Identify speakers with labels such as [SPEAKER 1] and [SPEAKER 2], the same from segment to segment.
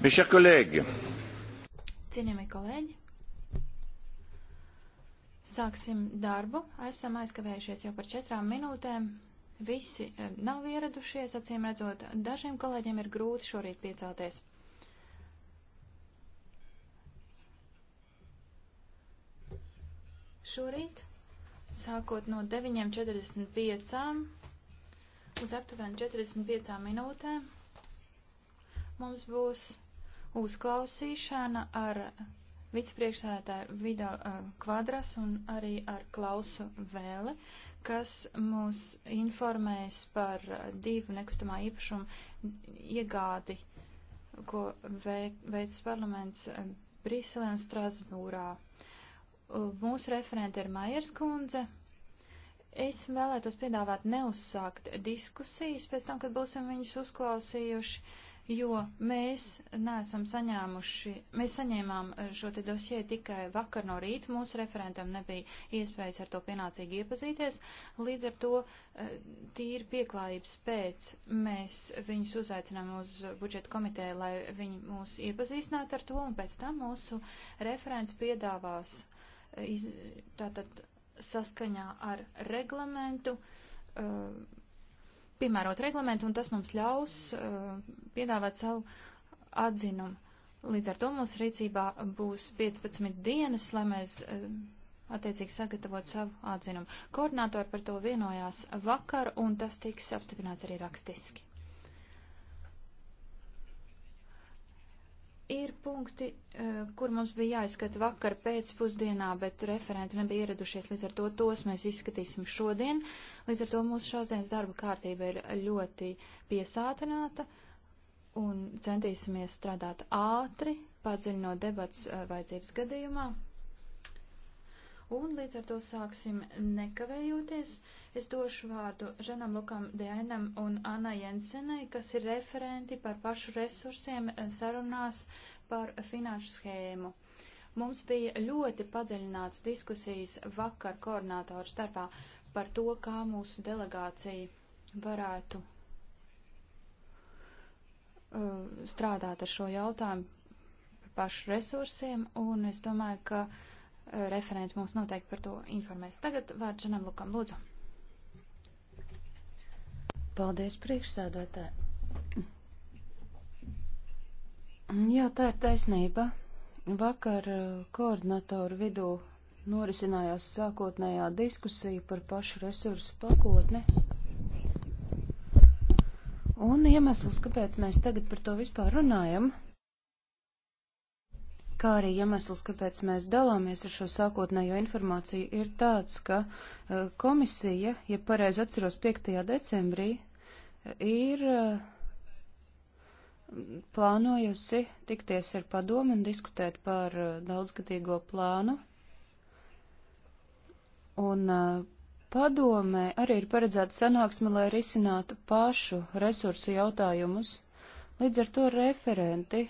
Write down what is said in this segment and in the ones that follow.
[SPEAKER 1] Mes chers collègues.
[SPEAKER 2] Cienījamie kolēģi. Sāksim darbu. Esam aizkavējušies jau par četrām minūtēm. Visi eh, nav ieradušies, acīm redzot, dažiem kolēģiem ir grūti šorīt piecelties. Šorīt, sākot no 9.45 uz aptuveni 45 minūtēm, Mums būs uzklausīšana ar vicepriekšsēdētāju Vido uh, Kvadras un arī ar Klausu Vēli, kas mūs informēs par uh, divu nekustamā īpašuma iegādi, ko veids parlaments uh, Briselē un Strasbūrā. Uh, mūsu referente ir Maiers kundze, Es vēlētos piedāvāt neuzsākt diskusijas pēc tam, kad būsim viņus uzklausījuši, jo mēs neesam saņēmuši, mēs saņēmām eh, šo te dosie tikai vakar no rīta, mūsu referentam nebija iespējas ar to pienācīgi iepazīties, līdz ar to eh, tīri pieklājības pēc mēs viņus uzaicinām uz budžeta komiteju, lai viņi mūs iepazīstinātu ar to, un pēc tam mūsu referents piedāvās eh, iz, tātad saskaņā ar reglamentu uh, piemērot reglamentu, un tas mums ļaus uh, piedāvāt savu atzinumu. Līdz ar to mūsu rīcībā būs 15 dienas, lai mēs uh, attiecīgi sagatavotu savu atzinumu. Koordinātori par to vienojās vakar, un tas tiks apstiprināts arī rakstiski. Ir punkti, uh, kur mums bija jāizskata vakar pēcpusdienā, bet referenti nebija ieradušies, līdz ar to tos mēs izskatīsim šodien. Uh, Līdz ar to mūsu šodienas darba kārtība ir ļoti piesātināta un centīsimies strādāt ātri, padziļinot debats eh, vajadzības gadījumā. Un līdz ar to sāksim nekavējoties. Es došu vārdu Žanam Lukam Dēnam un Anna Jensenai, kas ir referenti par pašu resursiem eh, sarunās par finanšu schēmu. Mums bija ļoti padziļināts diskusijas vakar koordinātoru starpā. Uh, par to, kā mūsu delegācija varētu uh, strādāt ar šo jautājumu par pašu resursiem, un es domāju, ka uh, referents mums noteikti par to informēs. Tagad vārds Žanam Lukam, lūdzu. Paldies, priekšsēdētāji.
[SPEAKER 3] Jā, tā ir taisnība. Vakar uh, koordinatoru vidū norisinājās sākotnējā diskusija par pašu resursu pakotni. Un iemesls, kāpēc mēs tagad par to vispār runājam, kā arī iemesls, kāpēc mēs dalāmies ar šo sākotnējo informāciju, ir tāds, ka eh, komisija, ja pareizi atceros 5. decembrī, eh, ir eh, plānojusi tikties ar padomu un diskutēt par daudzgadīgo plānu Un padomē arī ir paredzēta sanāksme, lai risinātu pašu resursu jautājumus. Līdz ar to referenti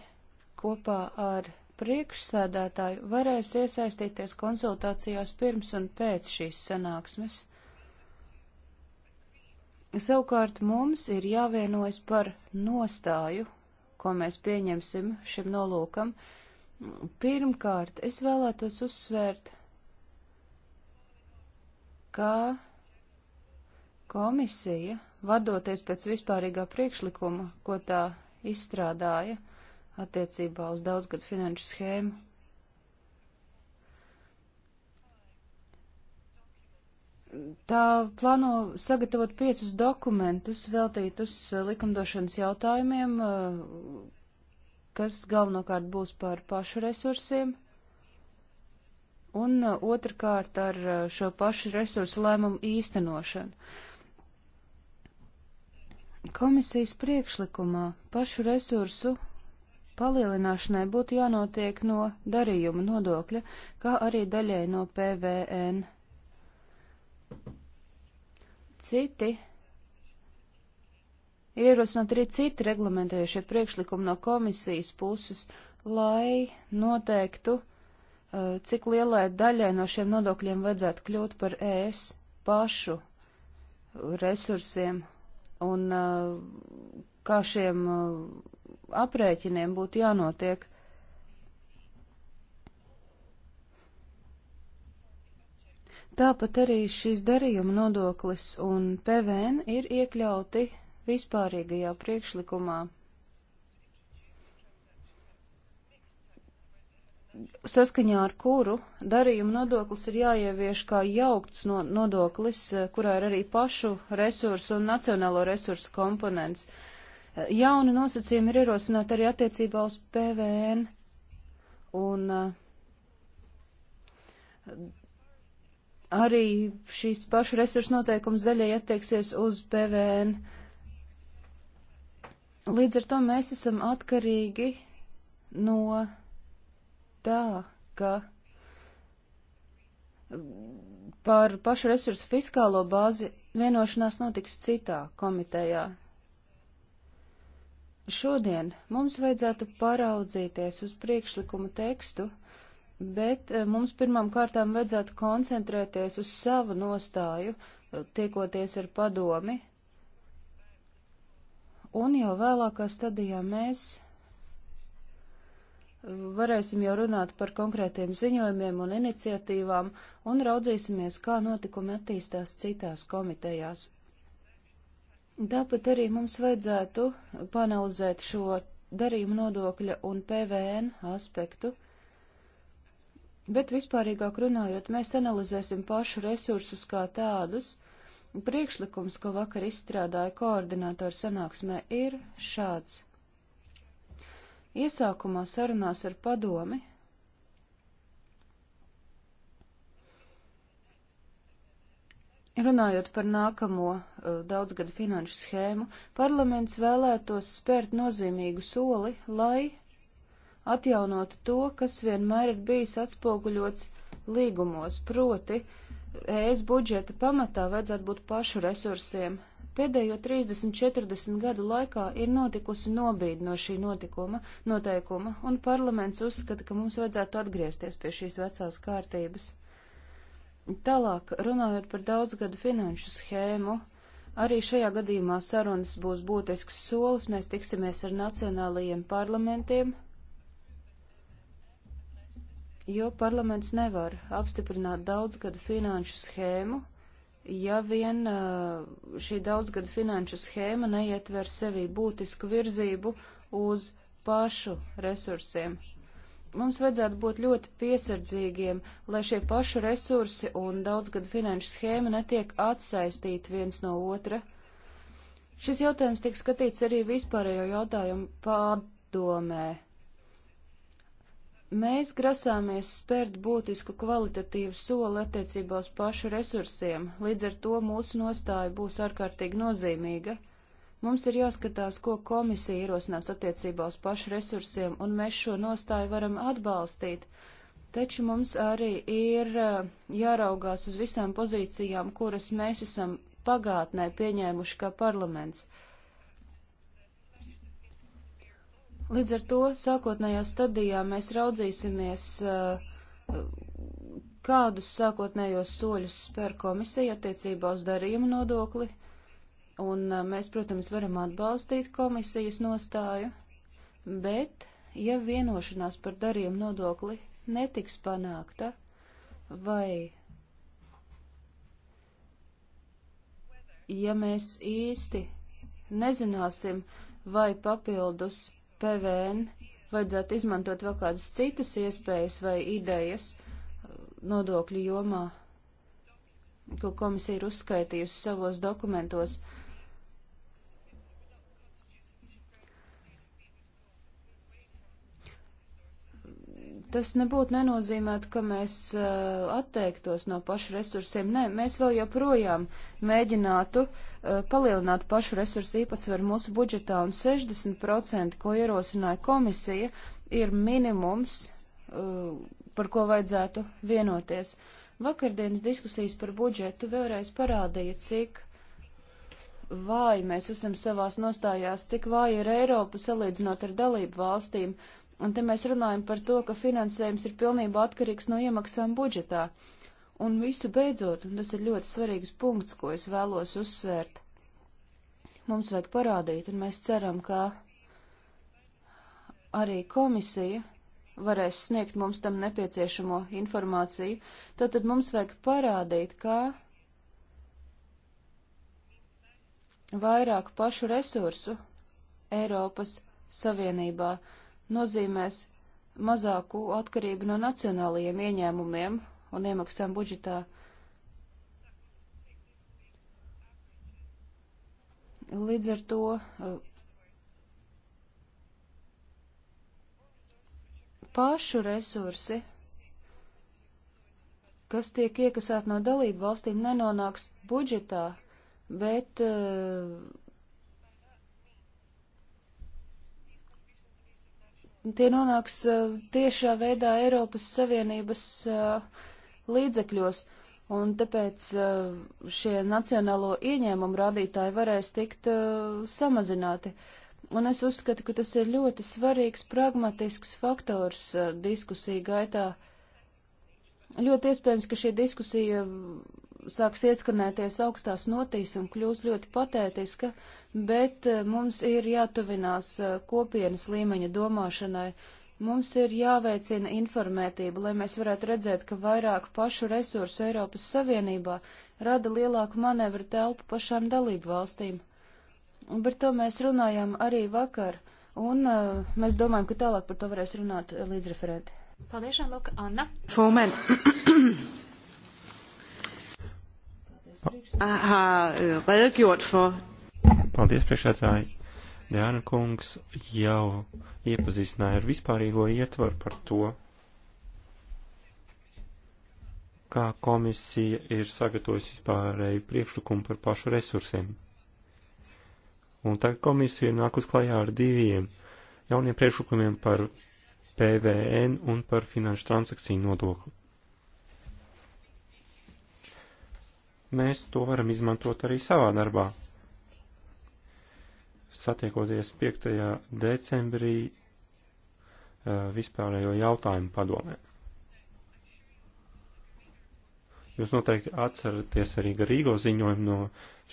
[SPEAKER 3] kopā ar priekšsēdētāju varēs iesaistīties konsultācijās pirms un pēc šīs sanāksmes. Savukārt mums ir jāvienojas par nostāju, ko mēs pieņemsim šim nolūkam. Pirmkārt, es vēlētos uzsvērt ka komisija, vadoties pēc vispārīgā priekšlikuma, ko tā izstrādāja attiecībā uz daudzgadu finanšu schēmu, Tā plāno sagatavot piecus dokumentus veltītus eh, likumdošanas jautājumiem, eh, kas galvenokārt būs par pašu resursiem, un uh, otrkārt ar uh, šo pašu resursu lēmumu īstenošanu. Komisijas priekšlikumā pašu resursu palielināšanai būtu jānotiek no darījuma nodokļa, kā arī daļai no PVN. Citi ir ierosināti arī citi reglamentējušie priekšlikumi no komisijas puses, lai noteiktu, uh, Eh, cik lielai daļai no šiem nodokļiem vajadzētu kļūt par ES pašu resursiem un eh, kā šiem eh, aprēķiniem būtu jānotiek. Tāpat arī šis darījuma nodoklis un PVN ir iekļauti vispārīgajā priekšlikumā saskaņā ar kuru darījuma nodoklis ir jāievieš kā jaukts no, nodoklis, eh, kurā ir arī pašu resursu un nacionālo resursu komponents. Eh, jauni nosacījumi ir ierosināti arī attiecībā uz PVN un eh, arī šīs pašu resursu noteikums daļai attieksies uz PVN. Līdz ar to mēs esam atkarīgi no tā, ka par pašu resursu fiskālo bāzi vienošanās notiks citā komitejā. Šodien mums vajadzētu paraudzīties uz priekšlikumu tekstu, bet eh, mums pirmām kārtām vajadzētu koncentrēties uz savu nostāju, eh, tiekoties ar padomi, un jau vēlākā stadijā mēs varēsim jau runāt par konkrētiem ziņojumiem un iniciatīvām un raudzīsimies, kā notikumi attīstās citās komitejās. Tāpat arī mums vajadzētu panalizēt šo darījumu nodokļa un PVN aspektu. Bet vispārīgāk runājot, mēs analizēsim pašu resursus kā tādus. Priekšlikums, ko vakar izstrādāja koordinātoru sanāksmē, ir šāds. Iesākumā sarunās ar padomi Runājot par nākamo uh, eh, daudzgadu finanšu schēmu, parlaments vēlētos spērt nozīmīgu soli, lai atjaunotu to, kas vienmēr ir bijis atspoguļots līgumos, proti ES budžeta pamatā vajadzētu būt pašu resursiem, Pēdējo 30-40 gadu laikā ir notikusi nobīde no šī notikuma, noteikuma, un parlaments uzskata, ka mums vajadzētu atgriezties pie šīs vecās kārtības. Tālāk, runājot par daudzgadu finanšu schēmu, Arī šajā gadījumā sarunas būs būtisks solis, mēs tiksimies ar nacionālajiem parlamentiem, jo parlaments nevar apstiprināt daudzgadu finanšu schēmu, ja vien uh, šī daudzgada finanšu schēma neietver sevī būtisku virzību uz pašu resursiem. Mums vajadzētu būt ļoti piesardzīgiem, lai šie paši resursi un daudzgada finanšu schēma netiek atsaistīti viens no otra. Šis jautājums tiek skatīts arī vispārējo jautājumu padomē. Mēs grasāmies spērt būtisku kvalitatīvu soli attiecībā uz pašu resursiem, līdz ar to mūsu nostāja būs ārkārtīgi nozīmīga. Mums ir jāskatās, ko komisija ierosinās attiecībā uz pašu resursiem, un mēs šo nostāju varam atbalstīt, taču mums arī ir eh, jāraugās uz visām pozīcijām, kuras mēs esam pagātnē pieņēmuši kā parlaments. Līdz ar to sākotnējā stadijā mēs raudzīsimies, uh, kādus sākotnējos soļus spēr komisija attiecībā uz darījumu nodokli, un uh, mēs, protams, varam atbalstīt komisijas nostāju, bet, ja vienošanās par darījumu nodokli netiks panākta, vai ja mēs īsti nezināsim, vai papildus PVN vajadzētu izmantot vēl kādas citas iespējas vai idejas nodokļu jomā, ko komisija ir uzskaitījusi savos dokumentos. Uh, tas nebūtu nenozīmētu, ka mēs uh, atteiktos no pašu resursiem. Nē, mēs vēl joprojām mēģinātu uh, palielināt pašu resursu īpatsvaru mūsu budžetā, un 60%, ko ierosināja komisija, ir minimums, uh, par ko vajadzētu vienoties. Vakardienas diskusijas par budžetu vēlreiz parādīja, cik vāji mēs esam savās nostājās, cik vāja ir Eiropa salīdzinot ar dalību valstīm Un te mēs runājam par to, ka finansējums ir pilnībā atkarīgs no iemaksām budžetā. Un visu beidzot, un tas ir ļoti svarīgs punkts, ko es vēlos uzsvērt, mums vajag parādīt, un mēs ceram, ka arī komisija varēs sniegt mums tam nepieciešamo informāciju, tad, tad mums vajag parādīt, ka vairāk pašu resursu Eiropas Savienībā uh, nozīmēs mazāku atkarību no nacionālajiem ieņēmumiem un iemaksām budžetā. Līdz ar to uh, pašu resursi, kas tiek iekasēti no dalību valstīm, nenonāks budžetā, bet uh, tie nonāks eh, tiešā veidā Eiropas Savienības eh, līdzekļos, un tāpēc eh, šie nacionālo ieņēmumu rādītāji varēs tikt samazināti. Un es uzskatu, ka tas ir ļoti svarīgs pragmatisks faktors diskusiju gaitā. Ļoti iespējams, ka šī diskusija sāks ieskanēties augstās notīs un kļūs ļoti patētiska, bet eh, mums ir jātuvinās eh, kopienas līmeņa domāšanai. Mums ir jāveicina informētība, lai mēs varētu redzēt, ka vairāk pašu resursu Eiropas Savienībā rada lielāku manevru telpu pašām dalību valstīm. Par to mēs runājām arī vakar, un uh, mēs domājam, ka tālāk par to varēs runāt līdz referenti.
[SPEAKER 2] Paldies, Luka, Anna.
[SPEAKER 3] Fūmen. har ah, ah,
[SPEAKER 1] redegjort for
[SPEAKER 4] Paldies, priekšētāji! Dēna kungs jau iepazīstināja ar vispārīgo ietvaru par to, kā komisija ir sagatavojusi vispārēju priekšlikumu par pašu resursiem. Un tagad komisija ir nākus klajā ar diviem jauniem priekšlikumiem par PVN un par finanšu transakciju nodokli. Mēs to varam izmantot arī savā darbā satiekoties 5. decembrī eh, vispārējo jautājumu padomē. Jūs noteikti atceraties arī garīgo ziņojumu no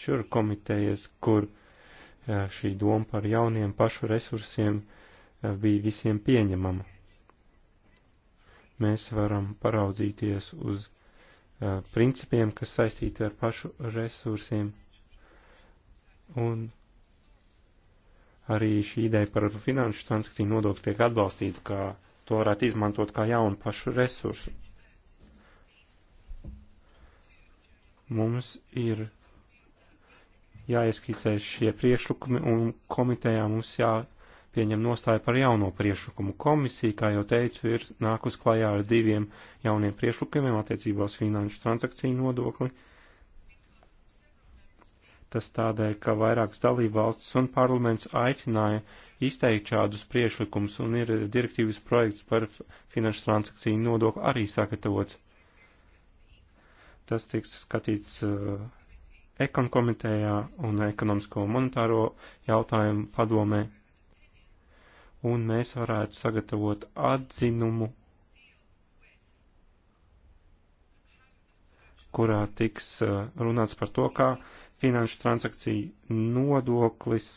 [SPEAKER 4] šura komitejas, kur eh, šī doma par jauniem pašu resursiem eh, bija visiem pieņemama. Mēs varam paraudzīties uz principiem, kas saistīti ar pašu resursiem, un arī šī ideja par finanšu transakciju nodokli tiek atbalstīta, kā to varētu izmantot kā jaunu pašu resursu. Mums ir jāieskicē šie priekšlikumi un komitejā mums jāpieņem nostāja par jauno priekšlikumu. Komisija, kā jau teicu, ir nākus klajā ar diviem jauniem priekšlikumiem attiecībā uz finanšu transakciju nodokli. Uh, Tas tādēļ, ka vairākas dalībvalstis un parlaments aicināja izteikt šādus priešlikumus, un ir direktīvas projekts par finanšu transakciju nodokli arī sagatavots. Tas tiks skatīts uh, ekon komitejā un ekonomisko monetāro jautājumu padomē, un mēs varētu sagatavot atzinumu, kurā tiks uh, runāts par to, kā uh, finanšu transakciju nodoklis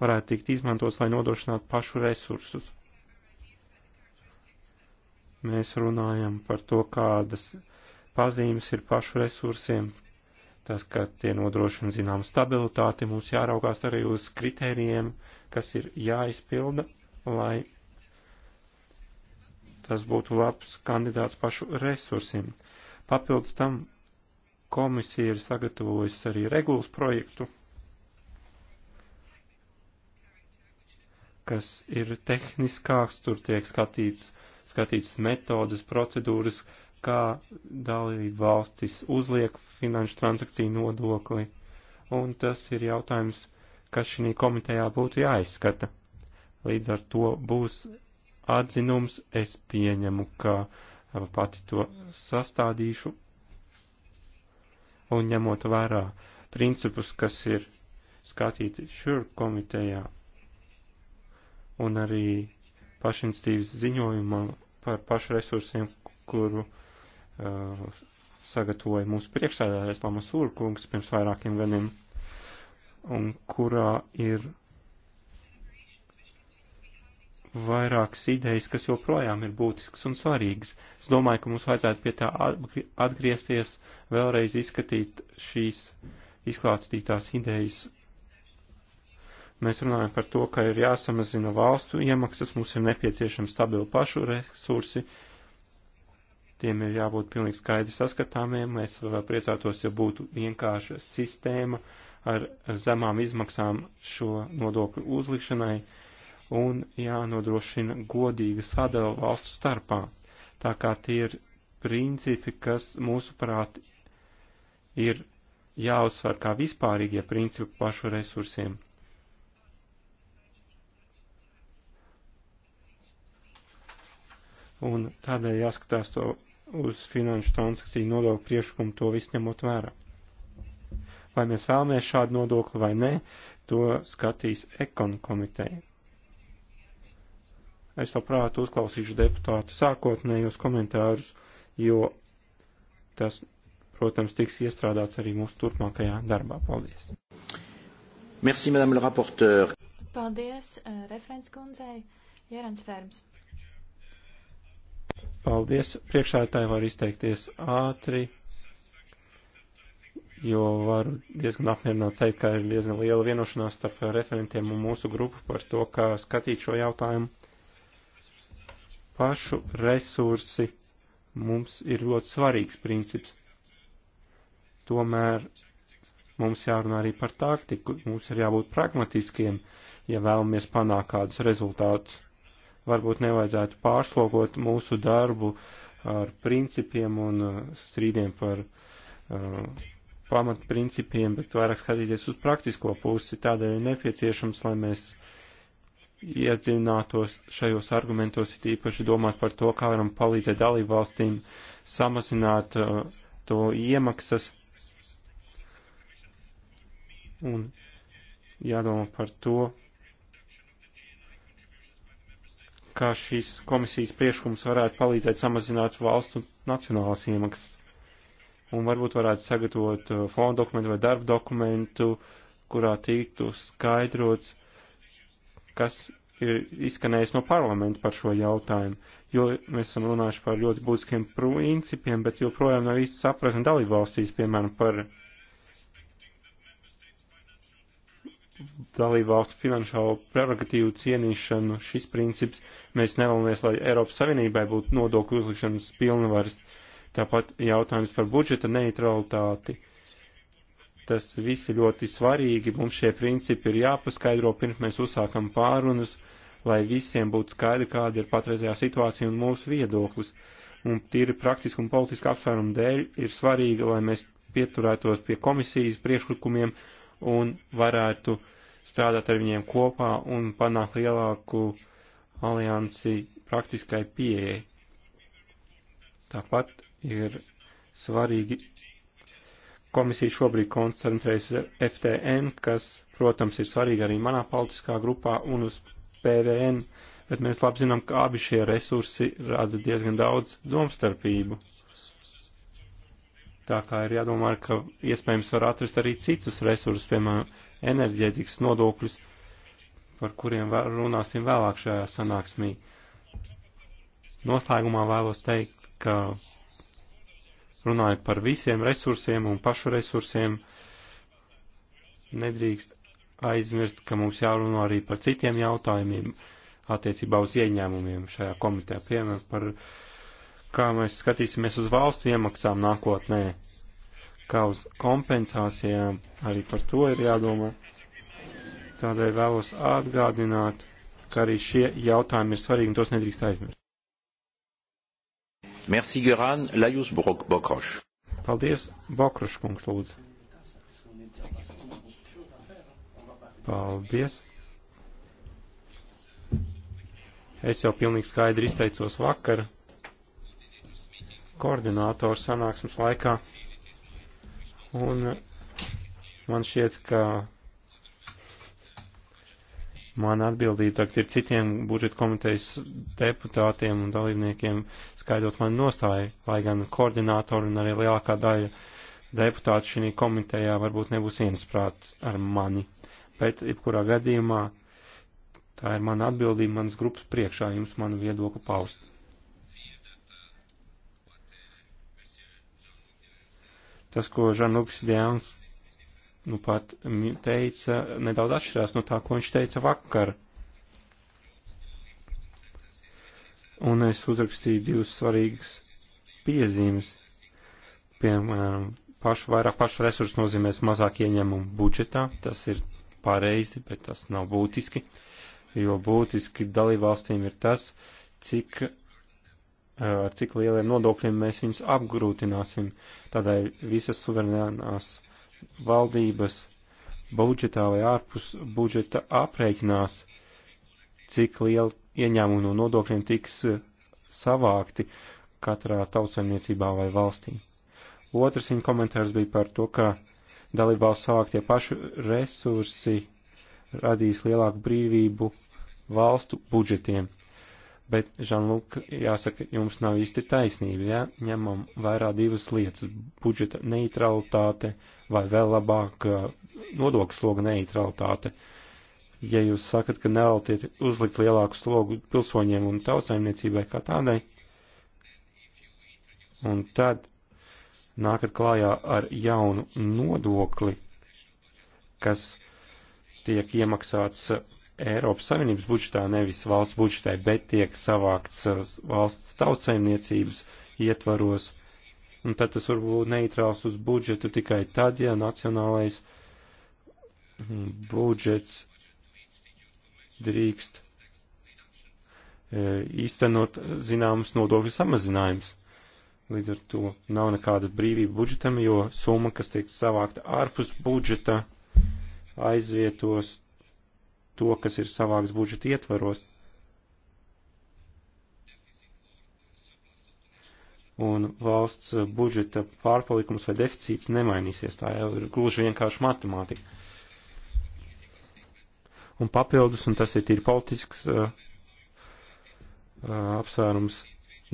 [SPEAKER 4] varētu tikt izmantots, lai nodrošinātu pašu resursus. Mēs runājam par to, kādas pazīmes ir pašu resursiem, tas, ka tie nodrošina zinām stabilitāti, mums jāraugās arī uz kritērijiem, kas ir jāizpilda, lai tas būtu labs kandidāts pašu resursiem. Papildus tam Komisija ir sagatavojusi arī regulas projektu, kas ir tehniskāks, tur tiek skatīts, skatīts metodas, procedūras, kā dalība valstis uzliek finanšu transakciju nodokli, un tas ir jautājums, kas šī komitejā būtu jāizskata. Līdz ar to būs atzinums, es pieņemu, ka pati to sastādīšu un ņemot vērā principus, kas ir skatīti šur komitejā un arī pašinstīvas ziņojumā par pašu resursiem, kuru uh, sagatavoja mūsu priekšsēdētājs Lamas Urkungs pirms vairākiem gadiem, un kurā ir vairākas idejas, kas joprojām ir būtiskas un svarīgas. Es domāju, ka mums vajadzētu pie tā atgriezties, vēlreiz izskatīt šīs izklāstītās idejas. Mēs runājam par to, ka ir jāsamazina valstu iemaksas, mums ir nepieciešami stabili pašu resursi, tiem ir jābūt pilnīgi skaidri saskatāmiem. Mēs priecātos, ja būtu vienkārša sistēma ar zemām izmaksām šo nodokļu uzlikšanai un jānodrošina godīga sadala valstu starpā. Tā kā tie ir principi, kas mūsuprāt ir jāuzsver kā vispārīgie principi pašu resursiem. Un tādēļ jāskatās to uz finanšu transakciju nodokļu priekšlikumu to visu ņemot vērā. Vai mēs vēlamies šādu nodokli vai nē, to skatīs ekon komiteja. Es labprāt uzklausīšu deputātu sākotnējos komentārus, jo tas, protams, tiks iestrādāts arī mūsu turpmākajā darbā. Paldies! Merci, madame le rapporteur.
[SPEAKER 2] Paldies, uh, referents kundzei, Jērans Ferms.
[SPEAKER 4] Paldies, priekšētāji var izteikties ātri, jo varu diezgan apmierināt teikt, ka ir diezgan liela vienošanās starp referentiem un mūsu grupu par to, kā skatīt šo jautājumu pašu resursi mums ir ļoti svarīgs princips. Tomēr mums jārunā arī par taktiku, mums ir jābūt pragmatiskiem, ja vēlamies panākt kādus rezultātus. Varbūt nevajadzētu pārslokot mūsu darbu ar principiem un uh, strīdiem par uh, pamatprincipiem, bet vairāk skatīties uz praktisko pusi. Tādēļ ir nepieciešams, lai mēs iedzinātos šajos argumentos, ir īpaši domāt par to, kā varam palīdzēt dalībvalstīm samazināt uh, to iemaksas. Un jādomā par to, kā šīs komisijas priekšlikums varētu palīdzēt samazināt valstu nacionālas iemaksas. Un varbūt varētu sagatavot uh, fondu dokumentu vai darbu dokumentu, kurā tiktu skaidrots, kas ir izskanējis no parlamenta par šo jautājumu, jo mēs esam runājuši par ļoti būtiskiem principiem, bet joprojām nav īsti sapratni dalībvalstīs, piemēram, par dalībvalstu finanšālo prerogatīvu cienīšanu. Šis princips mēs nevēlamies, lai Eiropas Savienībai būtu nodokļu uzlikšanas pilnvaras. Tāpat jautājums par budžeta neutralitāti. Uh, Tas viss ir ļoti svarīgi. Mums šie principi ir jāpaskaidro pirms mēs uzsākam pārunas, lai visiem būtu skaidri, kāda ir patreizējā situācija un mūsu viedoklis. Un tīri praktiski un politiski apsvērumu dēļ ir svarīgi, lai mēs pieturētos pie komisijas priekšlikumiem un varētu strādāt ar viņiem kopā un panākt lielāku aliansi praktiskai pieejai. Tāpat ir svarīgi Komisija šobrīd koncentrējas FTN, kas, protams, ir svarīga arī manā politiskā grupā un uz PVN, bet mēs labi zinām, ka abi šie resursi rada diezgan daudz domstarpību. Tā kā ir jādomā, ka iespējams var atrast arī citus resursus, piemēram, enerģētikas nodokļus, par kuriem runāsim vēlāk šajā sanāksmī. Noslēgumā vēlos teikt, ka runājot par visiem resursiem un pašu resursiem, nedrīkst aizmirst, ka mums jārunā arī par citiem jautājumiem attiecībā uz ieņēmumiem šajā komitē, piemēram, par kā mēs skatīsimies uz valstu iemaksām nākotnē, kā uz kompensācijām, arī par to ir jādomā. Tādēļ vēlos atgādināt, ka arī šie jautājumi ir svarīgi un tos nedrīkst aizmirst.
[SPEAKER 1] Merci, Göran. Lai jūs
[SPEAKER 4] bokroš. Paldies, Bokroš kungs, lūdzu. Paldies. Es jau pilnīgi skaidri izteicos vakar koordinātoru sanāksmes laikā. Un man šķiet, ka Man atbildītāk ir citiem budžeta komitejas deputātiem un dalībniekiem skaidrot man nostāju, lai gan koordinātori un arī lielākā daļa deputātu šī komitejā varbūt nebūs viensprāt ar mani. Bet, jebkurā gadījumā, tā ir mana atbildība manas grupas priekšā jums manu viedokli paust. Tas, ko Žanuks Dēns nu pat teica, nedaudz atšķirās no tā, ko viņš teica vakar. Un es uzrakstīju divas svarīgas piezīmes. Piemēram, pašu, vairāk pašu resursu nozīmēs mazāk ieņemumu budžetā. Tas ir pareizi, bet tas nav būtiski, jo būtiski dalībvalstīm ir tas, cik, eh, ar cik lieliem nodokļiem mēs viņus apgrūtināsim. Tādēļ visas suverēnās valdības budžetā vai ārpus budžeta aprēķinās, cik liela ieņēmuma no nodokļiem tiks eh, savākti katrā tautsaimniecībā vai valstī. Otrs viņa komentārs bija par to, ka dalībvalsts savāktie paši resursi radīs lielāku brīvību valstu budžetiem. Bet, Žanluk, jāsaka, jums nav īsti taisnība, ja ņemam vērā divas lietas - budžeta neutralitāte, uh, vai vēl labāk uh, nodokļu sloga neutralitāte. Ja jūs sakat, ka nevēlatiet uzlikt lielāku slogu pilsoņiem un tautsājumniecībai kā tādai, un tad nākat klājā ar jaunu nodokli, kas tiek iemaksāts uh, Eiropas Savienības budžetā, nevis valsts budžetē, bet tiek savākts uh, valsts tautsājumniecības ietvaros un tad tas varbūt neitrās uz budžetu tikai tad, ja nacionālais mm, budžets drīkst e, īstenot zināmas nodokļu samazinājums. Līdz ar to nav nekāda brīvība budžetam, jo summa, kas tiek savākta ārpus budžeta, aizvietos to, kas ir savāks budžeta ietvaros, un valsts budžeta pārpalikums vai deficīts nemainīsies. Tā jau ir gluži vienkārši matemātika. Un papildus, un tas ir tīri politisks uh, uh, apsvērums,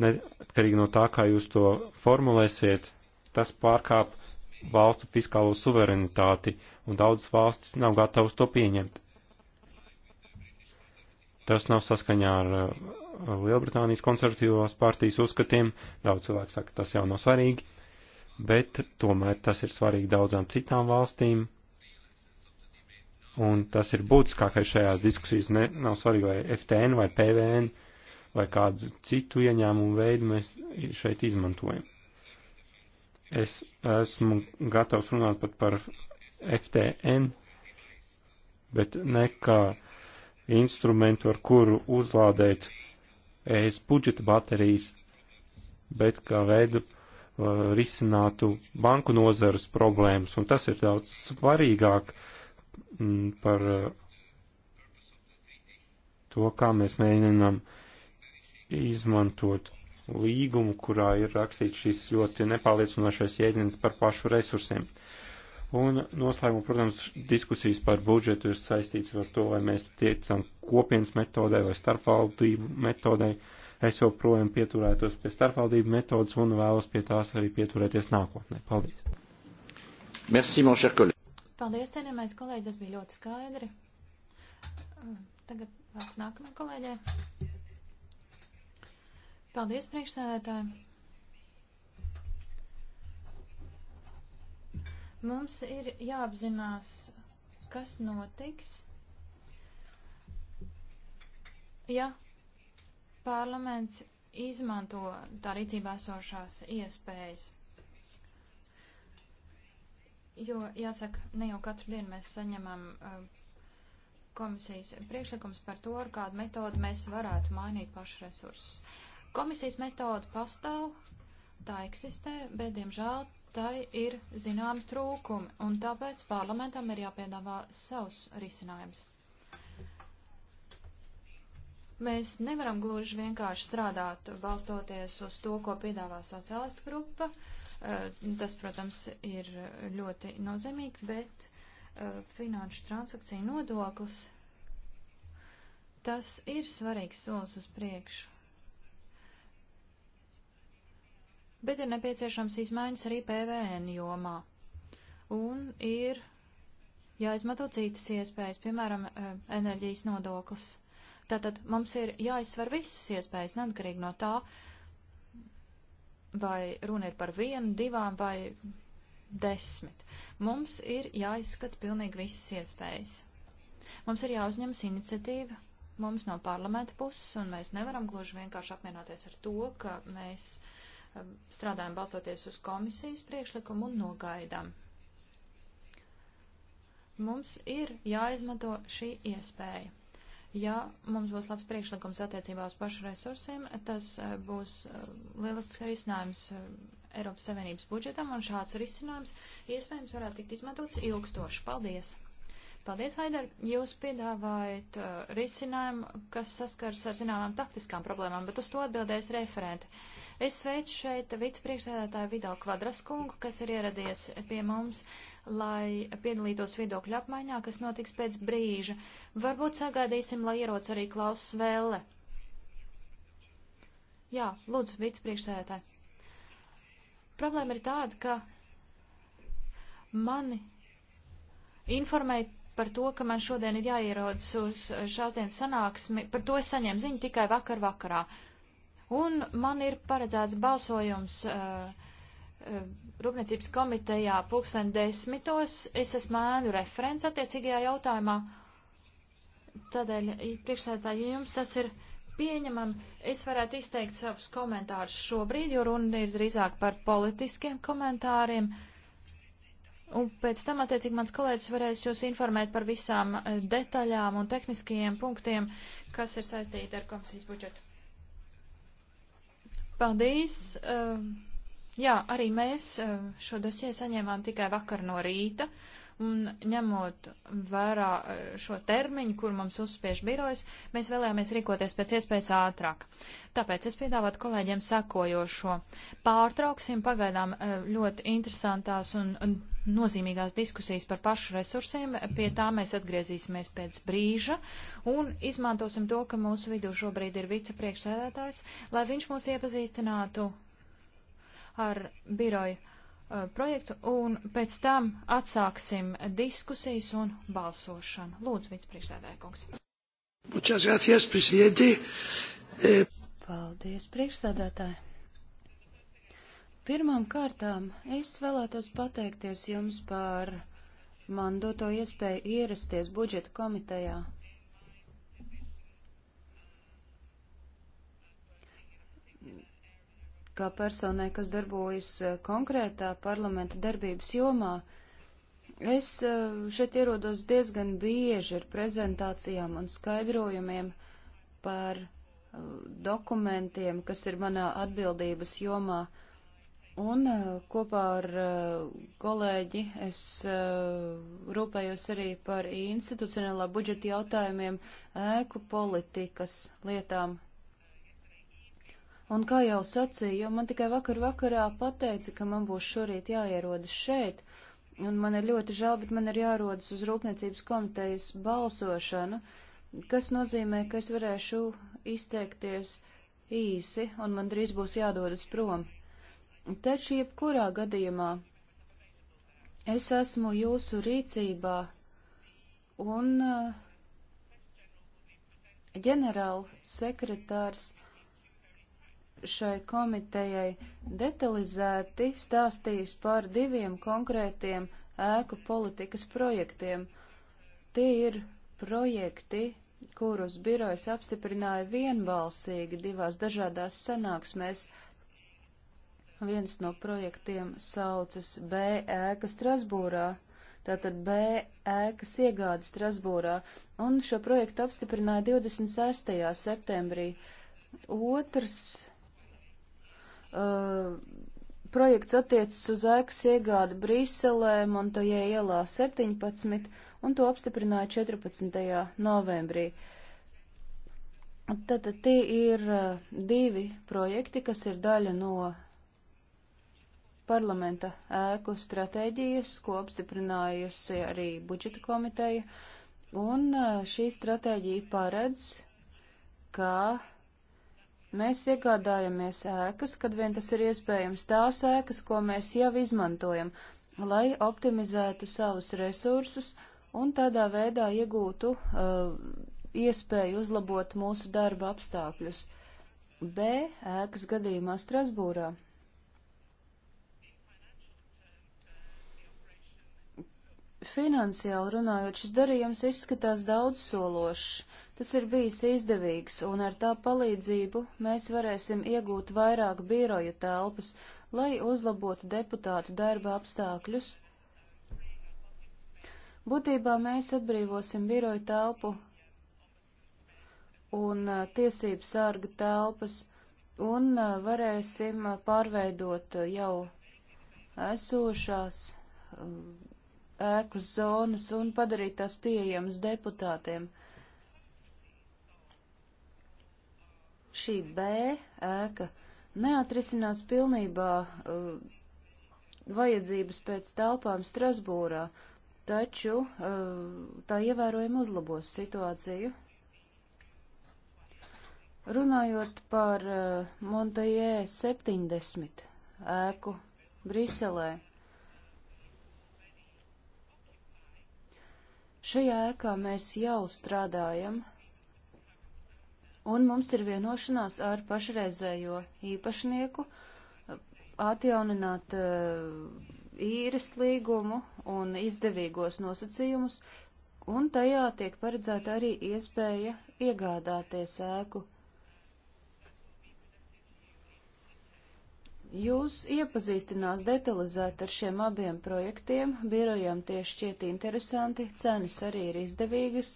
[SPEAKER 4] neatkarīgi no tā, kā jūs to formulēsiet, tas pārkāp valstu fiskālo suverenitāti, un daudzas valstis nav gatavas to pieņemt. Tas nav saskaņā ar uh, Lielbritānijas konservatīvās partijas uzskatiem. Daudz cilvēku saka, tas jau nav svarīgi, bet tomēr tas ir svarīgi daudzām citām valstīm. Un tas ir būtiskākais šajās diskusijas. Ne, nav svarīgi, vai FTN vai PVN vai kādu citu ieņēmumu veidu mēs šeit izmantojam. Es esmu gatavs runāt pat par FTN, bet ne kā instrumentu, ar kuru uzlādēt uh, ES budžeta baterijas, bet kā veidu uh, risinātu banku nozares problēmas, un tas ir daudz svarīgāk m, mm, par uh, to, kā mēs mēģinām izmantot līgumu, kurā ir rakstīts šis ļoti nepārliecinošais jēdziens par pašu resursiem. Uh, Un noslēgumā, protams, diskusijas par budžetu ir saistīts ar to, vai mēs tiecam kopienas metodē vai starpvaldību metodē. Es joprojām pieturētos pie starpvaldību metodas un vēlos pie tās arī pieturēties nākotnē. Paldies! Merci, mon cher kolēģi!
[SPEAKER 2] Paldies, cienījamais kolēģi, tas bija ļoti skaidri. Tagad vārds nākamajai kolēģei. Paldies, priekšsēdētāji! Mums ir jāapzinās, kas notiks, ja parlaments izmanto tā rīcībā esošās iespējas. Jo, jāsaka, ne jau katru dienu mēs saņemam uh, komisijas priekšlikums par to, ar kādu metodu mēs varētu mainīt pašu resursus. Komisijas metoda pastāv, tā eksistē, bet, diemžēl, tai ir zināmi trūkumi, un tāpēc parlamentam ir jāpiedāvā savs risinājums. Mēs nevaram gluži vienkārši strādāt, balstoties uz to, ko piedāvā sociālistu grupa. Eh, tas, protams, ir ļoti nozīmīgi, bet eh, finanšu transakciju nodoklis, tas ir svarīgs solis uz priekšu. bet ir nepieciešams izmaiņas arī PVN jomā. Un ir jāizmanto citas iespējas, piemēram, eh, enerģijas nodoklis. Tātad mums ir jāizsver visas iespējas, neatkarīgi no tā, vai runa ir par vienu, divām vai desmit. Mums ir jāizskata pilnīgi visas iespējas. Mums ir jāuzņemas iniciatīva, mums no parlamenta puses, un mēs nevaram gluži vienkārši apmienāties ar to, ka mēs uh, strādājam balstoties uz komisijas priekšlikumu un nogaidam. Mums ir jāizmanto šī iespēja. Ja mums būs labs priekšlikums attiecībā uz pašu resursiem, tas eh, būs eh, lielisks risinājums eh, Eiropas Savienības budžetam, un šāds risinājums iespējams varētu tikt izmantots ilgstoši. Paldies! Paldies, Haidar! Jūs piedāvājat uh, risinājumu, kas saskars ar zināmām taktiskām problēmām, bet uz to atbildēs referenti. Uh, Es sveicu šeit vicepriekšsēdētāju Vidalu Kvadraskungu, kas ir ieradies pie mums, lai piedalītos viedokļu apmaiņā, kas notiks pēc brīža. Varbūt sagaidīsim, lai ieroc arī Klaus Svelle. Jā, lūdzu, vicepriekšsēdētāji. Problēma ir tāda, ka mani informēja par to, ka man šodien ir jāierodas uz šās dienas sanāksmi. Par to es saņēmu ziņu tikai vakar vakarā. Uh, Un man ir paredzēts balsojums uh, Rūpniecības komitejā pulksten desmitos. Es esmu ēnu referents attiecīgajā jautājumā. Tādēļ, priekšsētāji, jums tas ir pieņemam. Es varētu izteikt savus komentārus šobrīd, jo runa ir drīzāk par politiskiem komentāriem. Un pēc tam, attiecīgi, mans kolēģis varēs jūs informēt par visām eh, detaļām un tehniskajiem punktiem, kas ir saistīti ar komisijas budžetu. Paldies! Ehm, jā, arī mēs ehm, šo dosie saņēmām tikai vakar no rīta, un ņemot vērā ehm, šo termiņu, kur mums uzspiež birojas, mēs vēlējāmies rīkoties pēc iespējas ātrāk. Tāpēc es piedāvātu kolēģiem sakojošo. Pārtrauksim pagaidām ļoti interesantās un nozīmīgās diskusijas par pašu resursiem. Pie tā mēs atgriezīsimies pēc brīža un izmantosim to, ka mūsu vidū šobrīd ir vicepriekšsēdētājs, lai viņš mūs iepazīstinātu ar biroju uh, projektu un pēc tam atsāksim diskusijas un balsošanu. Lūdzu, vicepriekšsēdētāja kungs.
[SPEAKER 1] Muchas gracias, presidente. Eh,
[SPEAKER 2] Paldies, priekšsēdētāji.
[SPEAKER 3] Pirmām kārtām es vēlētos pateikties jums par man doto iespēju ierasties budžeta komitejā. Kā personai, kas darbojas eh, konkrētā parlamenta darbības jomā, es eh, šeit ierodos diezgan bieži ar prezentācijām un skaidrojumiem par eh, dokumentiem, kas ir manā atbildības jomā. Uh, Un eh, kopā ar eh, kolēģi es eh, rūpējos arī par institucionālā budžeta jautājumiem, ēku politikas lietām. Un kā jau sacīju, jo man tikai vakar vakarā pateica, ka man būs šorīt jāierodas šeit, un man ir ļoti žēl, bet man ir jārodas uz Rūpniecības komitejas balsošanu, kas nozīmē, ka es varēšu izteikties īsi, un man drīz būs jādodas prom. Taču jebkurā gadījumā es esmu jūsu rīcībā un eh, ģenerāla sekretārs šai komitejai detalizēti stāstījis par diviem konkrētiem ēku politikas projektiem. Tie ir projekti, kurus birojas apstiprināja vienbalsīgi divās dažādās sanāksmēs. Viens no projektiem saucas B ēka Strasbūrā, tātad B ēkas iegāde Strasbūrā, un šo projektu apstiprināja 26. septembrī. Otrs uh, projekts attiecas uz ēkas iegādi Brīselē, Montojē ielā 17, un to apstiprināja 14. novembrī. Tātad tie ir uh, divi projekti, kas ir daļa no parlamenta ēku stratēģijas, ko apstiprinājusi arī budžeta komiteja. Un šī stratēģija paredz, ka mēs iegādājamies ēkas, kad vien tas ir iespējams, tās ēkas, ko mēs jau izmantojam, lai optimizētu savus resursus un tādā veidā iegūtu uh, iespēju uzlabot mūsu darba apstākļus. B ēkas gadījumā Strasbūrā Finansiāli runājot, šis darījums izskatās daudzsološs. Tas ir bijis izdevīgs, un ar tā palīdzību mēs varēsim iegūt vairāk biroju telpas, lai uzlabotu deputātu darba apstākļus. Būtībā mēs atbrīvosim biroju telpu un tiesību sārga telpas, un varēsim pārveidot jau esošās ēku zonas un padarīt tās pieejamas deputātiem. Šī B ēka neatrisinās pilnībā uh, vajadzības pēc telpām Strasbūrā, taču uh, tā ievērojami uzlabos situāciju. Runājot par uh, Montajē 70 ēku Briselē. Šajā ēkā mēs jau strādājam, un mums ir vienošanās ar pašreizējo īpašnieku atjaunināt uh, īres līgumu un izdevīgos nosacījumus, un tajā tiek paredzēta arī iespēja iegādāties ēku Jūs iepazīstinās detalizēt ar šiem abiem projektiem, birojām tie šķiet interesanti, cenas arī ir izdevīgas,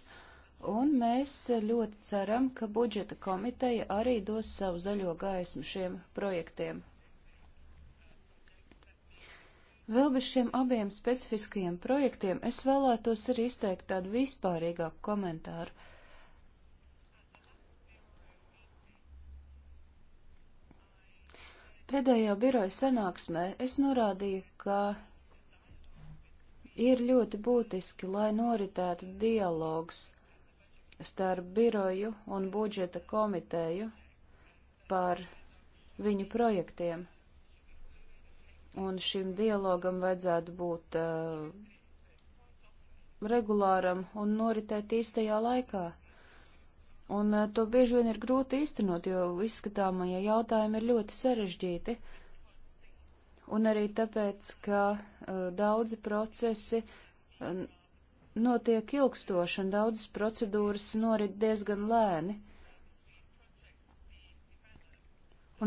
[SPEAKER 3] un mēs ļoti ceram, ka budžeta komiteja arī dos savu zaļo gaismu šiem projektiem. Vēl bez šiem abiem specifiskajiem projektiem es vēlētos arī izteikt tādu vispārīgāku komentāru. Pēdējā biroja sanāksmē es norādīju, ka ir ļoti būtiski, lai noritētu dialogs starp biroju un budžeta komiteju par viņu projektiem. Un šim dialogam vajadzētu būt uh, regulāram un noritēt īstajā laikā. Un eh, to bieži vien ir grūti īstenot, jo izskatāmajie jautājumi ir ļoti sarežģīti. Un arī tāpēc, ka uh, daudzi procesi uh, notiek ilgstoši un daudzas procedūras norit diezgan lēni.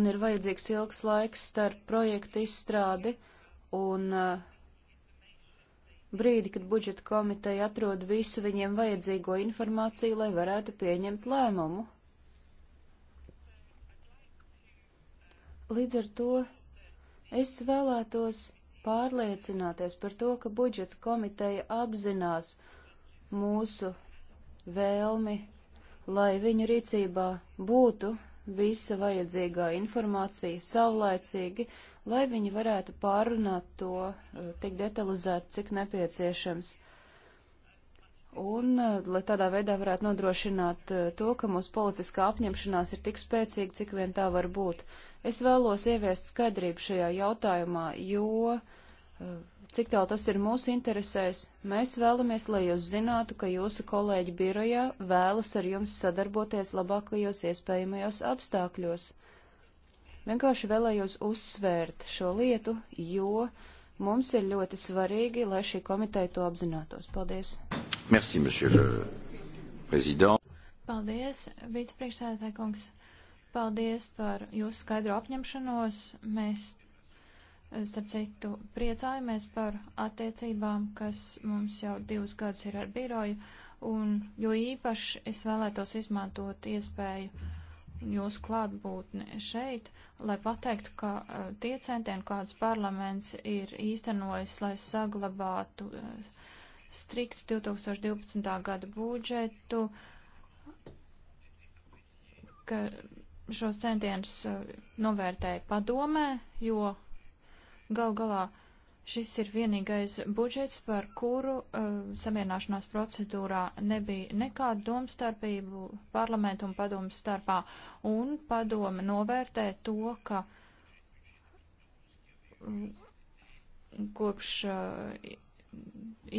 [SPEAKER 3] Un ir vajadzīgs ilgs laiks starp projektu izstrādi un uh, brīdi, kad budžeta komiteja atrod visu viņiem vajadzīgo informāciju, lai varētu pieņemt lēmumu. Līdz ar to es vēlētos pārliecināties par to, ka budžeta komiteja apzinās mūsu vēlmi, lai viņu rīcībā būtu visa vajadzīgā informācija saulaicīgi, lai viņi varētu pārunāt to eh, tik detalizēt, cik nepieciešams. Un, eh, lai tādā veidā varētu nodrošināt eh, to, ka mūsu politiskā apņemšanās ir tik spēcīga, cik vien tā var būt. Es vēlos ieviest skaidrību šajā jautājumā, jo cik tālu tas ir mūsu interesēs, mēs vēlamies, lai jūs zinātu, ka jūsu kolēģi birojā vēlas ar jums sadarboties labākajos iespējamajos apstākļos. Vienkārši vēlējos uzsvērt šo lietu, jo mums ir ļoti svarīgi, lai šī komiteja to apzinātos. Paldies!
[SPEAKER 2] Merci, monsieur le président! Paldies, vicepriekšsēdētāj kungs! Paldies par jūsu skaidro apņemšanos. Mēs, eh, starp citu, priecājamies par attiecībām, kas mums jau divus gadus ir ar biroju, un jo īpaši es vēlētos izmantot iespēju jūsu klātbūtni šeit, lai pateiktu, ka eh, tie centieni, kāds parlaments ir īstenojis, lai saglabātu eh, striktu 2012. gada budžetu, ka šos centienus eh, novērtēja padomē, jo gal galā Šis ir vienīgais budžets, par kuru uh, samierināšanās procedūrā nebija nekādu domstarpību parlamentu un padomu starpā, un padome novērtē to, ka mm, kopš uh,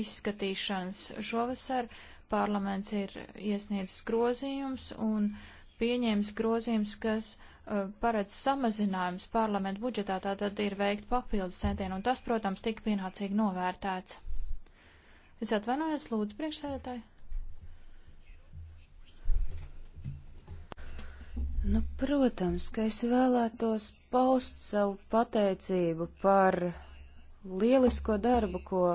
[SPEAKER 2] izskatīšanas šovasar parlaments ir iesniedzis grozījums un pieņēmis grozījums, kas uh, Uh, paredz samazinājums parlamentu budžetā, tātad ir veikt papildus centienu, un tas, protams, tika pienācīgi novērtēts. Es atvainojos, lūdzu, priekšsēdētāji.
[SPEAKER 3] Nu, protams, ka es vēlētos paust savu pateicību par lielisko darbu, ko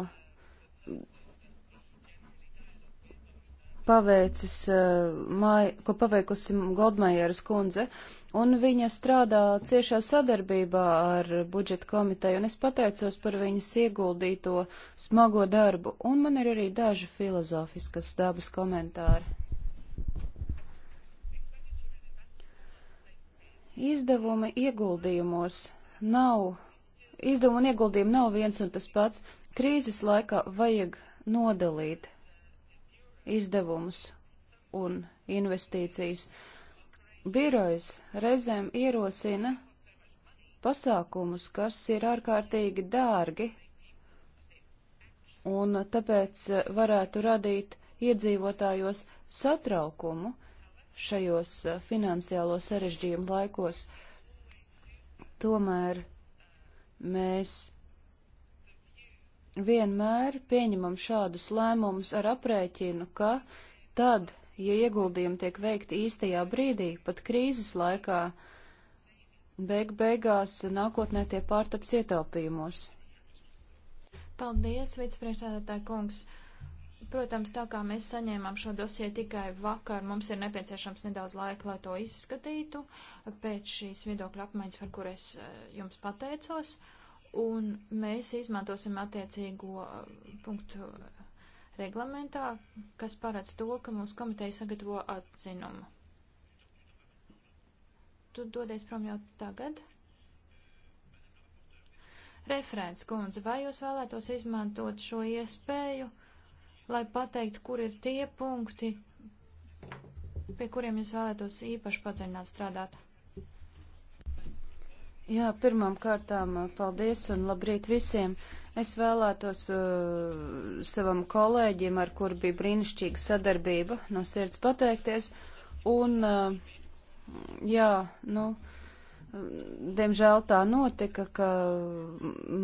[SPEAKER 3] paveicis, uh, ko paveikusi Goldmajeras kundze. Uh, un viņa strādā ciešā sadarbībā ar budžeta komiteju, un es pateicos par viņas ieguldīto smago darbu, un man ir arī daži filozofiskas dabas komentāri. Izdevumi ieguldījumos nav, izdevumi un ieguldījumi nav viens un tas pats. Krīzes laikā vajag nodalīt izdevumus un investīcijas. Uh, birojas reizēm ierosina pasākumus, kas ir ārkārtīgi dārgi un tāpēc varētu radīt iedzīvotājos satraukumu šajos eh, finansiālo sarežģījumu laikos. Tomēr mēs vienmēr pieņemam šādus lēmumus ar aprēķinu, ka tad, ja ieguldījumi tiek veikti īstajā brīdī, pat krīzes laikā, beig beigās nākotnē tie pārtaps ietaupījumos.
[SPEAKER 2] Paldies, vicepriekšsēdētāji kungs. Protams, tā kā mēs saņēmām šo dosie tikai vakar, mums ir nepieciešams nedaudz laika, lai to izskatītu pēc šīs viedokļa apmaiņas, par kur es eh, jums pateicos. Un mēs izmantosim attiecīgo eh, punktu reglamentā, kas paredz to, ka mūsu komiteja sagatavo atzinumu. Tu dodies prom jau tagad? Referents kundze, vai jūs vēlētos izmantot šo iespēju, lai pateiktu, kur ir tie punkti, pie kuriem jūs vēlētos īpaši padziļināt strādāt?
[SPEAKER 3] Jā, pirmām kārtām paldies un labrīt visiem. Es vēlētos uh, savam kolēģim, ar kur bija brīnišķīga sadarbība, no sirds pateikties. Un, uh, jā, nu, diemžēl tā notika, ka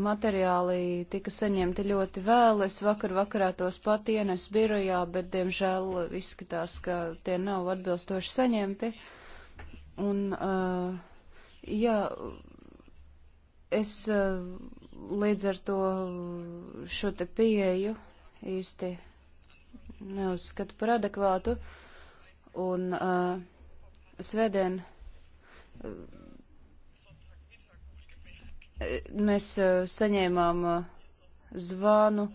[SPEAKER 3] materiāli tika saņemti ļoti vēl. Es vakar vakarā tos pat ienes birojā, bet, diemžēl, izskatās, ka tie nav atbilstoši saņemti. Un, uh, jā, Es eh, līdz ar to šo te pieeju īsti neuzskatu par adekvātu. Un uh, svētdien uh, mēs uh, saņēmām uh, zvanu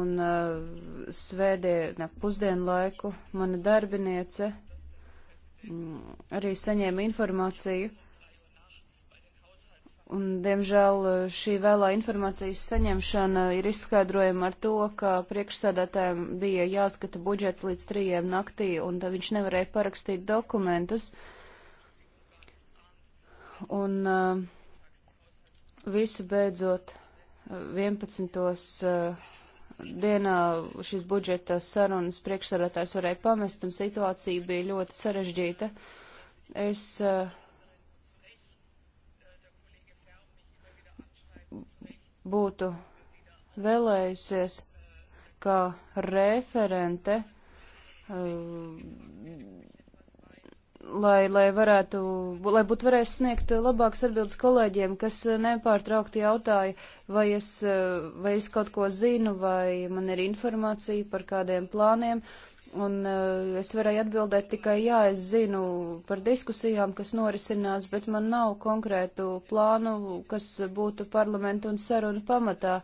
[SPEAKER 3] un uh, svētdien ap pusdienlaiku mana darbiniece mm, arī saņēma informāciju Un, diemžēl eh, šī vēlā informācijas saņemšana ir izskaidrojama ar to, ka priekšsēdētājiem bija jāskata budžets līdz trījiem naktī, un viņš nevarēja parakstīt dokumentus. Un uh, visu beidzot 11. Uh, eh, dienā šīs budžeta sarunas priekšsēdētājs varēja pamest, un situācija bija ļoti sarežģīta. Es uh, būtu vēlējusies, kā referente, uh, lai, lai varētu, lai būtu varējis sniegt labākas atbildes kolēģiem, kas nepārtraukti jautāja, vai es, uh, vai es kaut ko zinu, vai man ir informācija par kādiem plāniem. Uh, Un uh, es varēju atbildēt tikai, jā, es zinu par diskusijām, kas norisinās, bet man nav konkrētu plānu, kas būtu parlamentu un sarunu pamatā,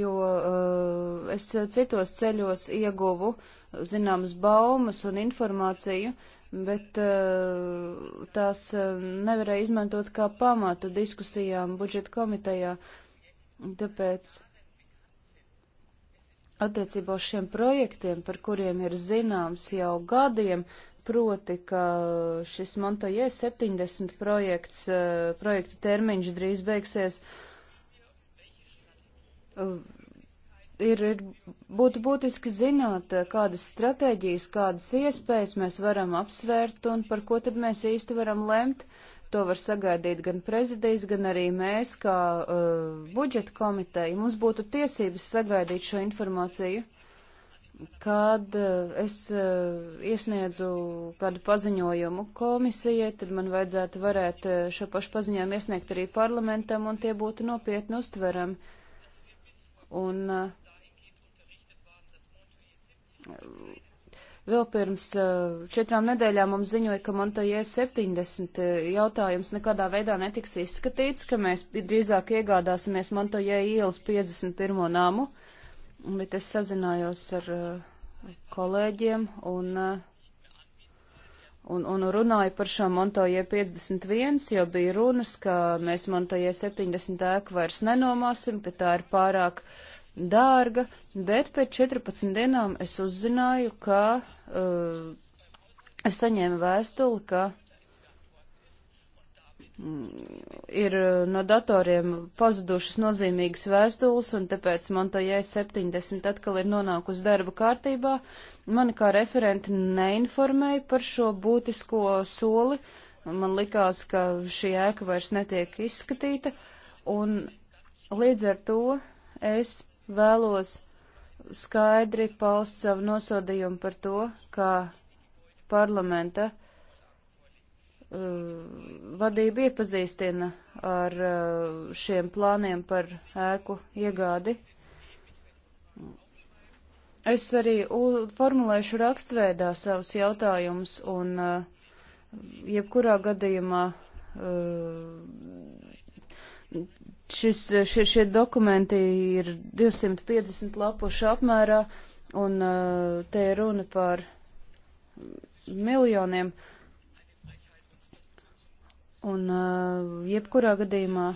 [SPEAKER 3] jo uh, es citos ceļos ieguvu zināmas baumas un informāciju, bet uh, tās nevarēja izmantot kā pamatu diskusijām budžeta komitejā. Tāpēc attiecībā uz šiem projektiem, par kuriem ir zināms jau gadiem, proti, ka šis Montoje 70 projekts, eh, projekta termiņš drīz beigsies, eh, ir, ir būtu būtiski zināt, eh, kādas stratēģijas, kādas iespējas mēs varam apsvērt un par ko tad mēs īsti varam lemt. To var sagaidīt gan prezidijas, gan arī mēs, kā uh, budžeta komiteja. Mums būtu tiesības sagaidīt šo informāciju, kad uh, es uh, iesniedzu kādu paziņojumu komisijai, tad man vajadzētu varēt uh, šo pašu paziņojumu iesniegt arī parlamentam, un tie būtu nopietni uztverami. Un, uh, Vēl pirms eh, četrām nedēļām mums ziņoja, ka Montajē 70 eh, jautājums nekādā veidā netiks izskatīts, ka mēs drīzāk iegādāsimies Montajē ielas 51. namu, bet es sazinājos ar eh, kolēģiem un un, un runāja par šo Montoje 51, jo bija runas, ka mēs Montoje 70 ēku vairs nenomāsim, ka tā ir pārāk dārga, bet pēc 14 dienām es uzzināju, ka uh, es saņēmu vēstuli, ka
[SPEAKER 1] mm,
[SPEAKER 3] ir uh, no datoriem pazudušas nozīmīgas vēstules, un tāpēc man to J70 atkal ir nonākusi darba kārtībā. Mani kā referenti neinformēja par šo būtisko soli. Man likās, ka šī ēka vairs netiek izskatīta, un līdz ar to es vēlos skaidri paust savu nosodījumu par to, ka parlamenta uh, vadība iepazīstina ar uh, šiem plāniem par ēku iegādi. Es arī formulēšu rakstveidā savus jautājumus un uh, jebkurā gadījumā uh, Šis, šie, šie dokumenti ir 250 lapušu apmērā, un eh, te ir runa par miljoniem.
[SPEAKER 1] Un eh, jebkurā gadījumā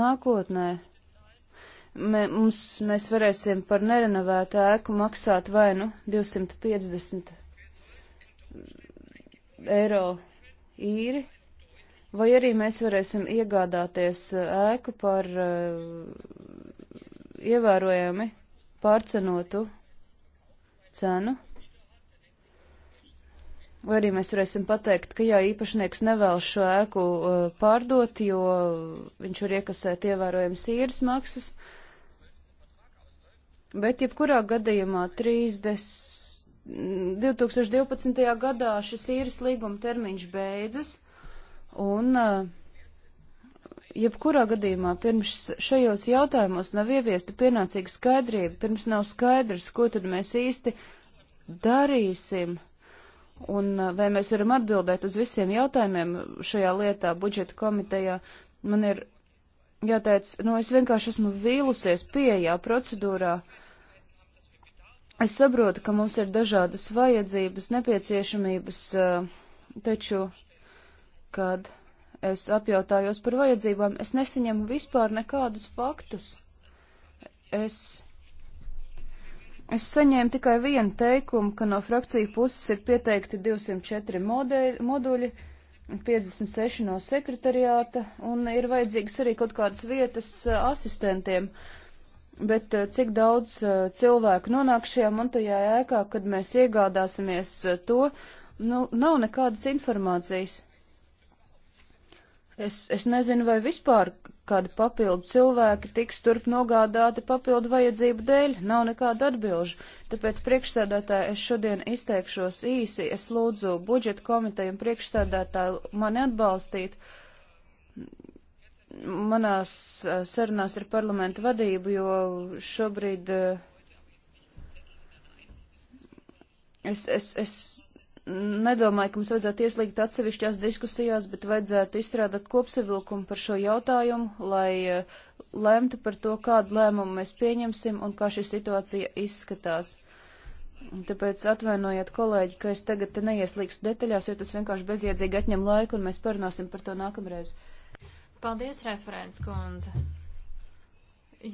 [SPEAKER 3] nākotnē mē, mums, mēs varēsim par nerenovētu ēku maksāt vai nu 250 eiro īri, vai arī mēs varēsim iegādāties eh, ēku par eh, ievērojami pārcenotu cenu. Vai arī mēs varēsim pateikt, ka jā, īpašnieks nevēl šo ēku eh, pārdot, jo viņš var iekasēt ievērojams īres maksas. Bet jebkurā gadījumā 30. 2012. gadā šis īres līguma termiņš beidzas, un eh, jebkurā gadījumā pirms šajos jautājumos nav ieviesta pienācīga skaidrība, pirms nav skaidrs, ko tad mēs īsti darīsim, un eh, vai mēs varam atbildēt uz visiem jautājumiem šajā lietā budžeta komitejā. Man ir jāteic, nu es vienkārši esmu vīlusies pieejā procedūrā. Uh, Es saprotu, ka mums ir dažādas vajadzības, nepieciešamības, eh, taču, kad es apjautājos par vajadzībām, es nesaņemu vispār nekādus faktus. Es, es saņēmu tikai vienu teikumu, ka no frakciju puses ir pieteikti 204 modeļi, moduļi, 56 no sekretariāta, un ir vajadzīgas arī kaut kādas vietas eh, asistentiem. Uh, Bet eh, cik daudz eh, cilvēku nonāk šajā mantojā ēkā, kad mēs iegādāsimies eh, to, nu, nav nekādas informācijas. Es, es nezinu, vai vispār kādi papildu cilvēki tiks turp nogādāti papildu vajadzību dēļ, nav nekāda atbilžu. Tāpēc priekšsēdētāji es šodien izteikšos īsi, es lūdzu budžeta komiteju un priekšsēdētāju mani atbalstīt. Uh, manās eh, sarunās ar parlamentu vadību, jo šobrīd eh, es, es, es nedomāju, ka mums vajadzētu ieslīgt atsevišķās diskusijās, bet vajadzētu izstrādāt kopsavilkumu par šo jautājumu, lai eh, lemtu par to, kādu lēmumu mēs pieņemsim un kā šī situācija izskatās. Tāpēc atvainojiet, kolēģi, ka es tagad neieslīgstu detaļās, jo tas vienkārši bezjēdzīgi atņem laiku, un mēs parunāsim par to nākamreiz.
[SPEAKER 2] Paldies, referents kundze.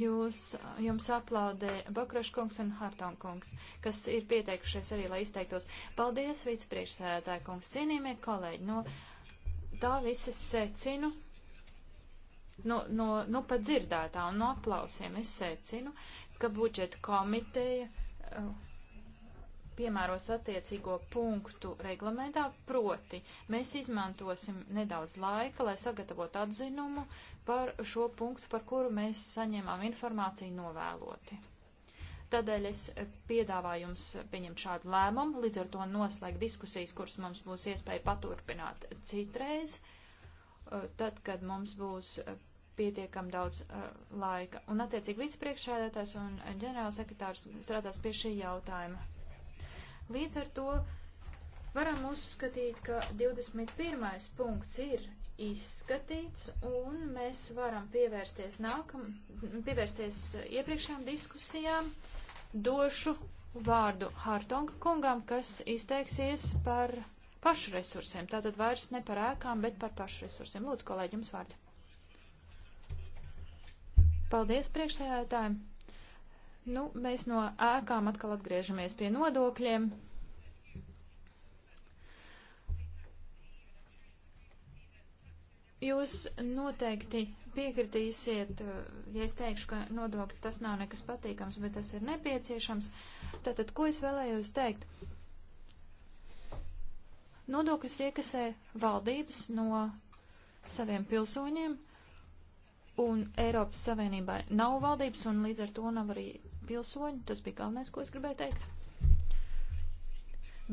[SPEAKER 2] Jūs, jums aplaudē Bakraškungs un Hartonkungs, kas ir pieteikušies arī, lai izteiktos. Paldies, vicepriekšsēdētāji kungs, cienījamie kolēģi. No tā visas secinu, no, no, no pat dzirdētā un no aplausiem es secinu, ka budžeta komiteja. Uh, piemēros attiecīgo punktu reglamentā, proti mēs izmantosim nedaudz laika, lai sagatavotu atzinumu par šo punktu, par kuru mēs saņēmām informāciju novēloti. Tādēļ es piedāvāju jums pieņemt šādu lēmumu, līdz ar to noslēgt diskusijas, kuras mums būs iespēja paturpināt citreiz, eh, tad, kad mums būs eh, pietiekam daudz uh, laika. Un attiecīgi vicepriekšsēdētājs un ģenerālsekretārs strādās pie šī jautājuma. Līdz ar to varam uzskatīt, ka 21. punkts ir izskatīts, un mēs varam pievērsties, nākam, pievērsties iepriekšējām diskusijām. Došu vārdu Hartonga kungam, kas izteiksies par pašresursiem. Tātad vairs ne par ēkām, bet par pašresursiem. Lūdzu, kolēģi, jums vārds. Paldies priekšsēdētājiem! Nu, mēs no ēkām atkal atgriežamies pie nodokļiem. Jūs noteikti piekritīsiet, eh, ja es teikšu, ka nodokļi tas nav nekas patīkams, bet tas ir nepieciešams. Tātad, ko es vēlējos teikt? Nodokļus iekasē valdības no saviem pilsoņiem, un Eiropas Savienībā nav valdības, un līdz ar to nav arī pilsoņi. Tas bija galvenais, ko es gribēju teikt.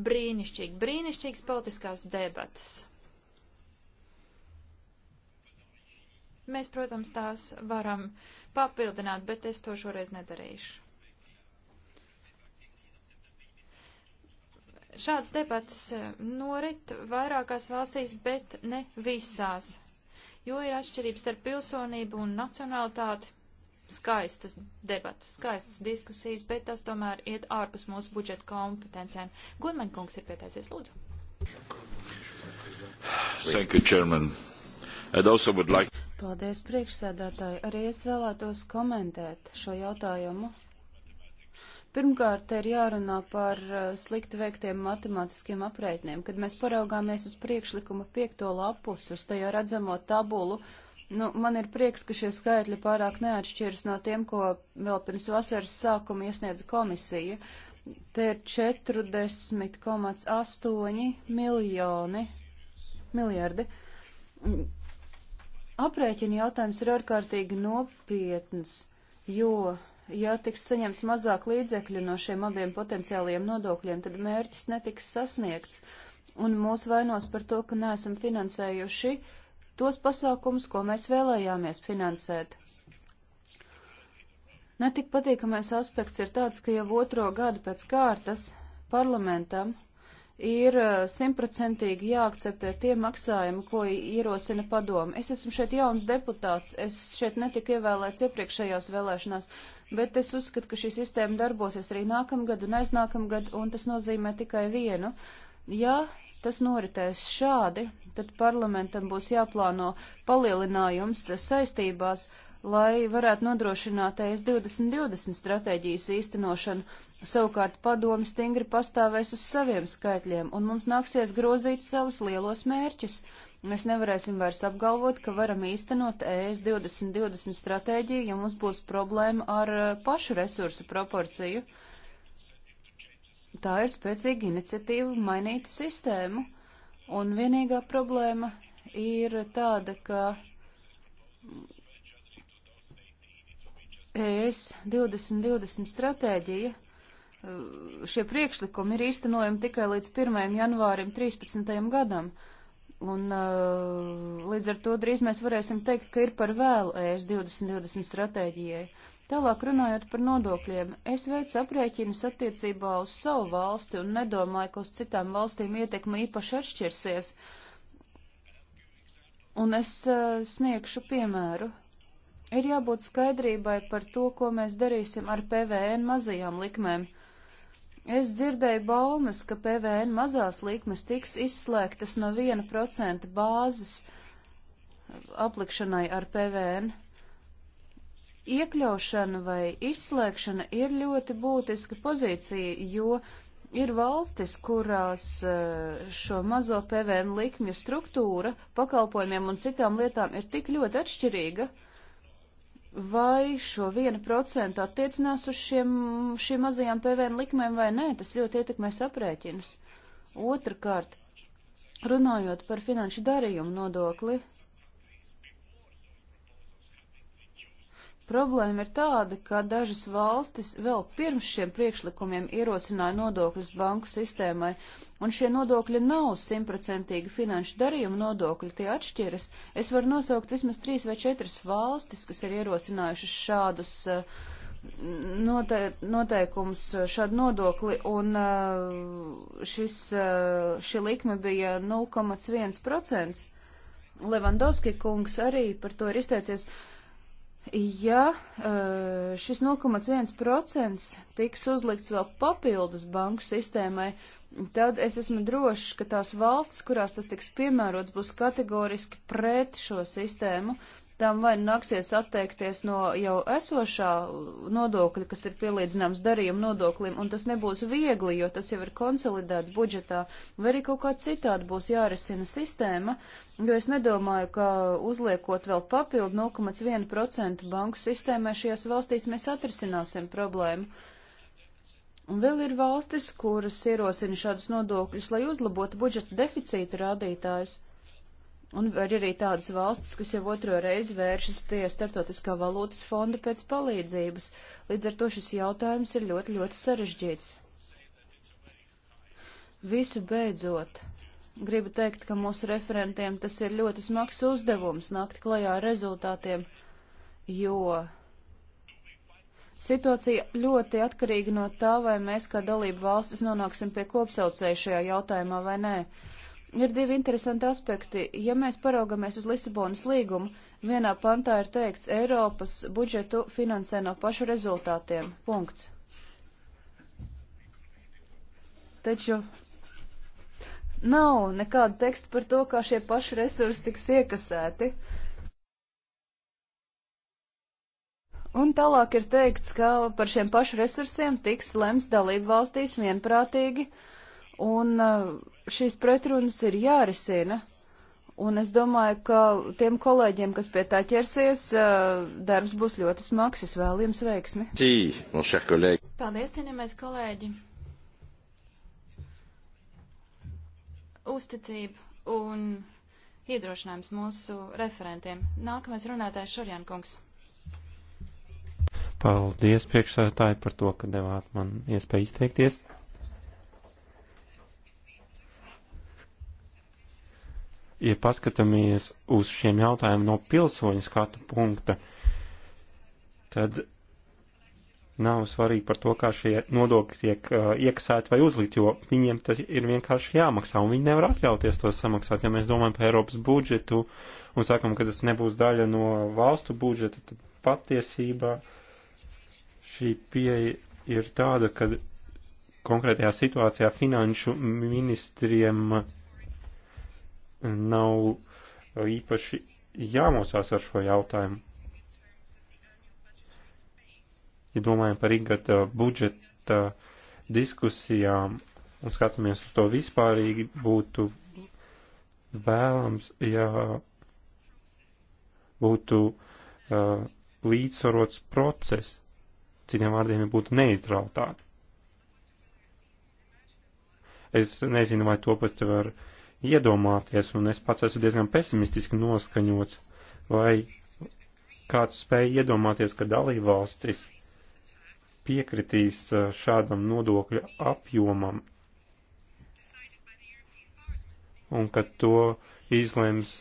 [SPEAKER 2] Brīnišķīgi, brīnišķīgas politiskās debatas. Mēs, protams, tās varam papildināt, bet es to šoreiz nedarīšu. Šāds debats eh, norit vairākās valstīs, bet ne visās, jo ir atšķirības starp pilsonību un nacionalitāti skaistas debatas, skaistas diskusijas, bet tas tomēr iet ārpus mūsu budžeta kompetencēm. Gudmaņkungs ir pieteicies, lūdzu.
[SPEAKER 4] Thank you, Chairman. And also would like...
[SPEAKER 2] Paldies, priekšsēdētāji. Arī es vēlētos
[SPEAKER 3] komentēt šo jautājumu. Pirmkārt, ir jārunā par uh, slikti veiktiem matemātiskiem aprēķiniem. Kad mēs paraugāmies uz priekšlikuma piekto lapus, uz tajā redzamo tabulu, uh, Nu, man ir prieks, ka šie skaitļi pārāk neatšķiras no tiem, ko vēl pirms vasaras sākuma iesniedza komisija. Te ir 40,8 miljoni, miljardi. Aprēķina jautājums ir ārkārtīgi nopietns, jo, ja tiks saņemts mazāk līdzekļu no šiem abiem potenciālajiem nodokļiem, tad mērķis netiks sasniegts, un mūs vainos par to, ka neesam finansējuši uh, tos pasākumus, ko mēs vēlējāmies finansēt. Netik patīkamais aspekts ir tāds, ka jau otro gadu pēc kārtas parlamentam ir eh, simtprocentīgi jāakceptē tie maksājumi, ko ierosina padomu. Es esmu šeit jauns deputāts, es šeit netiku ievēlēts iepriekšējās vēlēšanās, bet es uzskatu, ka šī sistēma darbosies arī nākamgad un aiznākamgad, un tas nozīmē tikai vienu. Ja tas noritēs šādi, tad parlamentam būs jāplāno palielinājums saistībās, lai varētu nodrošināt ES 2020 stratēģijas īstenošanu. Savukārt padomi stingri pastāvēs uz saviem skaitļiem, un mums nāksies grozīt savus lielos mērķus. Mēs nevarēsim vairs apgalvot, ka varam īstenot ES 2020 stratēģiju, ja mums būs problēma ar uh, pašu resursu proporciju. Tā ir spēcīga iniciatīva mainīt sistēmu. Un vienīgā problēma ir tāda, ka e ES 2020 stratēģija, uh, šie priekšlikumi ir īstenojami tikai līdz 1. janvārim 13. gadam. Un uh, līdz ar to drīz mēs varēsim teikt, ka ir par vēlu e ES 2020 stratēģijai. Tālāk runājot par nodokļiem, es veicu aprēķinus attiecībā uz savu valsti un nedomāju, ka uz citām valstīm ietekme īpaši atšķirsies. Un es uh, sniegšu piemēru. Ir jābūt skaidrībai par to, ko mēs darīsim ar PVN mazajām likmēm. Es dzirdēju baumas, ka PVN mazās likmes tiks izslēgtas no 1% bāzes aplikšanai ar PVN iekļaušana vai izslēgšana ir ļoti būtiska pozīcija, jo ir valstis, kurās eh, šo mazo PVN likmju struktūra pakalpojumiem un citām lietām ir tik ļoti atšķirīga, vai šo 1% attiecinās uz šiem, šiem mazajām PVN likmēm vai nē, tas ļoti ietekmēs aprēķinus. Otrakārt, runājot par finanšu darījumu nodokli, Problēma ir tāda, ka dažas valstis vēl pirms šiem priekšlikumiem ierosināja nodokļus banku sistēmai, un šie nodokļi nav simtprocentīgi finanšu darījuma nodokļi, tie atšķiras. Es varu nosaukt vismaz trīs vai četras valstis, kas ir ierosinājušas šādus eh, note noteikumus, eh, šādu nodokli, un eh, šis, šī likme bija 0,1%. Levandovski kungs arī par to ir izteicies. Uh, ja eh, šis 0,1% tiks uzlikts vēl papildus banku sistēmai, tad es esmu drošs, ka tās valsts, kurās tas tiks piemērots, būs kategoriski pret šo sistēmu, tam vai nāksies atteikties no jau esošā nodokļa, kas ir pielīdzināms darījuma nodoklim, un tas nebūs viegli, jo tas jau ir konsolidēts budžetā, vai arī kaut kā citādi būs jārisina sistēma, jo es nedomāju, ka uzliekot vēl papildu 0,1% banku sistēmai šajās valstīs mēs atrisināsim problēmu. Un vēl ir valstis, kuras ierosina šādus nodokļus, lai uzlabotu budžeta deficīta rādītājus. Un ir arī tādas valstis, kas jau otro reizi vēršas pie Startautiskā valūtas fonda pēc palīdzības. Līdz ar to šis jautājums ir ļoti, ļoti sarežģīts. Visu beidzot, gribu teikt, ka mūsu referentiem tas ir ļoti smags uzdevums nākt klajā ar rezultātiem, jo Situācija ļoti atkarīga no tā, vai mēs kā dalība valstis nonāksim pie kopsaucēja šajā jautājumā vai nē. Ir divi interesanti aspekti. Ja mēs paraugamies uz Lisabonas līgumu, vienā pantā ir teikts, Eiropas budžetu finansē no pašu rezultātiem. Punkts. Taču nav nekāda teksta par to, kā šie paši resursi tiks iekasēti. Un tālāk ir teikts, ka par šiem pašu resursiem tiks lems dalību valstīs vienprātīgi. Uh, Un eh, šīs pretrunas ir jārisina. Un es domāju, ka tiem kolēģiem, kas pie tā ķersies, eh, darbs būs ļoti smags. Es vēlu jums veiksmi.
[SPEAKER 1] Paldies,
[SPEAKER 2] cienījamais kolēģi. Uzticība un iedrošinājums mūsu referentiem. Nākamais runātājs Šurjan kungs.
[SPEAKER 4] Paldies priekšsētāji par to, ka devāt man iespēju izteikties. ja paskatāmies uz šiem jautājumiem no pilsoņa skatu punkta, tad nav svarīgi par to, kā šie nodokļi tiek uh, iekasēti vai uzlikt, jo viņiem tas ir vienkārši jāmaksā, un viņi nevar atļauties to samaksāt. Ja mēs domājam par Eiropas budžetu un sakam, ka tas nebūs daļa no valstu budžeta, tad patiesībā šī pieeja ir tāda, ka konkrētajā situācijā finanšu ministriem uh, nav īpaši jāmosās ar šo jautājumu. Ja domājam par ikgada budžeta diskusijām un skatāmies uz to vispārīgi, būtu vēlams, ja būtu uh, līdzsvarots process, citiem vārdiem, ja būtu neitrāltāk. Es nezinu, vai to pat var uh, iedomāties, un es pats esmu diezgan pesimistiski noskaņots, vai kāds spēja iedomāties, ka dalībvalstis piekritīs e, šādam nodokļu apjomam, un ka to izlems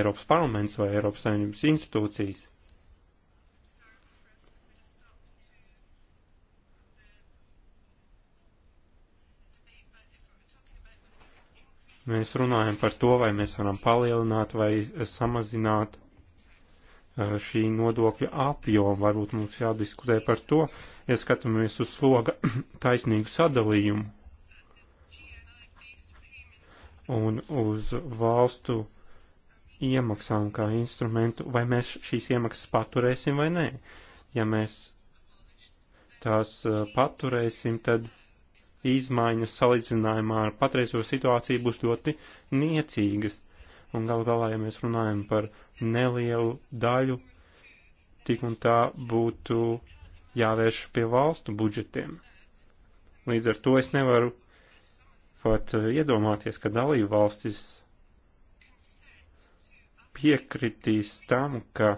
[SPEAKER 4] Eiropas parlaments vai Eiropas saimnības institūcijas. Mēs runājam par to, vai mēs varam palielināt vai samazināt šī nodokļa apjomu. Varbūt mums jādiskutē par to, ja skatāmies uz sloga taisnīgu sadalījumu un uz valstu iemaksām kā instrumentu, vai mēs šīs iemaksas paturēsim vai nē. Ja mēs tās paturēsim, tad izmaiņas salīdzinājumā ar patreizo situāciju būs ļoti niecīgas. Un gal galā, ja mēs runājam par nelielu daļu, tik un tā būtu jāvērš pie valstu budžetiem. Līdz ar to es nevaru pat eh, iedomāties, ka dalību valstis piekritīs tam, ka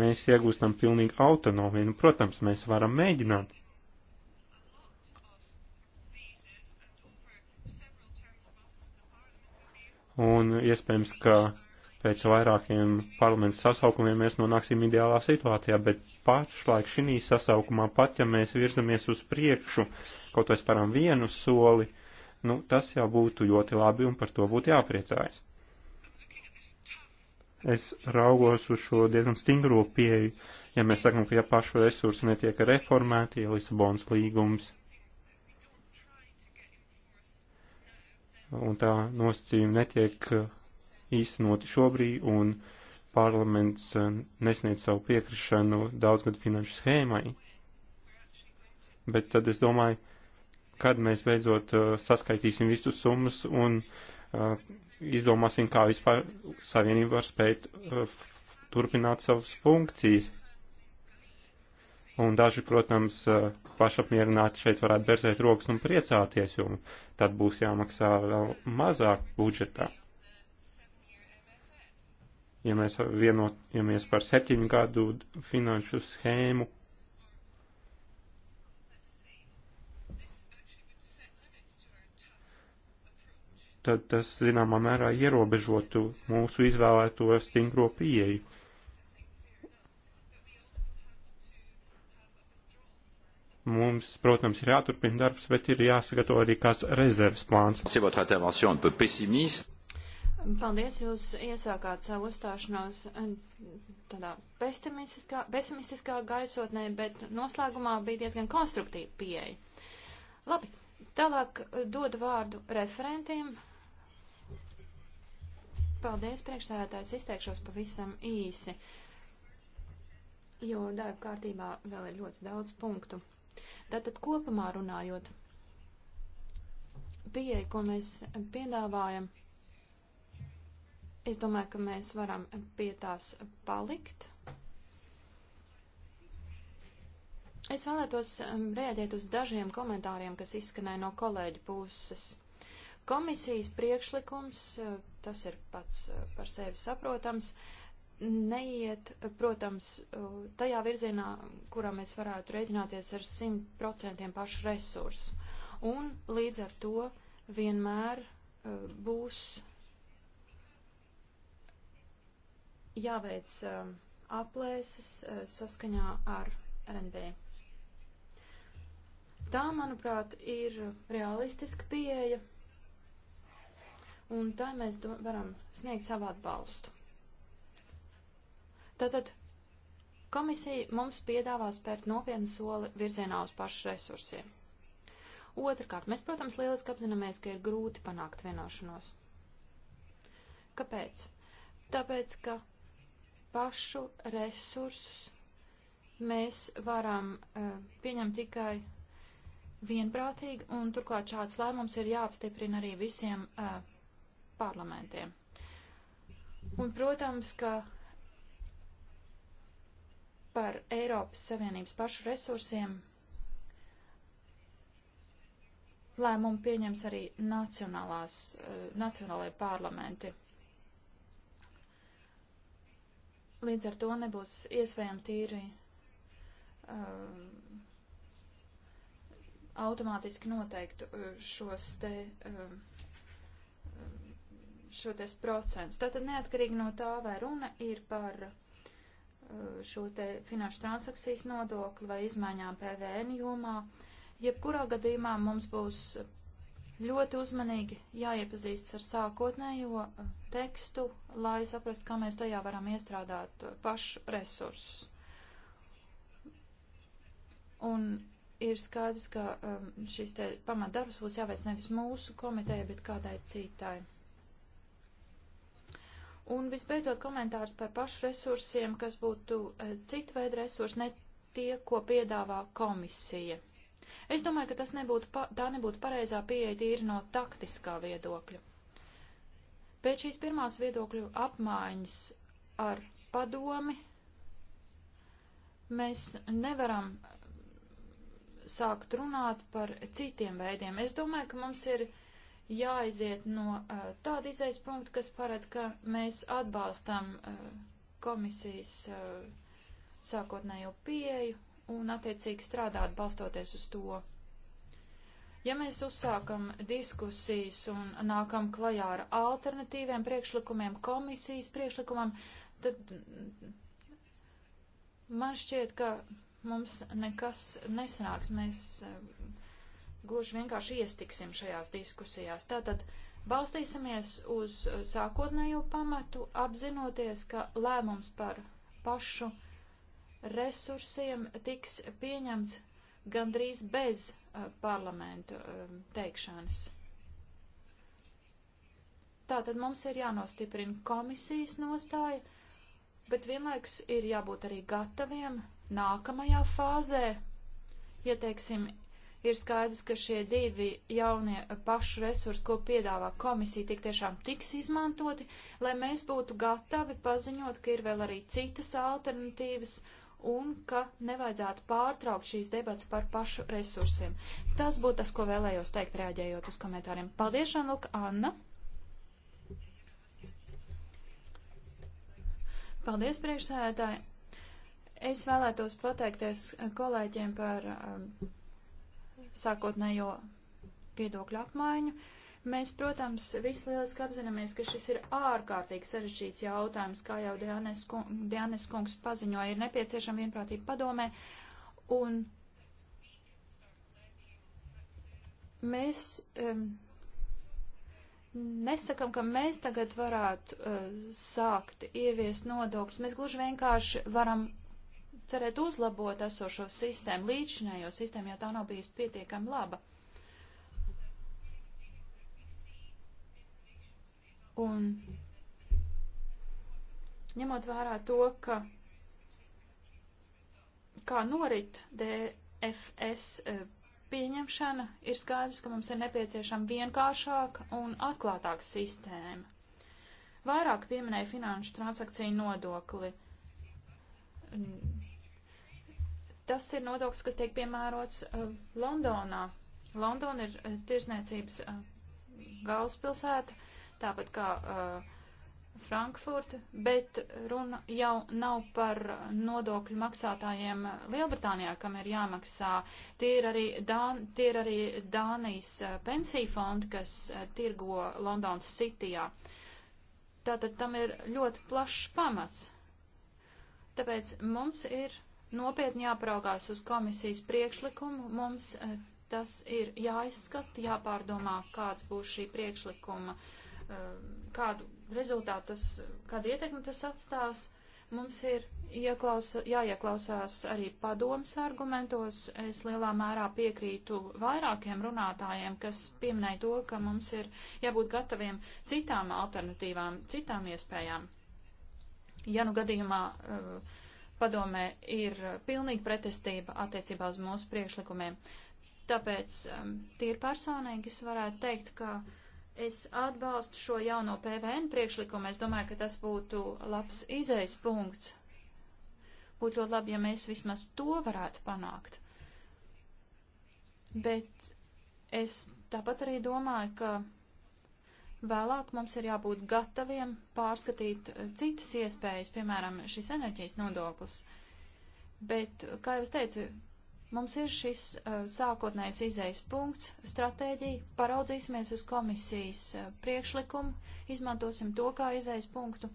[SPEAKER 4] mēs iegūstam pilnīgu autonomiju. Nu, protams, mēs varam mēģināt, un iespējams, ka pēc vairākiem parlamentu sasaukumiem mēs nonāksim ideālā situācijā, bet pašlaik šī sasaukumā pat, ja mēs virzamies uz priekšu, kaut vai sparam vienu soli, nu, tas jau būtu ļoti labi un par to būtu jāpriecājas. Es raugos uz šo diezgan stingro pieeju, ja mēs sakam, ka ja pašu resursi netiek reformēti, ja Lisabonas līgums un tā nosacījumi netiek e, īstenoti šobrīd, un parlaments e, nesniedz savu piekrišanu daudzgadu finanšu schēmai. Bet tad es domāju, kad mēs beidzot e, saskaitīsim visus summas un uh, izdomāsim, kā vispār savienība var spēt uh, turpināt savas funkcijas. Un daži, protams, eh, pašapmierināti šeit varētu berzēt rokas un priecāties, jo tad būs jāmaksā vēl mazāk budžetā. Ja mēs vienojamies par septiņu gadu finanšu schēmu, tad tas, zināmā mērā, ierobežotu mūsu izvēlēto stingro pieeju Mums, protams, ir jāturpina darbs, bet ir jāsagatavo arī kāds rezerves plāns.
[SPEAKER 2] Paldies, jūs iesākāt savu uzstāšanos eh, tādā pesimistiskā, pesimistiskā gaisotnē, bet noslēgumā bija diezgan konstruktīva pieeja. Labi, tālāk dodu vārdu referentiem. Paldies, priekšstādātājs, izteikšos pavisam īsi, jo darba kārtībā vēl ir ļoti daudz punktu. Tātad kopumā runājot, pieeja, ko mēs piedāvājam, es domāju, ka mēs varam pie tās palikt. Es vēlētos um, reaģēt uz dažiem komentāriem, kas izskanēja no kolēģa puses. Komisijas priekšlikums, uh, tas ir pats uh, par sevi saprotams, uh, neiet, protams, tajā virzienā, kurā mēs varētu rēķināties ar 100% pašu resursu. Un līdz ar to vienmēr eh, būs jāveic eh, aplēses eh, saskaņā ar RNB. Tā, manuprāt, ir realistiska pieeja, un tā mēs varam sniegt savu atbalstu. Tātad komisija mums piedāvā spērt nopietnu soli virzienā uz pašu resursiem. Otrakārt, mēs, protams, lieliski apzināmies, ka ir grūti panākt vienošanos. Kāpēc? Tāpēc, ka pašu resursus mēs varam uh, pieņemt tikai vienprātīgi, un turklāt šāds lēmums ir jāapstiprina arī visiem uh, parlamentiem. Un, protams, ka par Eiropas Savienības pašu resursiem lēmumu pieņems arī nacionālās, eh, nacionālajie parlamenti. Līdz ar to nebūs iespējams tīri um, automātiski noteikt eh, šos te, um, šo te procentus. Tātad neatkarīgi no tā, vai runa ir par uh, Eh, šo te finanšu transakcijas nodokli vai izmaiņām PVN jomā. Jebkurā gadījumā mums būs ļoti uzmanīgi jāiepazīstas ar sākotnējo eh, tekstu, lai saprastu, kā mēs tajā varam iestrādāt eh, pašu resursus. Un ir skaidrs, ka šīs te pamatdarbs būs jāveic nevis mūsu komiteja, bet kādai citai. Un visbeidzot komentārs par pašu resursiem, kas būtu eh, citu veidu resursi, ne tie, ko piedāvā komisija. Es domāju, ka tas nebūtu, tā nebūtu pareizā pieeja tīri no taktiskā viedokļa. Pēc šīs pirmās viedokļu apmaiņas ar padomi mēs nevaram eh, sākt runāt par citiem veidiem. Es domāju, ka mums ir uh, jāaiziet no uh, tāda izaisa punkta, kas paredz, ka mēs atbalstam uh, komisijas uh, sākotnējo pieeju un attiecīgi strādāt balstoties uz to. Ja mēs uzsākam diskusijas un nākam klajā ar alternatīviem priekšlikumiem, komisijas priekšlikumam, tad man šķiet, ka mums nekas nesanāks. Mēs uh, gluži vienkārši iestiksim šajās diskusijās. Tātad balstīsimies uz eh, sākotnējo pamatu, apzinoties, ka lēmums par pašu resursiem tiks pieņemts gandrīz bez uh, eh, parlamenta uh, eh, teikšanas. Tātad mums ir jānostiprina komisijas nostāja, bet vienlaikus ir jābūt arī gataviem nākamajā fāzē, ja teiksim, ir skaidrs, ka šie divi jaunie pašu resursi, ko piedāvā komisija, tik tiešām tiks izmantoti, lai mēs būtu gatavi paziņot, ka ir vēl arī citas alternatīvas un ka nevajadzētu pārtraukt šīs debats par pašu resursiem. Tas būtu tas, ko vēlējos teikt, reaģējot uz komentāriem. Paldies, Anluka, Anna! Paldies, priekšsēdētāji! Es vēlētos pateikties kolēģiem par um, sākotnējo viedokļu apmaiņu. Mēs, protams, visi lieliski apzināmies, ka šis ir ārkārtīgi sarežģīts jautājums, kā jau Dianes kungs, kungs paziņoja, ir nepieciešama vienprātība padomē, un mēs um, nesakam, ka mēs tagad varētu uh, sākt ieviest nodokļus, mēs gluži vienkārši varam cerēt uzlabot esošo sistēmu, līdzinējo sistēmu, jo tā nav bijusi pietiekami laba. Un ņemot vērā to, ka kā norit DFS eh, pieņemšana, ir skaidrs, ka mums ir nepieciešama vienkāršāka un atklātāka sistēma. Vairāk pieminēja finanšu transakciju nodokli Tas ir nodoklis, kas tiek piemērots uh, Londonā. Londona ir uh, tirsniecības uh, galvaspilsēta, tāpat kā uh, Frankfurta, bet runa jau nav par nodokļu maksātājiem uh, Lielbritānijā, kam ir jāmaksā. Tie ir arī, Dān, tie ir arī Dānijas uh, pensiju fondi, kas uh, tirgo Londonas Cityjā. Tātad tam ir ļoti plašs pamats. Tāpēc mums ir nopietni jāpraugās uz komisijas priekšlikumu. Mums e, tas ir jāizskata, jāpārdomā, kāds būs šī priekšlikuma, e, kādu rezultātu tas, kādu ietekmi tas atstās. Mums ir ieklausa, jāieklausās arī padomas argumentos. Es lielā mērā piekrītu vairākiem runātājiem, kas pieminēja to, ka mums ir jābūt gataviem citām alternatīvām, citām iespējām. Ja nu gadījumā uh, padomē ir pilnīga pretestība attiecībā uz mūsu priekšlikumiem. Tāpēc um, tīri personīgi es varētu teikt, ka es atbalstu šo jauno PVN priekšlikumu. Es domāju, ka tas būtu labs izējas punkts. Būtu ļoti labi, ja mēs vismaz to varētu panākt. Bet es tāpat arī domāju, ka Vēlāk mums ir jābūt gataviem pārskatīt eh, citas iespējas, piemēram, šis enerģijas nodoklis. Bet, kā jau es teicu, mums ir šis uh, sākotnējais izējas punkts, stratēģija, paraudzīsimies uz komisijas uh, priekšlikumu, izmantosim to kā izējas punktu.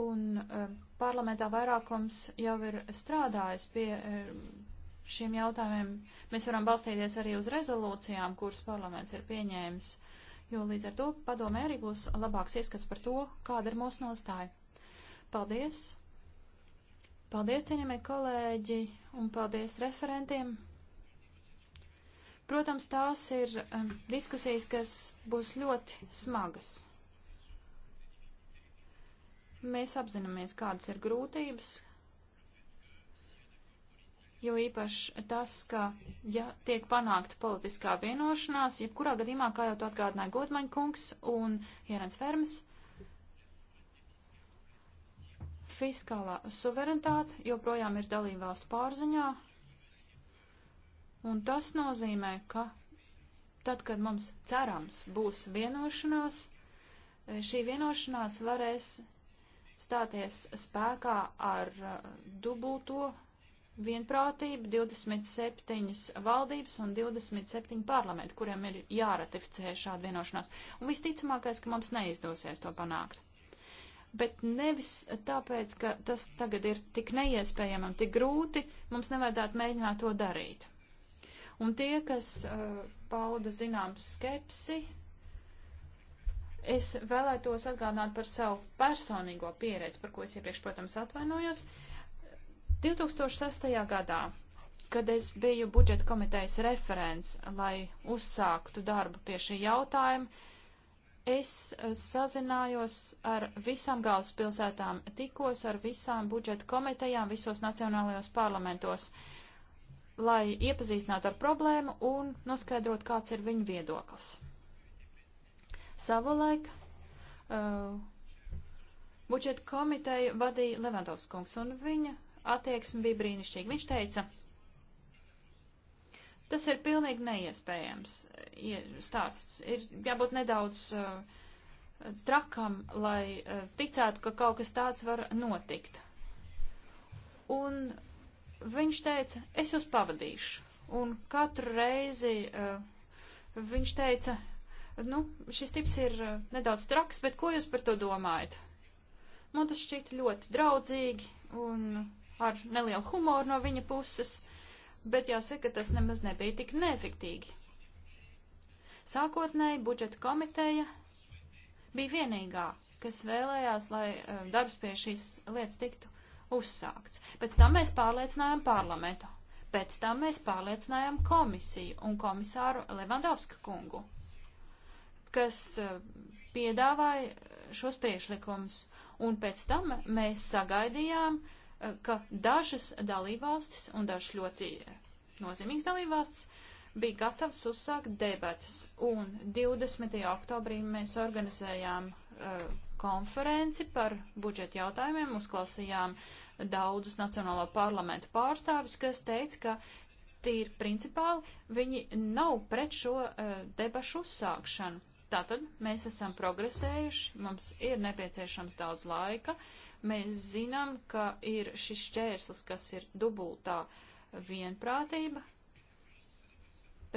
[SPEAKER 2] Un uh, parlamentā vairākums jau ir strādājis pie uh, šiem jautājumiem. Mēs varam balstīties arī uz rezolūcijām, kuras parlaments ir pieņēmis, jo līdz ar to padomē arī būs labāks ieskats par to, kāda ir mūsu nostāja. Paldies! Paldies, cienījamie kolēģi, un paldies referentiem! Protams, tās ir um, diskusijas, kas būs ļoti smagas. Mēs apzināmies, kādas ir grūtības, jo īpaši tas, ka, ja tiek panākta politiskā vienošanās, jebkurā gadījumā, kā jau to atgādināja Godmaņa kungs un Jērens Fermas, fiskālā suverenitāte joprojām ir dalībvalstu pārziņā, un tas nozīmē, ka tad, kad mums cerams būs vienošanās, šī vienošanās varēs stāties spēkā ar uh, dubulto vienprātību 27 valdības un 27 parlamentu, kuriem ir jāratificē šāda vienošanās. Un visticamākais, ka mums neizdosies to panākt. Bet nevis tāpēc, ka tas tagad ir tik neiespējami un tik grūti, mums nevajadzētu mēģināt to darīt. Un tie, kas uh, pauda zināms skepsi, Es vēlētos atgādināt par savu personīgo pieredzi, par ko es iepriekš, protams, atvainojos. 2006. gadā, kad es biju budžeta komitejas referents, lai uzsāktu darbu pie šī jautājuma, es eh, sazinājos ar visām galvaspilsētām, tikos ar visām budžeta komitejām visos nacionālajos parlamentos, lai iepazīstinātu ar problēmu un noskaidrot, kāds ir viņu viedoklis. Savulaik uh, budžeta komiteju vadīja Levandovskungs, un viņa attieksme bija brīnišķīga. Viņš teica, tas ir pilnīgi neiespējams stāsts. Ir jābūt nedaudz uh, trakam, lai uh, ticētu, ka kaut kas tāds var notikt. Un viņš teica, es jūs pavadīšu. Un katru reizi uh, viņš teica, Nu, šis tips ir eh, nedaudz traks, bet ko jūs par to domājat? Man tas šķiet ļoti draudzīgi un ar nelielu humoru no viņa puses, bet jāsaka, tas nemaz nebija tik neefektīgi. Sākotnēji budžeta komiteja bija vienīgā, kas vēlējās, lai eh, darbs pie šīs lietas tiktu uzsākts. Pēc tam mēs pārliecinājām parlamentu, pēc tam mēs pārliecinājām komisiju un komisāru Levandovska kungu kas eh, piedāvāja šos priekšlikumus. Un pēc tam mēs sagaidījām, eh, ka dažas dalībvalstis un dažas ļoti nozīmīgas dalībvalstis bija gatavs uzsākt debatas. Un 20. oktobrī mēs organizējām uh, konferenci par budžeta jautājumiem, uzklausījām daudzus Nacionālo parlamentu pārstāvis, kas teica, ka tīri principāli viņi nav pret šo uh, debašu uzsākšanu. Tātad mēs esam progresējuši, mums ir nepieciešams daudz laika, mēs zinām, ka ir šis šķērslis, kas ir dubultā vienprātība,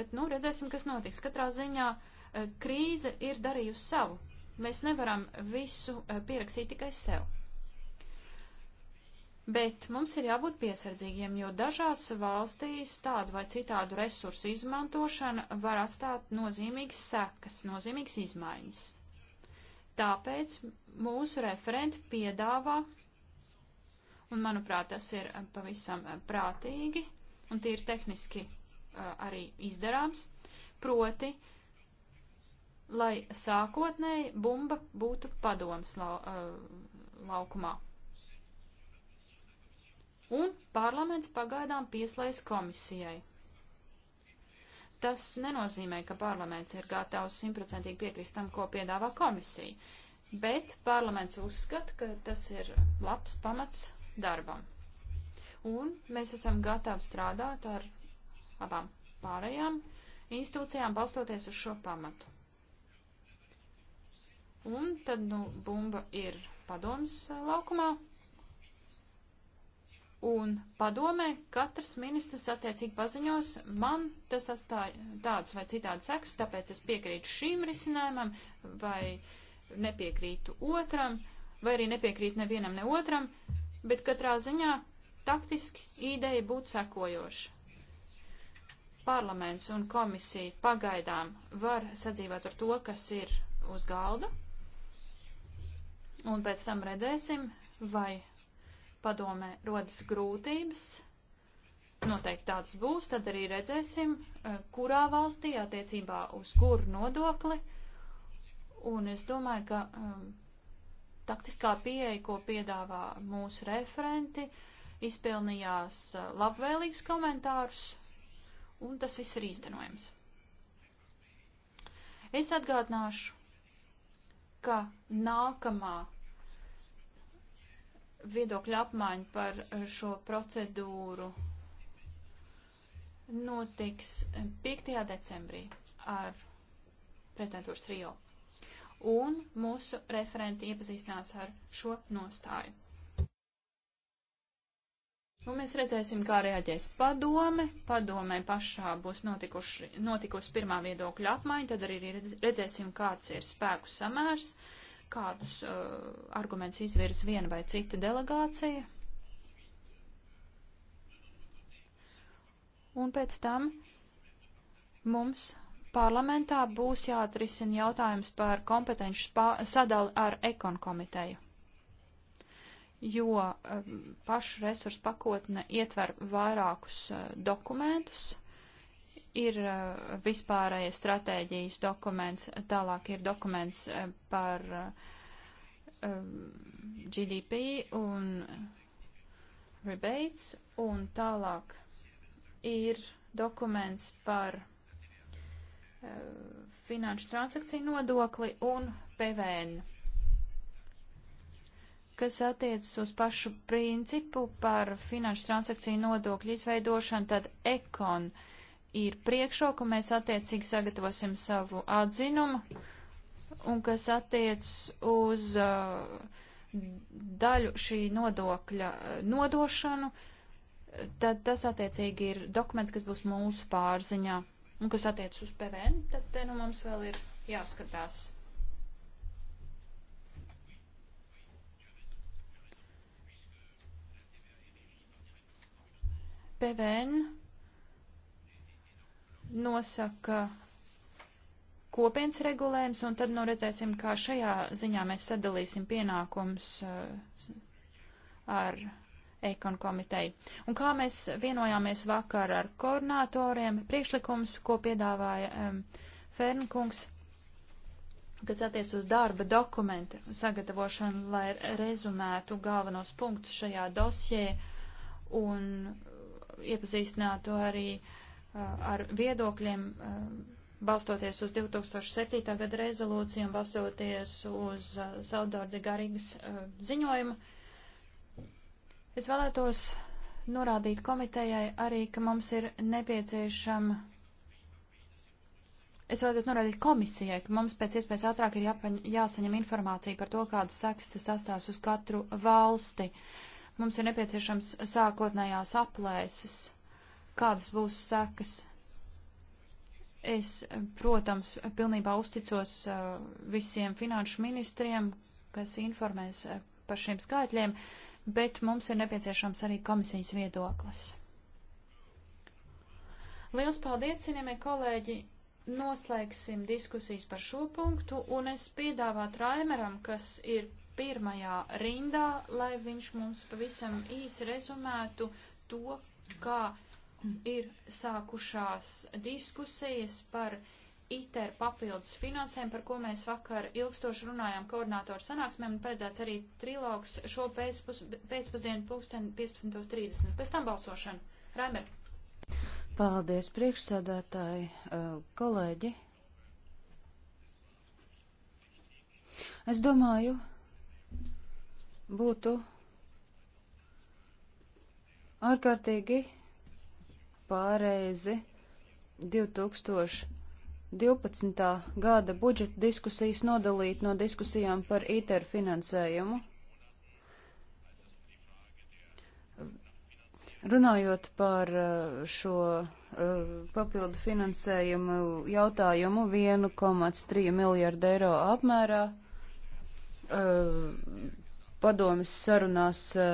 [SPEAKER 2] bet, nu, redzēsim, kas notiks. Katrā ziņā eh, krīze ir darījusi savu. Mēs nevaram visu eh, pierakstīt tikai sev bet mums ir jābūt piesardzīgiem, jo dažās valstīs tādu vai citādu resursu izmantošana var atstāt nozīmīgas sekas, nozīmīgas izmaiņas. Tāpēc mūsu referenti piedāvā, un manuprāt, tas ir pavisam prātīgi un tīri tehniski arī izdarāms, proti, lai sākotnēji bumba būtu padoms lau, laukumā un parlaments pagaidām pieslēdz komisijai. Tas nenozīmē, ka parlaments ir gatavs simtprocentīgi piekrist tam, ko piedāvā komisija, bet parlaments uzskata, ka tas ir labs pamats darbam. Un mēs esam gatavi strādāt ar abām pārējām institūcijām, balstoties uz šo pamatu. Un tad, nu, bumba ir padoms laukumā, Un padomē, katrs ministrs attiecīgi paziņos, man tas atstāja tāds vai citādi sekas, tāpēc es piekrītu šīm risinājumam, vai nepiekrītu otram, vai arī nepiekrītu nevienam ne otram, bet katrā ziņā taktiski ideja būtu sekojoša. Parlaments un komisija pagaidām var sadzīvot ar to, kas ir uz galda, un pēc tam redzēsim, vai padomē rodas grūtības, noteikti tāds būs, tad arī redzēsim, e, kurā valstī attiecībā uz kuru nodokli. Un es domāju, ka um, taktiskā pieeja, ko piedāvā mūsu referenti, izpelnījās e, labvēlīgs komentārs, un tas viss ir īstenojams. Es atgādināšu, ka nākamā viedokļu apmaiņa par eh, šo procedūru notiks 5. decembrī ar prezidentūras trio. Un mūsu referenti iepazīstinās ar šo nostāju. Un mēs redzēsim, kā reaģēs padome. Padomē pašā būs notikuši, notikusi pirmā viedokļa apmaiņa, tad arī redzēsim, kāds ir spēku samērs. Uh, kādus uh, argumentus izvirs viena vai cita delegācija. Un pēc tam mums parlamentā būs jāatrisina jautājums par kompetenci sadali ar ekon komiteju, jo uh, pašu resursu pakotne ietver vairākus uh, dokumentus ir uh, vispārējais stratēģijas dokuments, tālāk ir dokuments uh, par uh, um, GDP un rebates, un tālāk ir dokuments par finanšu transakciju nodokli un PVN kas attiecas uz pašu principu par finanšu transakciju nodokļu izveidošanu, tad ekon uh, ir priekšroka, mēs attiecīgi sagatavosim savu atzinumu, un kas attiec uz uh, daļu šī nodokļa uh, nodošanu, tad tas attiecīgi ir dokuments, kas būs mūsu pārziņā. Un kas attiec uz PVN, tad te nu mums vēl ir jāskatās. PVN nosaka kopienas regulējums, un tad nu redzēsim, kā šajā ziņā mēs sadalīsim pienākums uh, ar ekonu komiteju. Un kā mēs vienojāmies vakar ar koordinatoriem, priekšlikums, ko piedāvāja um, Fernkungs, kas attiec uz darba dokumentu sagatavošanu, lai rezumētu galvenos punktus šajā dosjē un iepazīstinātu arī uh, Uh, ar viedokļiem uh, balstoties uz 2007. gada rezolūciju un balstoties uz uh, Saudārdi Garīgas ziņojumu. Es vēlētos norādīt komitejai arī, ka mums ir nepieciešama. Es vēlētos norādīt komisijai, ka mums pēc iespējas ātrāk ir jāpaņ, jāsaņem informācija par to, kādas sekas tas atstās uz katru valsti. Mums ir nepieciešams sākotnējās aplēses kādas būs sekas. Es, protams, pilnībā uzticos eh, visiem finanšu ministriem, kas informēs eh, par šiem skaitļiem, bet mums ir nepieciešams arī komisijas viedoklis. Liels paldies, cienījamie kolēģi! Noslēgsim diskusijas par šo punktu, un es piedāvātu Raimeram, kas ir pirmajā rindā, lai viņš mums pavisam īsi rezumētu to, kā ir sākušās diskusijas par ITER papildus finansēm, par ko mēs vakar ilgstoši runājām koordinātoru sanāksmēm, un paredzēts arī trilogs šo pēcpus, pēcpusdienu pulksteni 15.30. Pēc tam balsošana. Raimer.
[SPEAKER 3] Paldies, priekšsādātāji, kolēģi. Es domāju, būtu ārkārtīgi pareizi 2012. gada budžeta diskusijas nodalīt no diskusijām par ITER finansējumu. Runājot par uh, šo uh, papildu finansējumu jautājumu 1,3 miljārdu eiro apmērā, uh, padomis sarunās eh,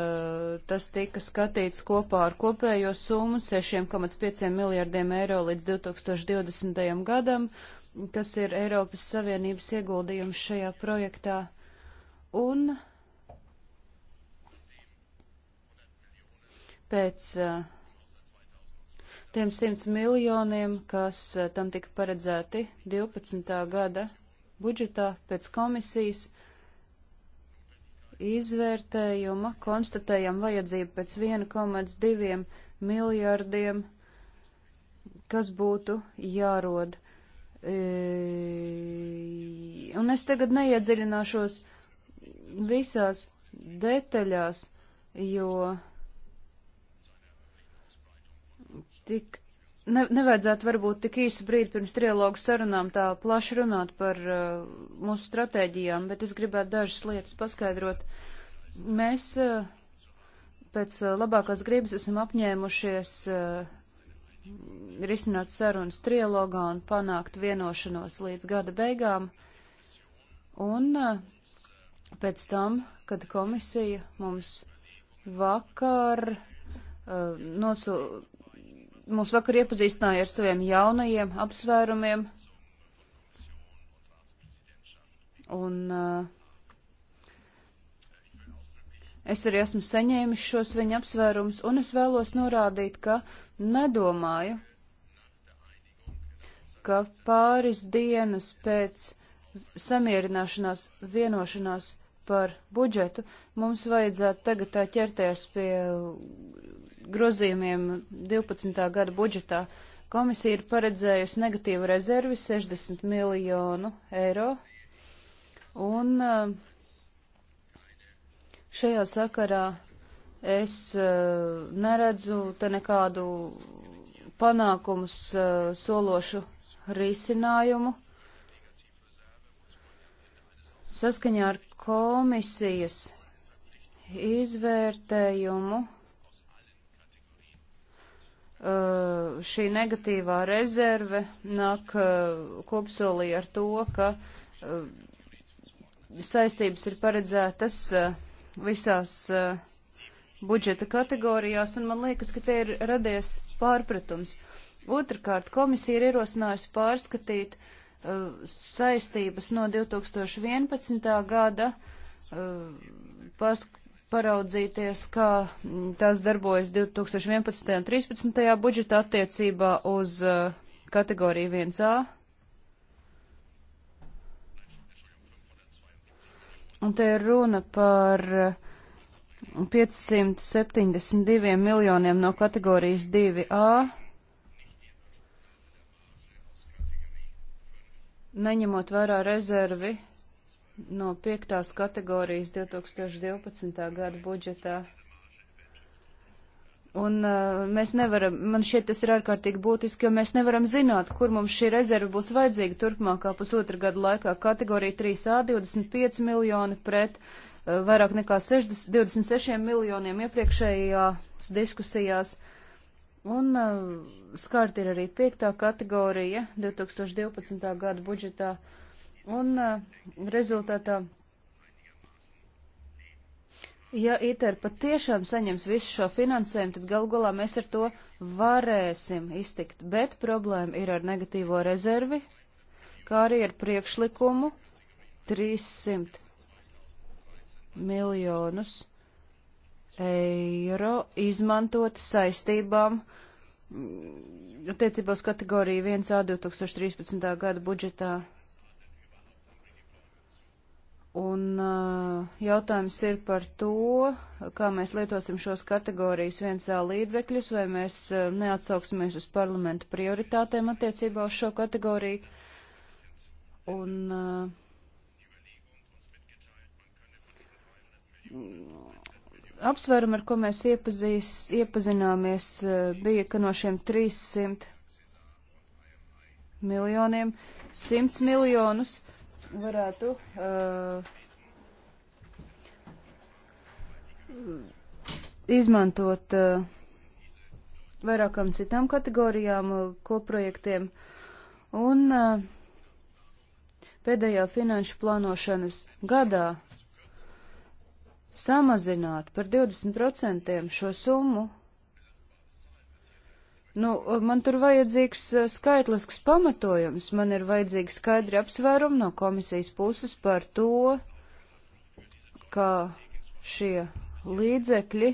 [SPEAKER 3] tas tika skatīts kopā ar kopējo summu 6,5 miljardiem eiro līdz 2020. gadam, kas ir Eiropas Savienības ieguldījums šajā projektā. Un pēc eh, tiem 100 miljoniem, kas eh, tam tika paredzēti 12. gada budžetā pēc komisijas, izvērtējuma konstatējam vajadzību pēc 1,2 miljārdiem, kas būtu jārod. E, un es tagad neiedziļināšos visās detaļās, jo tik ne, nevajadzētu varbūt tik īsu brīdi pirms trialogu sarunām tā plaši runāt par uh, mūsu stratēģijām, bet es gribētu dažas lietas paskaidrot. Mēs uh, pēc uh, labākās gribas esam apņēmušies uh, risināt sarunas trialogā un panākt vienošanos līdz gada beigām. Un uh, pēc tam, kad komisija mums vakar uh, nosūta mūs vakar iepazīstināja ar saviem jaunajiem apsvērumiem. Un uh, es arī esmu saņēmis šos viņa apsvērumus, un es vēlos norādīt, ka nedomāju, ka pāris dienas pēc samierināšanās, vienošanās par budžetu mums vajadzētu tagad tā ķerties pie grozījumiem 12. gada budžetā. Komisija ir paredzējusi negatīvu rezervi 60 miljonu eiro. Un eh, šajā sakarā es eh, neredzu te nekādu panākumus eh, sološu risinājumu. Saskaņā ar komisijas izvērtējumu Eh, šī negatīvā rezerve nāk eh, kopsolī ar to, ka eh, saistības ir paredzētas visās budžeta kategorijās, un man liekas, ka te ir radies pārpratums. Otrakārt, komisija ir ierosinājusi pārskatīt saistības no 2011. gada, pask paraudzīties, kā tās darbojas 2011. un 2013. budžeta attiecībā uz uh, kategoriju 1A. Un te ir runa par 572 uh, miljoniem no kategorijas 2A, neņemot vērā rezervi no piektās kategorijas 2012. gada budžetā. Un uh, mēs nevaram, man šķiet tas ir ārkārtīgi būtiski, jo mēs nevaram zināt, kur mums šī rezerva būs vajadzīga turpmākā pusotra gada laikā. Kategorija 3A 25 miljoni pret uh, vairāk nekā 60, 26 miljoniem iepriekšējās diskusijās. Un uh, skārt ir arī piektā kategorija 2012. gada budžetā. Uh, Un eh, rezultātā, ja ITER patiešām saņems visu šo finansējumu, tad gal galā mēs ar to varēsim iztikt. Bet problēma ir ar negatīvo rezervi, kā arī ar priekšlikumu 300 miljonus eiro izmantot saistībām mm, attiecībā uz kategoriju 1A 2013. gada budžetā. Un uh, jautājums ir par to, kā mēs lietosim šos kategorijas viensā līdzekļus, vai mēs uh, neatsauksimies uz parlamentu prioritātēm attiecībā uz šo kategoriju. Un uh, apsvērumi, ar ko mēs iepazīs, iepazināmies, uh, bija, ka no šiem 300 miljoniem 100 miljonus uh, varētu uh, izmantot uh, vairākām citām kategorijām, uh, koprojektiem. Un uh, pēdējā finanšu plānošanas gadā samazināt par 20% šo summu Nu, man tur vajadzīgs eh, skaitlisks pamatojums, man ir vajadzīgi skaidri apsvērumi no komisijas puses par to, ka šie līdzekļi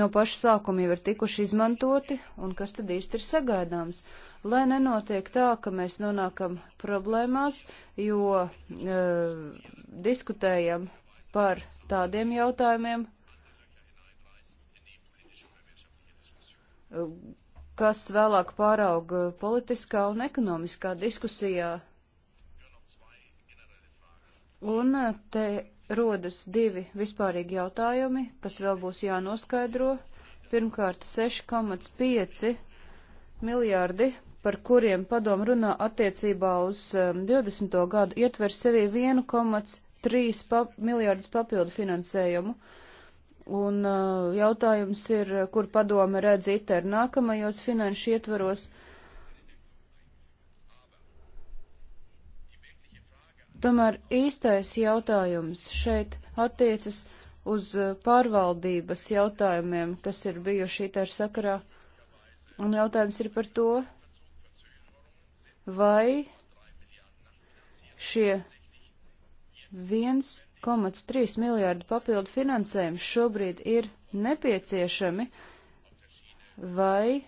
[SPEAKER 3] no paša sākuma jau ir tikuši izmantoti un kas tad īsti ir sagaidāms. Lai nenotiek tā, ka mēs nonākam problēmās, jo e, diskutējam par tādiem jautājumiem, e, kas vēlāk pārauga politiskā un ekonomiskā diskusijā. Un eh, te rodas divi vispārīgi jautājumi, kas vēl būs jānoskaidro. Pirmkārt, 6,5 miljārdi, par kuriem padom runā attiecībā uz 20. Eh, gadu, ietver sevī 1,3 pap miljārdus papildu finansējumu. Uh, Un uh, jautājums ir, kur padome redz ITER nākamajos finanšu ietvaros. Tomēr īstais jautājums šeit attiecas uz uh, pārvaldības jautājumiem, kas ir bijuši ITER sakarā. Un jautājums ir par to, vai šie viens 1,3 miljārdu papildu finansējumu šobrīd ir nepieciešami, vai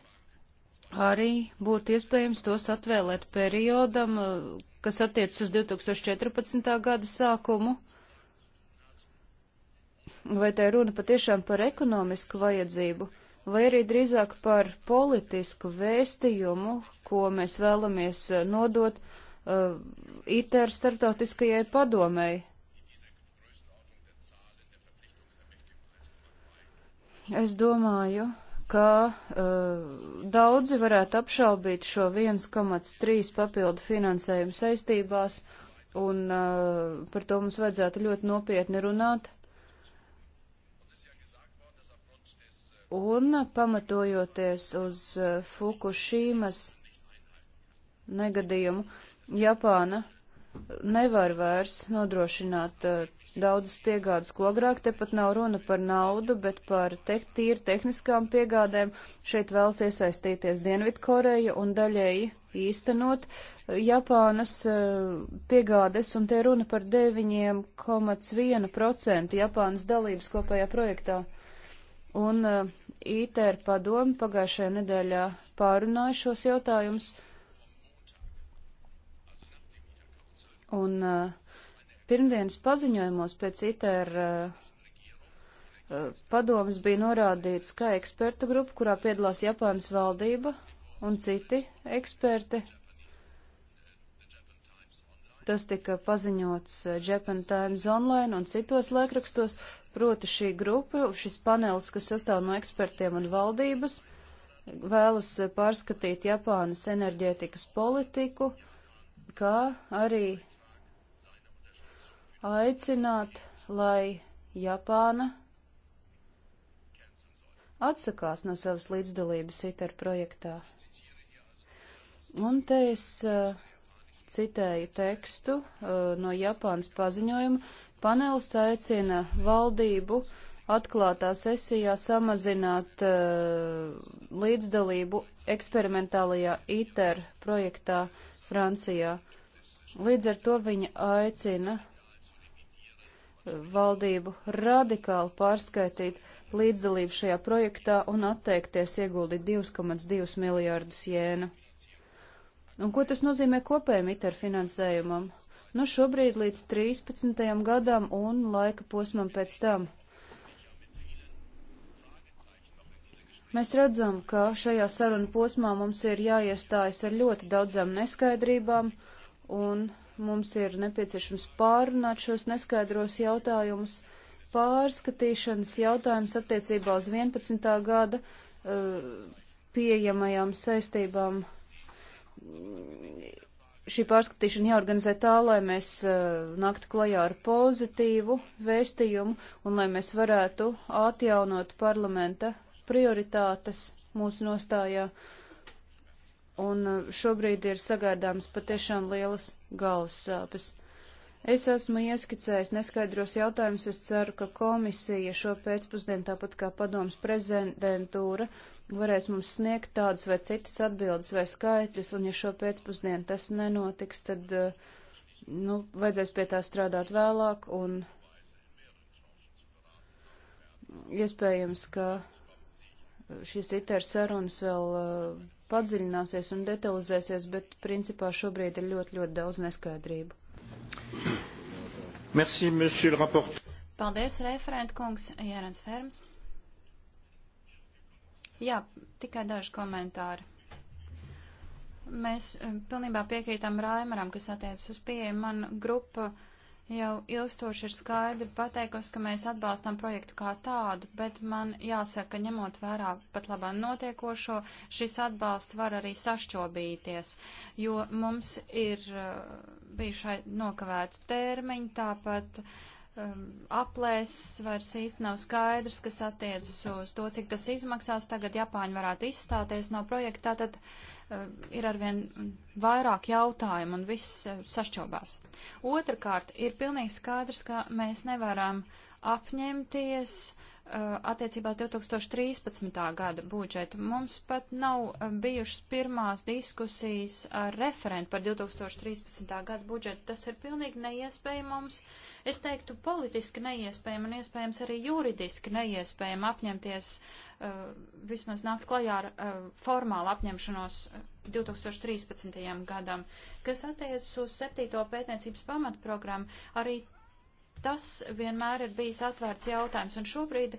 [SPEAKER 3] arī būtu iespējams tos atvēlēt periodam, eh, kas attiecas uz 2014. gada sākumu? Vai tā runa patiešām par ekonomisku vajadzību, vai arī drīzāk par politisku vēstījumu, ko mēs vēlamies eh, nodot uh, ITER starptautiskajai padomēji? Es domāju, ka uh, daudzi varētu apšaubīt šo 1,3 papildu finansējumu saistībās, un uh, par to mums vajadzētu ļoti nopietni runāt. Un pamatojoties uz uh, eh, Fukushīmas negadījumu, Japāna nevar vairs nodrošināt uh, daudzas piegādes, ko agrāk te pat nav runa par naudu, bet par te tīri tehniskām piegādēm. Šeit vēlas iesaistīties Dienvidkoreja un daļēji īstenot eh, Japānas eh, piegādes, un te runa par 9,1% Japānas dalības kopējā projektā. Un ITR e padomi pagājušajā nedēļā pārunāja šos jautājumus. Un uh, pirmdienas paziņojumos pēc ITER uh, padomas bija norādīts, ka ekspertu grupa, kurā piedalās Japānas valdība un citi eksperti, tas tika paziņots Japan Times online un citos laikrakstos, proti šī grupa, šis panels, kas sastāv no ekspertiem un valdības, vēlas pārskatīt Japānas enerģētikas politiku, kā arī aicināt, lai Japāna atsakās no savas līdzdalības ITER projektā. Un te es uh, citēju tekstu uh, no Japānas paziņojuma. Panelis aicina valdību atklātā sesijā samazināt uh, līdzdalību eksperimentālajā ITER projektā Francijā. Līdz ar to viņa aicina valdību radikāli pārskaitīt līdzdalību šajā projektā un atteikties ieguldīt 2,2 miljārdus jēnu. Un ko tas nozīmē kopējiem ITER finansējumam? Nu, šobrīd līdz 13. gadam un laika posmam pēc tam. Mēs redzam, ka šajā saruna posmā mums ir jāiestājas ar ļoti daudzām neskaidrībām un Mums ir nepieciešams pārunāt šos neskaidros jautājumus. Pārskatīšanas jautājums attiecībā uz 11. gada eh, pieejamajām saistībām. Šī pārskatīšana jāorganizē tā, lai mēs eh, naktu klajā ar pozitīvu vēstījumu un lai mēs varētu atjaunot parlamenta prioritātes mūsu nostājā. Uh, un uh, šobrīd ir sagaidāms patiešām lielas galvas sāpes. Es esmu ieskicējis neskaidros jautājumus. Es ceru, ka komisija šo pēcpusdienu, tāpat kā padomas prezidentūra, varēs mums sniegt tādas vai citas atbildes vai skaitļus, un ja šo pēcpusdienu tas nenotiks, tad, uh, nu, vajadzēs pie tā strādāt vēlāk, un iespējams, ka šīs ITER sarunas vēl uh, padziļināsies un detalizēsies, bet principā šobrīd ir ļoti, ļoti daudz neskaidrību.
[SPEAKER 4] Merci, monsieur le rapporteur.
[SPEAKER 2] Paldies, referent kungs, Jērens Ferms. Jā, tikai daži komentāri. Mēs eh, pilnībā piekrītam Raimaram, kas attiecas uz pieeju. Man grupa uh, jau ilstoši ir skaidri pateikusi, ka mēs atbalstam projektu kā tādu, bet man jāsaka, ņemot vērā pat labā notiekošo, šis atbalsts var arī sašķobīties, jo mums ir eh, bijušai nokavēts termiņi, tāpat uh, Um, aplēses vairs īsti nav skaidrs, kas attiecas uz to, cik tas izmaksās. Tagad Japāņi varētu izstāties no projekta, tātad uh, ir arvien vairāk jautājumu un viss uh, sašķobās. Otrakārt, ir pilnīgi skaidrs, ka mēs nevaram apņemties uh, Uh, attiecībās 2013. gada budžetu. Mums pat nav uh, bijušas pirmās diskusijas ar referentu par 2013. gada budžetu. Tas ir pilnīgi neiespējami mums. Es teiktu, politiski neiespējami un iespējams arī juridiski neiespējami apņemties uh, vismaz nākt klajā ar uh, formālu apņemšanos 2013. Uh, gadam, kas attiecas uz 7. pētniecības pamatprogrammu. Arī Tas vienmēr ir bijis atvērts jautājums, un šobrīd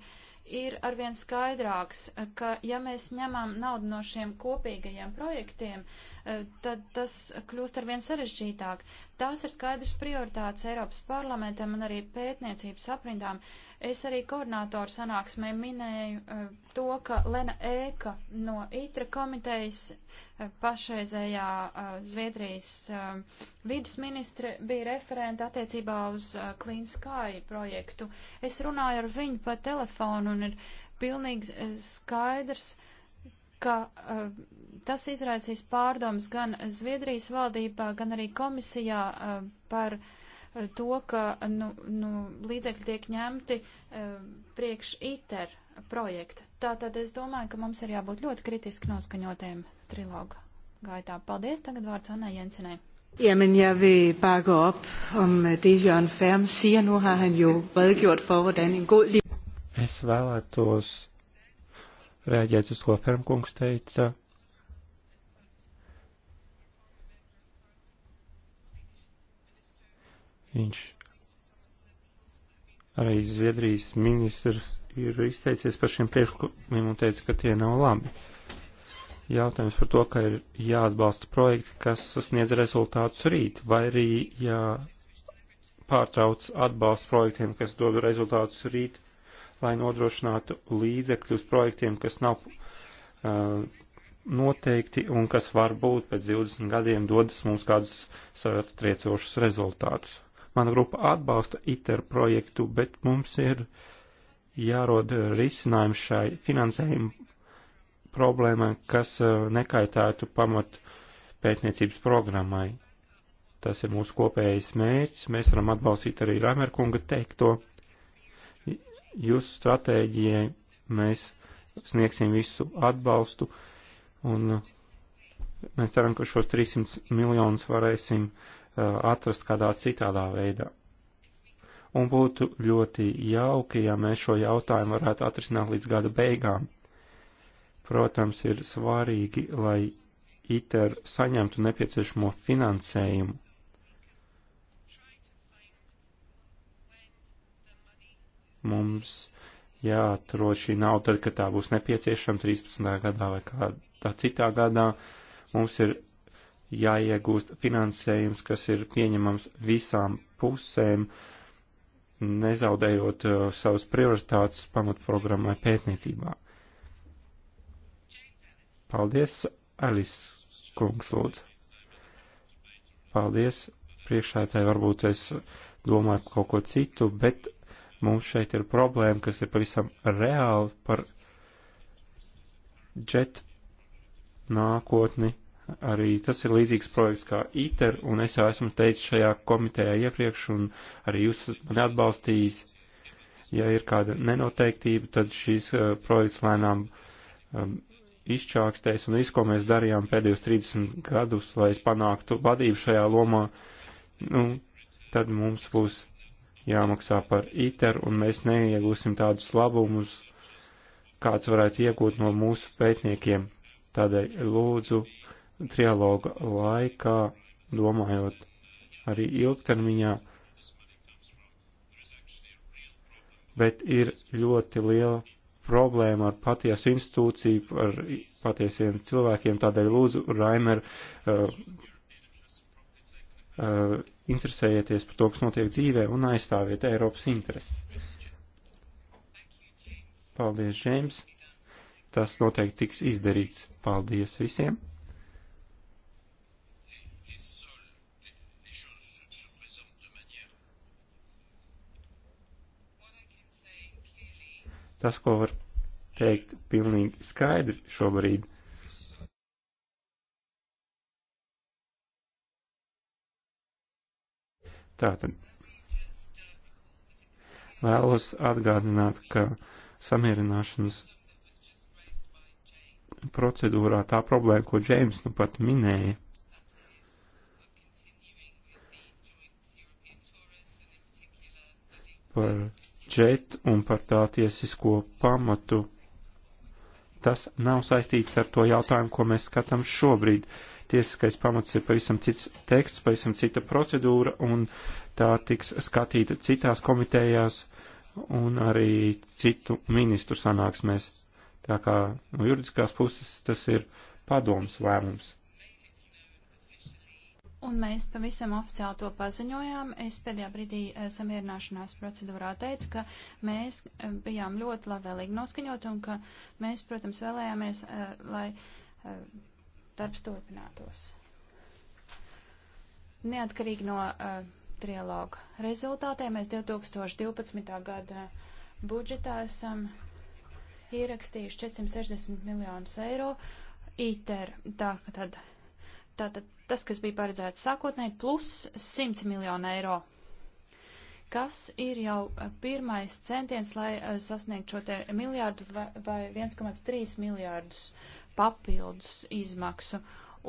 [SPEAKER 2] ir arvien skaidrāks, ka ja mēs ņemam naudu no šiem kopīgajiem projektiem, eh, tad tas kļūst arvien sarežģītāk. Tās ir skaidrs prioritātes Eiropas parlamentam un arī pētniecības aprindām. Uh, Es arī koordinātoru sanāksmē minēju uh, to, ka Lena Ēka no ITRA komitejas uh, pašreizējā uh, Zviedrijas vidas ministre bija referenta attiecībā uz Clean Sky projektu. Es runāju ar viņu pa telefonu un ir pilnīgi skaidrs, ka tas izraisīs pārdomas gan Zviedrijas valdībā, gan arī komisijā par uh, to, ka nu, nu, līdzekļi tiek ņemti eh, priekš ITER projekta. Tātad es domāju, ka mums ir jābūt ļoti kritiski noskaņotiem trilogu gaitā. Paldies, tagad vārds Anai Jensenai.
[SPEAKER 3] Jamen, jeg vil bakke op om eh, det, Jørgen Færm siger. Nu har han jo redegjort for, hvordan en god liv...
[SPEAKER 4] Es vēlētos rēģēt uz to Fermkungs teica, Viņš arī Zviedrijas ministrs ir izteicies par šiem priekšlikumiem un teica, ka tie nav labi. Jautājums par to, ka ir jāatbalsta projekti, kas sasniedz rezultātus rīt, vai arī jāpārtrauc atbalsts projektiem, kas dod rezultātus rīt, lai nodrošinātu līdzekļus projektiem, kas nav uh, noteikti un kas varbūt pēc 20 gadiem dodas mums kādus satriecošus rezultātus. Mana grupa atbalsta ITER projektu, bet mums ir jārod risinājums šai finansējuma problēmai, kas uh, nekaitētu pamat pētniecības programmai. Tas ir mūsu kopējais mērķis. Mēs varam atbalstīt arī Ramerkunga teikto. Jūsu stratēģijai mēs sniegsim visu atbalstu un uh, mēs ceram, ka šos 300 miljonus varēsim uh, Eh, atrast kādā citādā veidā. Un būtu ļoti jauki, ja mēs šo jautājumu varētu atrisināt līdz gada beigām. Protams, ir svarīgi, lai ITER saņemtu nepieciešamo finansējumu. Mums jāatrod šī nauda, tad, kad tā būs nepieciešama 13. gadā vai kādā citā gadā. Mums ir jāiegūst finansējums, kas ir pieņemams visām pusēm, nezaudējot uh, savas prioritātes pamatprogrammai pētniecībā. Paldies, Alis Kungs, lūdzu. Paldies, priekšētāji, varbūt es domāju par kaut ko citu, bet mums šeit ir problēma, kas ir pavisam reāli par džet nākotni Arī tas ir līdzīgs projekts kā ITER, un es jau esmu teicis šajā komitejā iepriekš, un arī jūs mani atbalstījis. Ja ir kāda nenoteiktība, tad šīs uh, projekts lēnām um, izčākstēs, un viss, ko mēs darījām pēdējos 30 gadus, lai es panāktu vadību šajā lomā, nu, tad mums būs jāmaksā par ITER, un mēs neiegūsim tādus labumus, kāds varētu iegūt no mūsu pētniekiem. Tādēļ lūdzu trialoga laikā, domājot arī ilgtermiņā, bet ir ļoti liela problēma ar patiesu institūciju, ar patiesiem cilvēkiem, tādēļ lūdzu, Raimer, uh, uh, interesējieties par to, kas notiek dzīvē un aizstāviet Eiropas intereses. Paldies, Džeims! Tas noteikti tiks izdarīts. Paldies visiem! Tas, ko var teikt pilnīgi skaidri šobrīd. Tātad vēlos atgādināt, ka samierināšanas procedūrā tā problēma, ko Džeims nu pat minēja, par budžetu un par tā tiesisko pamatu. Tas nav saistīts ar to jautājumu, ko mēs skatām šobrīd. Tiesiskais pamats ir pavisam cits teksts, pavisam cita procedūra, un tā tiks skatīta citās komitējās un arī citu ministru sanāksmēs. Tā kā no juridiskās puses tas ir padoms lēmums.
[SPEAKER 2] Un mēs pavisam oficiāli to paziņojām. Es pēdējā brīdī eh, samierināšanās procedūrā teicu, ka mēs eh, bijām ļoti labvēlīgi noskaņot un ka mēs, protams, vēlējāmies, eh, lai darbs turpinātos. Neatkarīgi no trialoga rezultātiem, mēs 2012. gada budžetā esam ierakstījuši 460 miljonus eiro ITER. Tā, tad, Tātad tas, kas bija paredzēts sākotnēji, plus 100 miljonu eiro. Kas ir jau pirmais centiens, lai eh, sasniegtu šo te miljārdu vai, vai 1,3 miljārdus papildus izmaksu?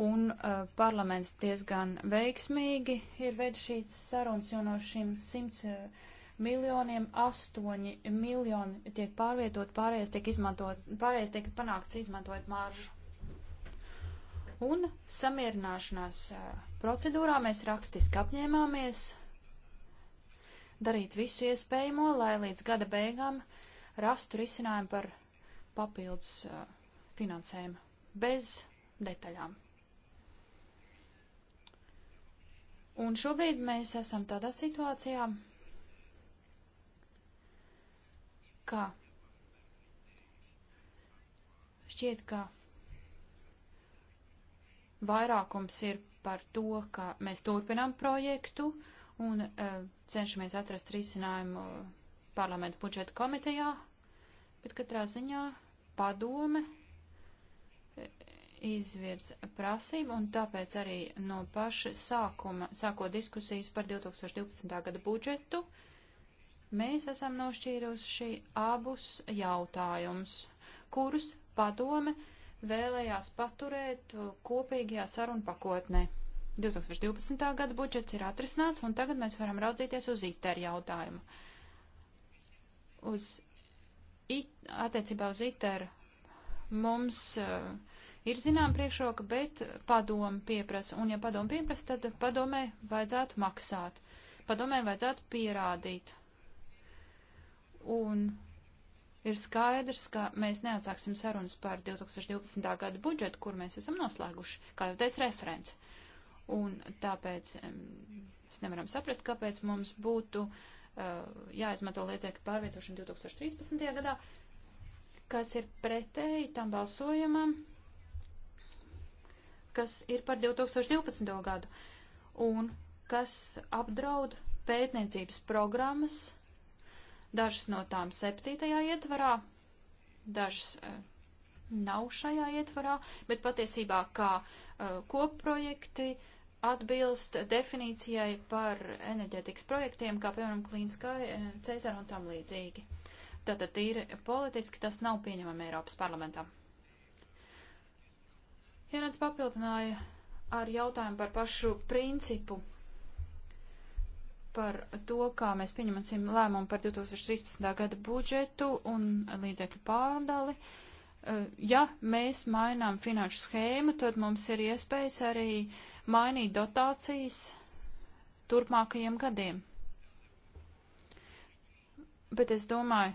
[SPEAKER 2] Un uh, parlaments diezgan veiksmīgi ir veidojis šīs sarunas, jo no šīm 100 eh, miljoniem 8 miljoni tiek pārvietot, pārējais tiek, izmantot, pārējais tiek panākts izmantojot maržu. Un samierināšanās procedūrā mēs rakstiski apņēmāmies darīt visu iespējamo, lai līdz gada beigām rastu risinājumu par papildus finansējumu bez detaļām. Un šobrīd mēs esam tādā situācijā, ka šķiet, ka Vairākums ir par to, ka mēs turpinām projektu un uh, cenšamies atrast risinājumu parlamentu budžeta komitejā, bet katrā ziņā padome e, izvirs prasību, un tāpēc arī no paša sākuma, sākot diskusijas par 2012. gada budžetu, mēs esam nošķīruši abus jautājumus, kurus padome uh, vēlējās paturēt uh, kopīgajā sarunu pakotnē. 2012. gada budžets ir atrisināts, un tagad mēs varam raudzīties uz ITER jautājumu. Uz it, attiecībā uz ITER mums uh, ir zinām priekšroka, bet padomu pieprasa, un ja padomu pieprasa, tad padomē vajadzētu maksāt. Padomē vajadzētu pierādīt. Un Ir skaidrs, ka mēs neatsāksim sarunas par 2012. gada budžetu, kur mēs esam noslēguši, kā jau teica referents. Un tāpēc mēs nevaram saprast, kāpēc mums būtu uh, jāizmanto liedzekļu pārvietošana 2013. gadā, kas ir pretēji tam balsojumam, kas ir par 2012. gadu un kas apdraud pētniecības programmas Dažas no tām septītajā ietvarā, dažas eh, nav šajā ietvarā, bet patiesībā kā eh, kopprojekti atbilst definīcijai par enerģētikas projektiem, kā piemēram klīniskai, eh, Cēzara un tam līdzīgi. Tātad tīri politiski tas nav pieņemama Eiropas parlamentā. Hienants papildināja ar jautājumu par pašu principu par to, kā mēs pieņemsim lēmumu par 2013. gada budžetu un līdzekļu pārdali. Eh, ja mēs mainām finanšu schēmu, tad mums ir iespējas arī mainīt dotācijas turpmākajiem gadiem. Bet es domāju,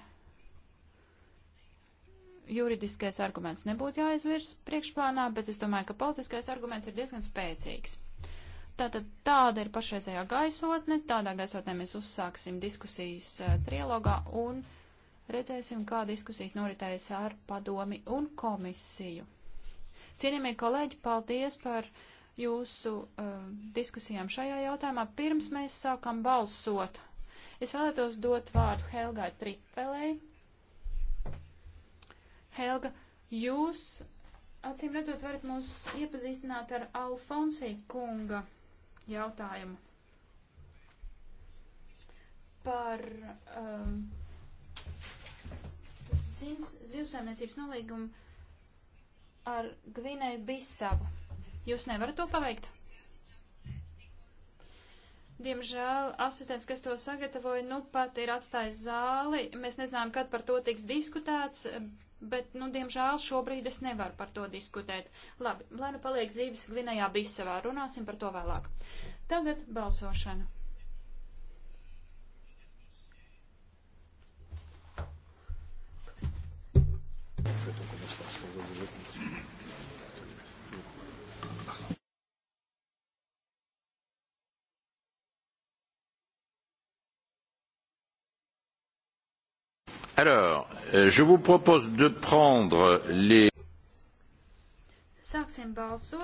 [SPEAKER 2] juridiskais arguments nebūtu jāizvirs priekšplānā, bet es domāju, ka politiskais arguments ir diezgan spēcīgs. Tātad tāda ir pašreizējā gaisotne, tādā gaisotnē mēs uzsāksim diskusijas uh, trilogā un redzēsim, kā diskusijas noritēs ar padomi un komisiju. Cienījamie kolēģi, paldies par jūsu uh, diskusijām šajā jautājumā. Pirms mēs sākam balsot, es vēlētos dot vārdu Helgai Tripelei. Helga, jūs acīm redzot varat mūs iepazīstināt ar Alfonsī kunga jautājumu par um, zivsaimniecības nolīgumu ar Gvinēju Bisavu. Jūs nevarat to paveikt? Diemžēl asistents, kas to sagatavoja, nu pat ir atstājis zāli. Mēs nezinām, kad par to tiks diskutēts, bet, nu, diemžēl šobrīd es nevaru par to diskutēt. Labi, lai nu paliek zīves Gvinējā Bisavā, runāsim par to vēlāk. Tagad balsošana. Thank you.
[SPEAKER 4] Alors, euh, je vous propose de prendre les.
[SPEAKER 2] Sāksim balsot.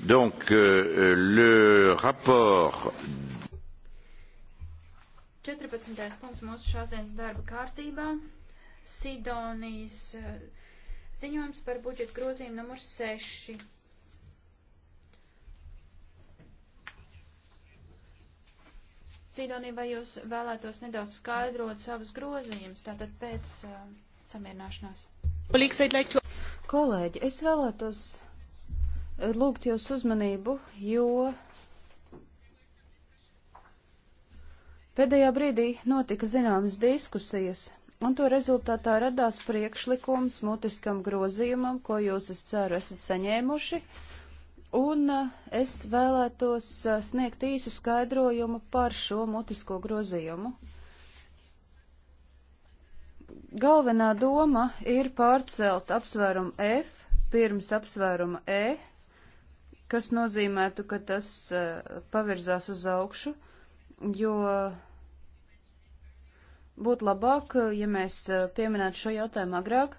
[SPEAKER 1] Donc, euh, euh le rapport.
[SPEAKER 2] 14. punkts mūsu šāsdienas darba kārtībā. Sidonijas uh, ziņojums par budžeta grozījumu numur 6. Cīdonī, vai jūs vēlētos nedaudz skaidrot savus grozījumus, tātad pēc uh, samierināšanās?
[SPEAKER 3] Kolēģi, es vēlētos eh, lūgt jūs uzmanību, jo pēdējā brīdī notika zināmas diskusijas, un to rezultātā radās priekšlikums mutiskam grozījumam, ko jūs, es ceru, esat saņēmuši. Uh, Un eh, es vēlētos eh, sniegt īsu skaidrojumu par šo mutisko grozījumu. Galvenā doma ir pārcelt apsvērumu F pirms apsvēruma E, kas nozīmētu, ka tas eh, pavirzās uz augšu, jo būtu labāk, ja mēs pieminētu šo jautājumu agrāk.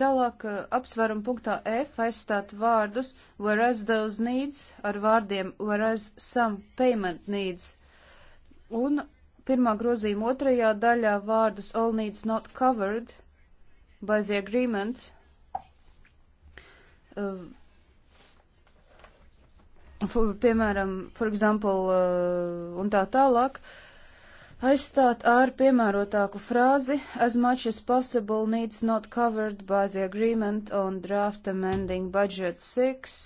[SPEAKER 3] Tālāk eh, apsveram punktā F aizstāt vārdus whereas those needs ar vārdiem whereas some payment needs. Un pirmā grozījuma otrajā daļā vārdus all needs not covered by the agreement. Uh, eh, for, piemēram, for example, uh, un tā tālāk. Uh, aizstāt ar piemērotāku frāzi as much as possible needs not covered by the agreement on draft amending budget 6,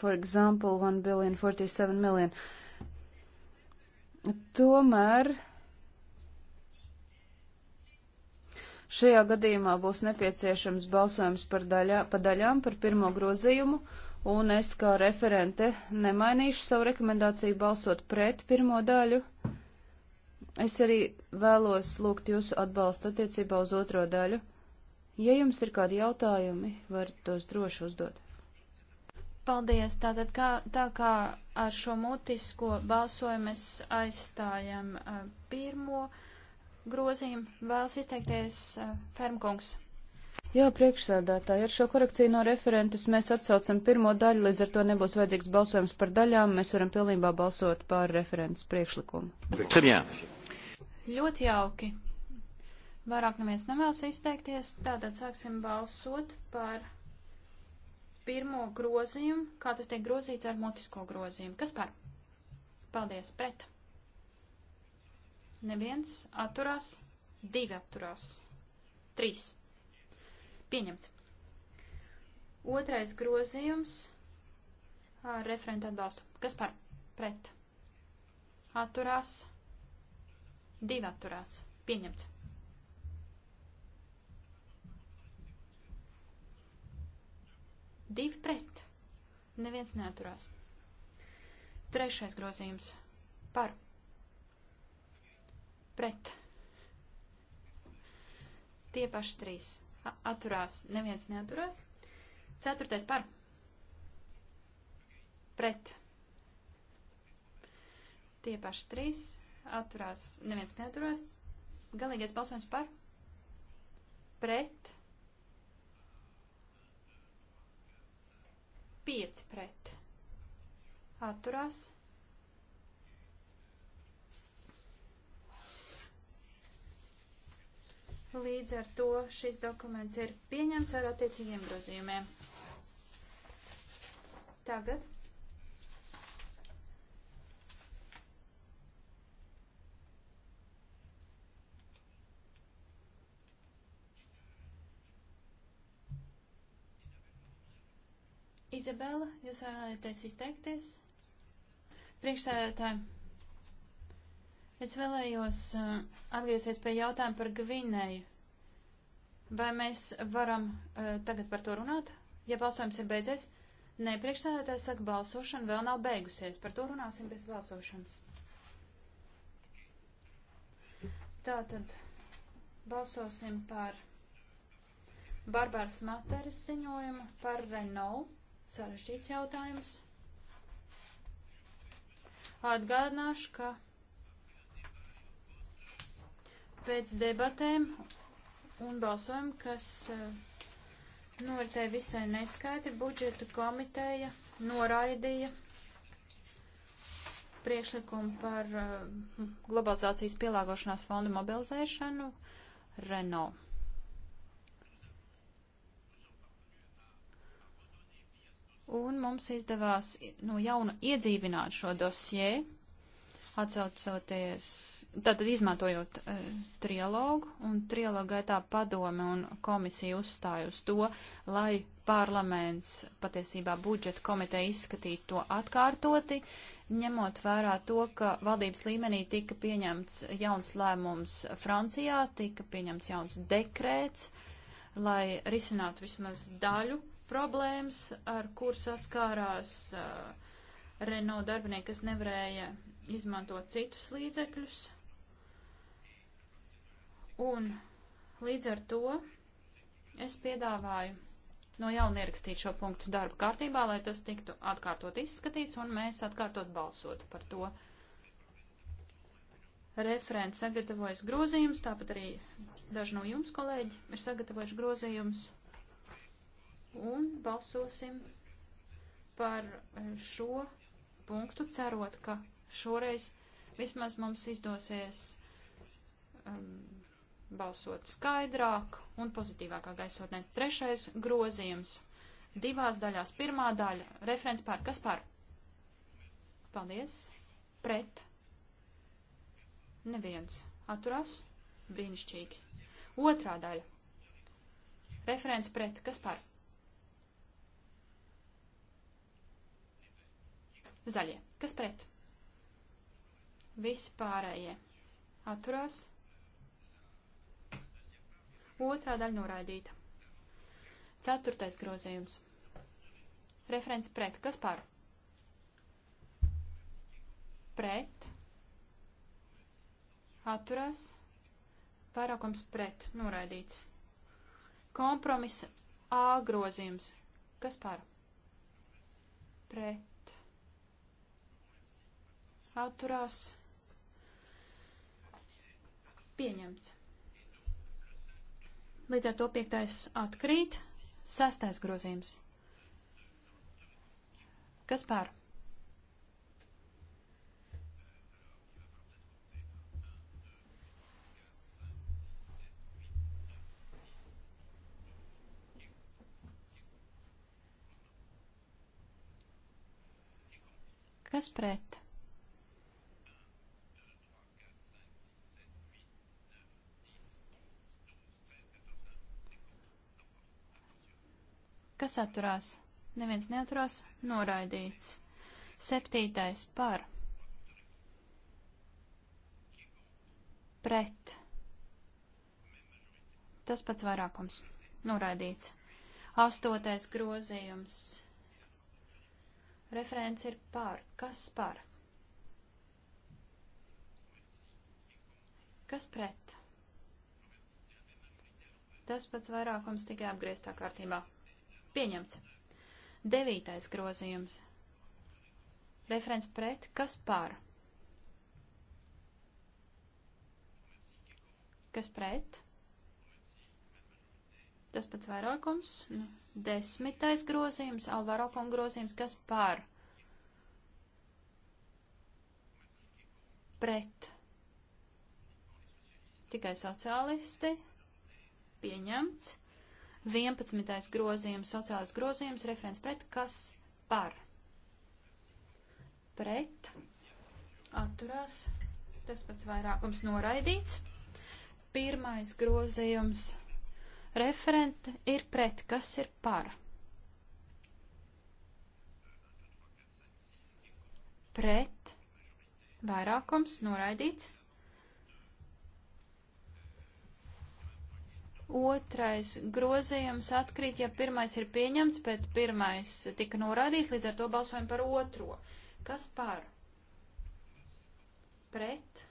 [SPEAKER 3] for example 1 billion 47 million. Tomēr šajā gadījumā būs nepieciešams balsojums par, daļā, pa daļām par pirmo grozījumu un es kā referente nemainīšu savu rekomendāciju balsot pret pirmo daļu. Es arī vēlos lūgt jūsu atbalstu attiecībā uz otro daļu. Ja jums ir kādi jautājumi, varat tos droši uzdot.
[SPEAKER 2] Paldies. Tātad kā, tā kā ar šo mutisko balsojumu mēs aizstājam uh, pirmo grozījumu, vēlas izteikties uh, Fermkungs.
[SPEAKER 3] Jā, priekšsēdētāji, ar šo korekciju no referentes mēs atsaucam pirmo daļu, līdz ar to nebūs vajadzīgs balsojums par daļām, mēs varam pilnībā balsot par referentes
[SPEAKER 1] priekšlikumu. Jā.
[SPEAKER 2] Ļoti jauki. Vairāk neviens nevēlas izteikties, tātad sāksim balsot par pirmo grozījumu, kā tas tiek grozīts ar mutisko grozījumu. Kas par? Paldies, pret. Neviens atturās, divi atturās, trīs. Pieņemts. Otrais grozījums ar referentu atbalstu. Kas par? Pret. Atturās. Divi atturās. Pieņemts. Divi pret. Neviens neaturās. Trešais grozījums. Par. Pret. Tie paši trīs atturās, neviens neatturās. Ceturtais par. Pret. Tie paši trīs. Atturās, neviens neatturās. Galīgais balsojums par. Pret. Pieci pret. Atturās. Līdz ar to šis dokuments ir pieņemts ar attiecīgiem grozījumiem. Tagad. Izabela, jūs vēlaties izteikties? Priekšsēdētāji. Es vēlējos atgriezties pie jautājuma par Gvinēju. Vai mēs varam tagad par to runāt? Ja balsojums ir beidzies, nē, priekšstādātājs saka, balsošana vēl nav beigusies. Par to runāsim pēc balsošanas. Tātad balsosim par Barbāras Materas ziņojumu par Renault. Sarešķīts jautājums. Atgādināšu, ka pēc debatēm un balsojumu, kas eh, noritēja visai neskaidri, budžeta komiteja noraidīja priekšlikumu par eh, globalizācijas pielāgošanās fondu mobilizēšanu Renault. Un mums izdevās no nu, jauna iedzīvināt šo dosie, atsaucoties tātad izmantojot e, trialogu, un trialogu gaitā padome un komisija uzstāja uz to, lai parlaments patiesībā budžeta komiteja izskatītu to atkārtoti, ņemot vērā to, ka valdības līmenī tika pieņemts jauns lēmums Francijā, tika pieņemts jauns dekrēts, lai risinātu vismaz daļu problēmas, ar kur saskārās uh, Renault darbinieki, kas nevarēja izmantot citus līdzekļus, Un līdz ar to es piedāvāju no jauna ierakstīt šo punktu darba kārtībā, lai tas tiktu atkārtot izskatīts un mēs atkārtot balsot par to. Referents sagatavojas grozījums, tāpat arī daži no jums, kolēģi, ir sagatavojuši grozījums. Un balsosim par šo punktu, cerot, ka šoreiz vismaz mums izdosies um, balsot skaidrāk un pozitīvākā gaisotnē. Trešais grozījums divās daļās. Pirmā daļa - referents par kas par? Paldies. Pret. Neviens. Atturās. Brīnišķīgi. Otrā daļa. Referents pret kas par? Zaļie. Kas pret? Visi pārējie. Atturās. Otrā daļa noraidīta. Ceturtais grozījums. Referents pret. Kas par? Pret. Atturās. Vairākums pret. Noraidīts. Kompromiss A grozījums. Kas par? Pret. Atturās. Pieņemts. Līdz ar to piektais atkrīt. Sestais grozījums. Kas pār? Kas pret? kas atturās, neviens neaturās, noraidīts. Septītais par. Pret. Tas pats vairākums. Noraidīts. Astotais grozījums. Referents ir par. Kas par? Kas pret? Tas pats vairākums tikai apgrieztā kārtībā. Pieņemts. Devītais grozījums. Referents pret, kas par? Kas pret? Tas pats vairākums. Nu, desmitais grozījums, Alvaro kunga grozījums, kas par? Pret. Tikai sociālisti. Pieņemts. 11. grozījums, sociālais grozījums, referents pret, kas par? Pret, atturās, tas pats vairākums noraidīts. Pirmais grozījums, referente ir pret, kas ir par? Pret, vairākums noraidīts. Otrais grozījums atkrīt, ja pirmais ir pieņemts, bet pirmais tika norādīts, līdz ar to balsojam par otro. Kas par? Pret?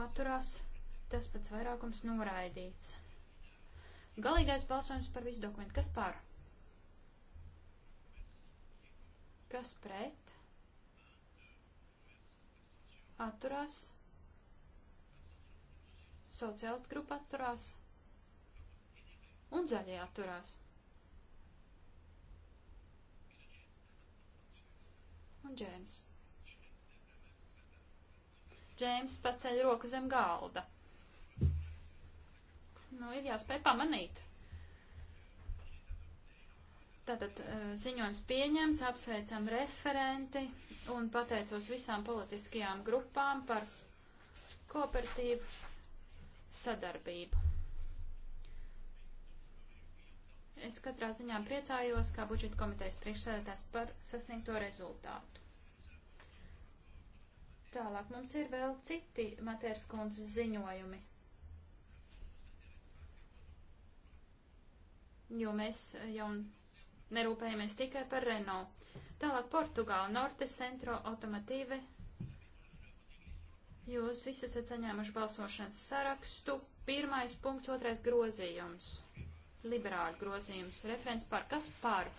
[SPEAKER 2] Atturās? Tas pats vairākums noraidīts. Galīgais balsojums par visu dokumentu. Kas par? Kas pret? Atturās? sociālistu grupa atturās un zaļie atturās. Un Džēms. Džēms paceļ roku zem galda. Nu, ir jāspēj pamanīt. Tātad eh, ziņojums pieņemts, apsveicam referenti un pateicos visām politiskajām grupām par kooperatīvu sadarbību. Es katrā ziņā priecājos, kā budžeta komitejas priekšsēdētājs par sasniegto rezultātu. Tālāk mums ir vēl citi Matērs kundzes ziņojumi. Jo mēs jau nerūpējamies tikai par Renault. Tālāk Portugāla, Norte Centro Automatīve Jūs visi esat saņēmuši balsošanas sarakstu. Pirmais punkts, otrais grozījums. Liberāļu grozījums. Referents par kas par?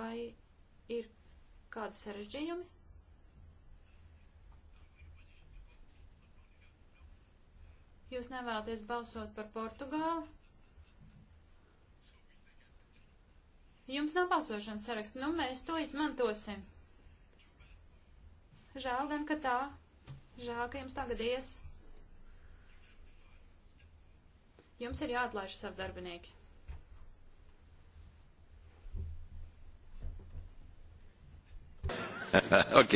[SPEAKER 2] Vai ir kādi sarežģījumi? Jūs nevēlaties balsot par Portugāli? Jums nav balsošanas saraksts, nu mēs to izmantosim. Žēl gan, ka tā. Žēl, ka jums tā gadījies. Jums ir jāatlaiž savu darbinieki.
[SPEAKER 1] ok.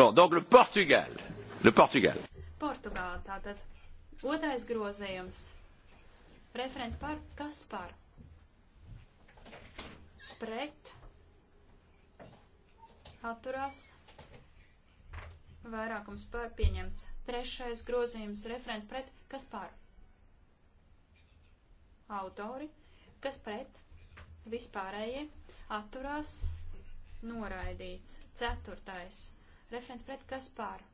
[SPEAKER 1] Bon, donc le Portugal. Le Portugal.
[SPEAKER 2] Portugāla tātad. Otrais grozījums. Referents par Kaspar pret, atturās, vairākums par pieņemts. Trešais grozījums referents pret, kas pār? Autori, kas pret, vispārējie, atturās, noraidīts. Ceturtais referents pret, kas pār?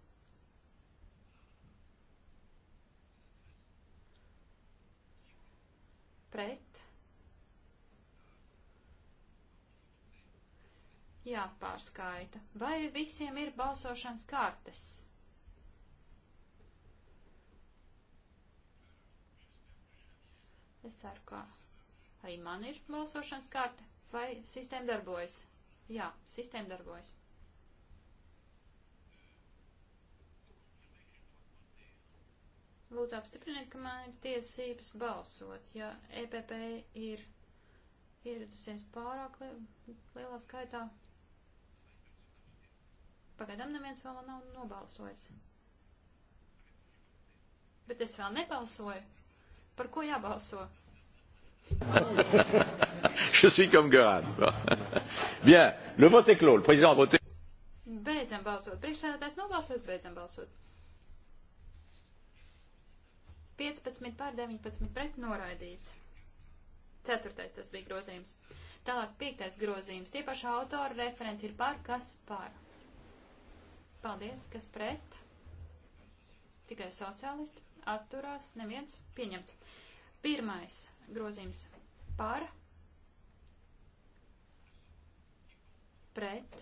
[SPEAKER 2] pret, jāpārskaita. Vai visiem ir balsošanas kartes? Es ceru, ka arī man ir balsošanas karte. Vai sistēma darbojas? Jā, sistēma darbojas. Lūdzu apstipriniet, ka man ir tiesības balsot, ja EPP ir ieradusies pārāk lielā skaitā Pagaidām neviens vēl nav nobalsojis. Bet es vēl nebalsoju. Par ko jābalso?
[SPEAKER 3] Je suis comme Goran. Bien,
[SPEAKER 1] le vote est clos. Le président a voté.
[SPEAKER 2] Beidzam balsot. Priekšsēdētājs nobalsos, beidzam balsot. 15 pār 19 pret noraidīts. Ceturtais tas bija grozījums. Tālāk piektais grozījums. Tie paši autori referents ir par, kas par. Paldies, kas pret? Tikai sociālisti. Atturās neviens. Pieņemts. Pirmais grozījums par. Pret.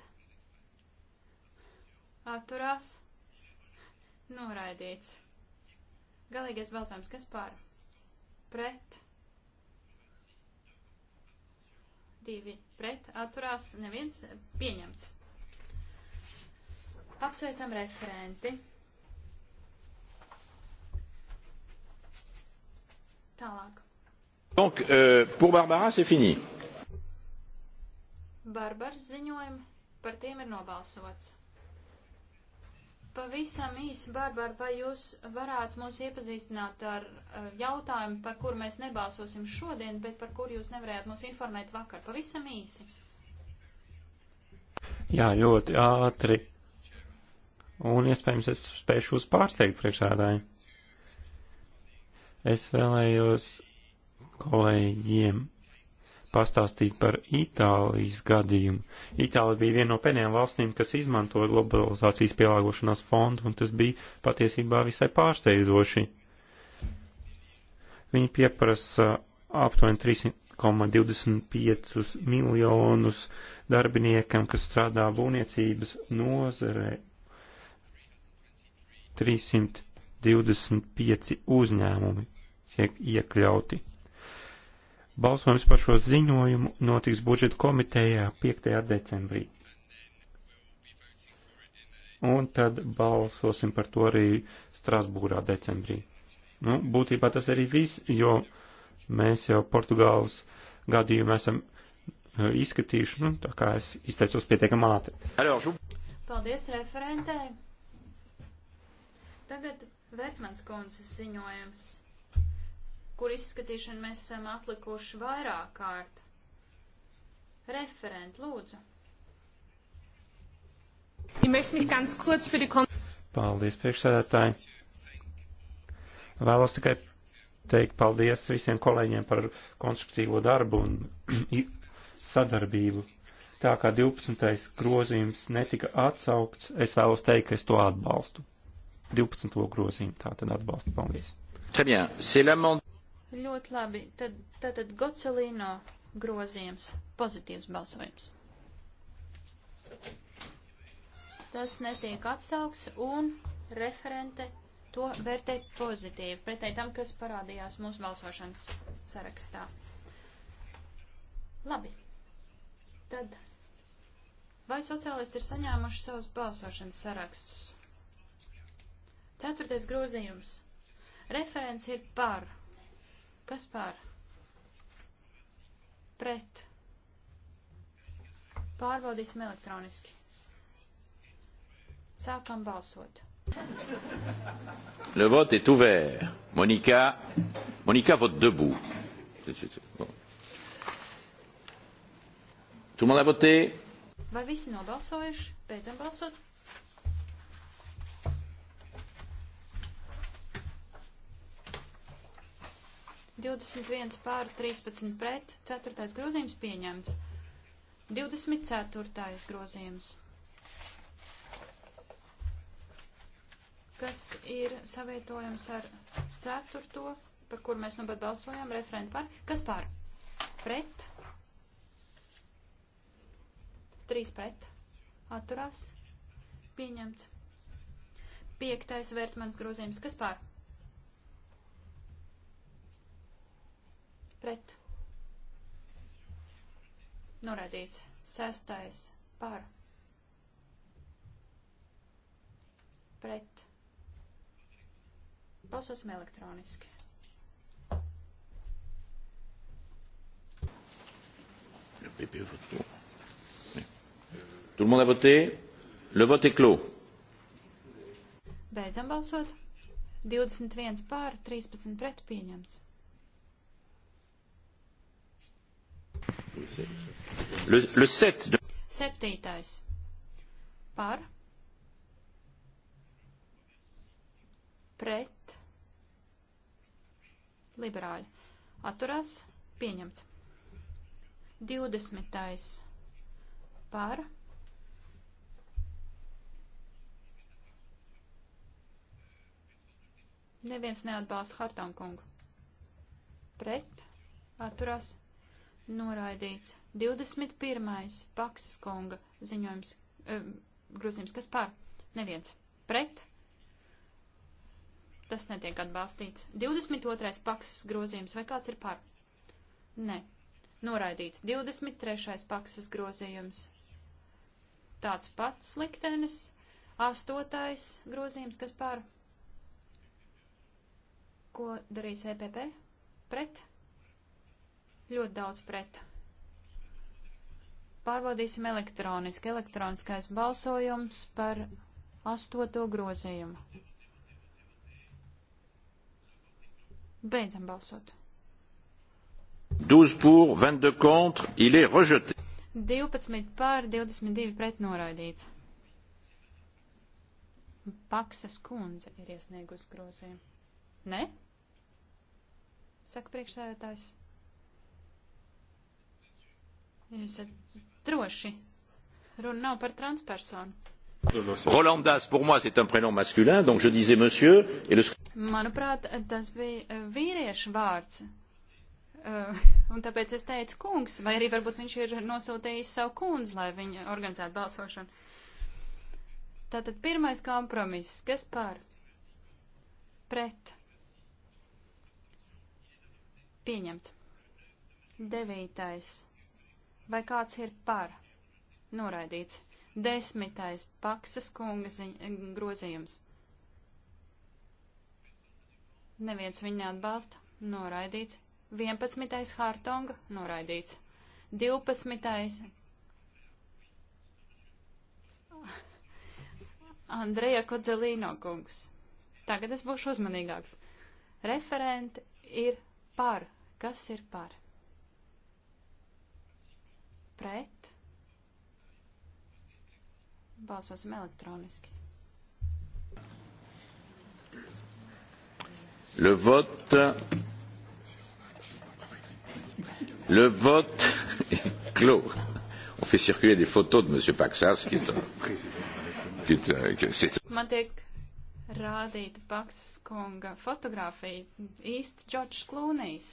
[SPEAKER 2] Atturās. Noraidīts. Galīgais balsojums, kas par? Pret. Divi. Pret. Atturās. Neviens. Pieņemts. Apsveicam referenti. Tālāk.
[SPEAKER 4] Donc, euh, pour Barbara, c'est fini.
[SPEAKER 2] Barbaras ziņojumi, par tiem ir nobalsots. Pavisam īsi, Barbara, vai jūs varētu mūs iepazīstināt ar uh, jautājumu, par kuru mēs nebalsosim šodien, bet par kuru jūs nevarējāt mūs informēt vakar? Pavisam īsi.
[SPEAKER 4] Jā, ļoti ātri un iespējams es spēšu jūs pārsteigt priekšādāji. Es vēlējos kolēģiem pastāstīt par Itālijas gadījumu. Itālija bija viena no pēdējām valstīm, kas izmantoja globalizācijas pielāgošanās fondu, un tas bija patiesībā visai pārsteidzoši. Viņi pieprasa aptuveni 3,25 miljonus darbiniekam, kas strādā būvniecības nozarē, 325 uzņēmumi tiek iekļauti. Balsojums par šo ziņojumu notiks budžeta komitejā 5. decembrī. Un tad balsosim par to arī Strasbūrā decembrī. Nu, būtībā tas arī viss, jo mēs jau Portugāles gadījumu esam e, izskatījuši, nu, tā kā es izteicos pietiekam ātri.
[SPEAKER 2] Paldies referentēm! Tagad Vērtmans kundzes ziņojums, kur izskatīšanu mēs esam atlikuši vairāk kārt. Referent, lūdzu.
[SPEAKER 4] Paldies, priekšsēdētāji. Vēlos tikai teikt paldies visiem kolēģiem par konstruktīvo darbu un sadarbību. Tā kā 12. grozījums netika atsaukts, es vēlos teikt, ka es to atbalstu. 12. grozījumu. Tā tad atbalstu. Paldies.
[SPEAKER 2] Ļoti labi. Tad, tātad Gocelīno grozījums pozitīvs balsojums. Tas netiek atsaugs un referente to vērtē pozitīvi, pretēji tam, kas parādījās mūsu balsošanas sarakstā. Labi. Tad vai sociālisti ir saņēmuši savus balsošanas sarakstus? Ceturtais grozījums. Referents ir par. Kas par? Pret. Pārbaudīsim elektroniski. Sākam balsot.
[SPEAKER 4] Le vote est ouvert. Monica, Monica vote debout. Bon. Tout le monde a voté?
[SPEAKER 2] Vai visi nobalsojuši? Beidzam balsot. 21 pār 13 pret, 4. grozījums pieņemts. 24. grozījums. Kas ir savietojams ar 4. par kur mēs nu pat balsojām, referenti par. Kas par? Pret. 3 pret. Atturās. Pieņemts. 5. vērtmanas grozījums. Kas par? pret. Norādīts. Sestais par. Pret. Balsosim elektroniski.
[SPEAKER 4] Le PP vote pour. Oui. Tout le monde a voté Le vote est clos.
[SPEAKER 2] Beidzam balsot. 21 pār, 13 pret pieņemts.
[SPEAKER 1] Le, le 7. De...
[SPEAKER 2] Septītais. Par. Pret. Liberāļi. Atturās. Pieņemts. 20. Par. Neviens neatbalsta Hartonkungu. Pret. Atturās noraidīts. 21. Paksas kunga ziņojums, e, grozījums, kas par? Neviens. Pret? Tas netiek atbalstīts. 22. Paksas grozījums, vai kāds ir par? Nē. Noraidīts. 23. Paksas grozījums. Tāds pats liktenis. 8. grozījums, kas par? Ko darīs EPP? Pret? Ļoti daudz pret. Pārbaudīsim elektroniski. Elektroniskais balsojums par astoto grozījumu. Beidzam balsot.
[SPEAKER 4] 12 pour, 22 contre, il est rejeté.
[SPEAKER 2] 12 pār, 22 pret noraidīts. Paksas kundze ir iesniegusi grozījumu. Ne? Saka priekšsēdētājs. Jūs esat droši. Runa nav par transpersonu.
[SPEAKER 4] Rolandas, pour moi, c'est un prénom masculin, donc je disais monsieur. Et le...
[SPEAKER 2] Manuprāt, tas bija eh, vīriešu vārds. Uh, un tāpēc es teicu kungs, vai arī varbūt viņš ir nosūtījis savu kundzi, lai viņa organizētu balsošanu. Tātad pirmais kompromiss, kas par? Pret. Pieņemts. Devītais Vai kāds ir par? Noraidīts. Desmitais paksas kunga eh, grozījums. Neviens viņu neatbalsta. Noraidīts. 11. Hartonga noraidīts. 12. Andreja Kodzelīno kungs. Tagad es būšu uzmanīgāks. Referenti ir par. Kas ir par? pret. Balsosim elektroniski.
[SPEAKER 1] Le vote.
[SPEAKER 4] Le vote est clos. On fait circuler des photos de M. Paxas, qui est un. Qui est un qui est...
[SPEAKER 2] Man tiek rādīta Paksas kunga fotografija, īsts Džordžs Klūnejs.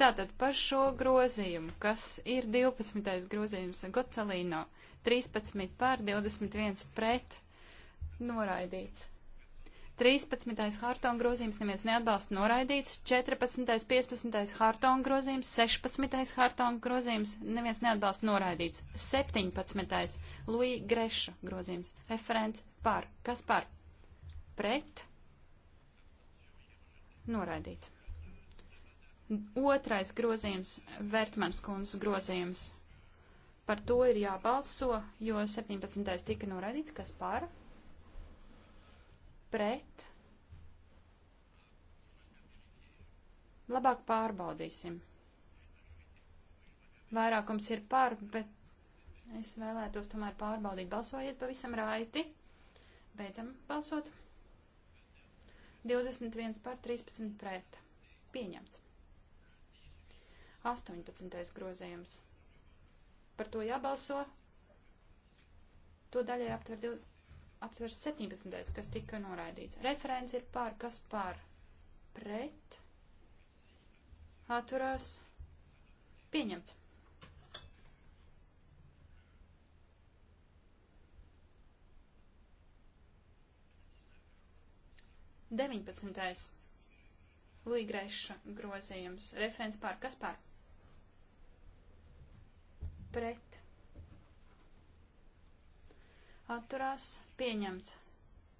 [SPEAKER 2] Tātad par šo grozījumu, kas ir 12. grozījums Gocelīno, 13 pār 21 pret noraidīts. 13. hartona grozījums neviens neatbalsta noraidīts, 14. 15. hartona grozījums, 16. hartona grozījums neviens neatbalsta noraidīts, 17. Luija Greša grozījums, referents par, kas par, pret, noraidīts. Otrais grozījums, Vertmans kundzes grozījums. Par to ir jābalso, jo 17. tika noraidīts, kas par, pret. Labāk pārbaudīsim. Vairākums ir par, bet es vēlētos tomēr pārbaudīt. Balsojiet pavisam raiti. Beidzam balsot. 21 par 13 pret. Pieņemts. 18. grozījums. Par to jābalso. To daļai aptver, div, aptver 17. kas tika noraidīts. Referents ir pār, kas pār pret atturās pieņemts. Deviņpadsmitais. Līgreša grozījums. Referents pār. Kas pār? pret, atturās, pieņemts.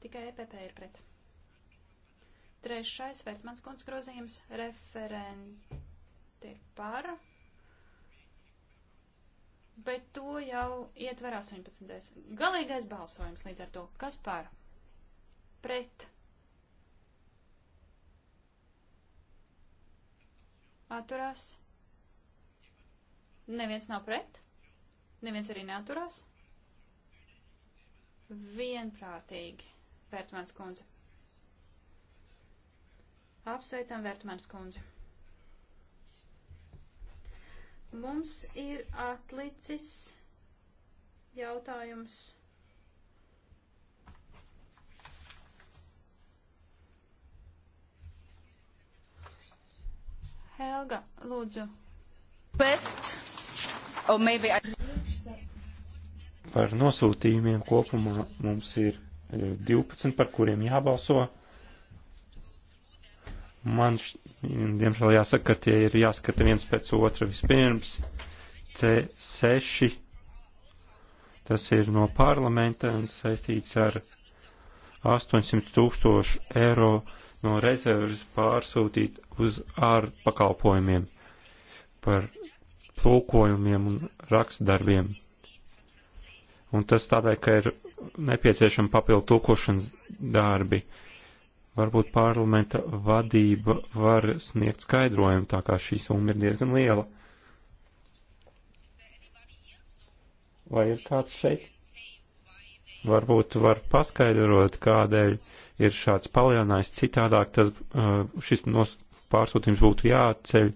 [SPEAKER 2] Tikai EPP ir pret. Trešais Vērtmans kundz grozījums referenti par, bet to jau ietver 18. Galīgais balsojums līdz ar to. Kas par? Pret. Atturās. Neviens nav pret? Neviens arī neaturās. Vienprātīgi, Vērtmans kundze. Apsveicam Vērtmans kundzi. Mums ir atlicis jautājums. Helga, lūdzu. Best, or maybe I...
[SPEAKER 4] Par nosūtījumiem kopumā mums ir 12, e, par kuriem jābalso. Man, diemžēl, jāsaka, ka tie ir jāskata viens pēc otra vispirms. C6, tas ir no parlamenta un saistīts ar 800 tūkstošu eiro no rezerves pārsūtīt uz ārpakalpojumiem par plūkojumiem un rakstdarbiem un tas tādēļ, ka ir nepieciešama papildu tūkošanas darbi. Varbūt parlamenta vadība var sniegt skaidrojumu, tā kā šī summa ir diezgan liela. Vai ir kāds šeit? Varbūt var paskaidrot, kādēļ ir šāds palielinājums, citādāk tas, uh, šis pārsūtījums būtu jāatceļ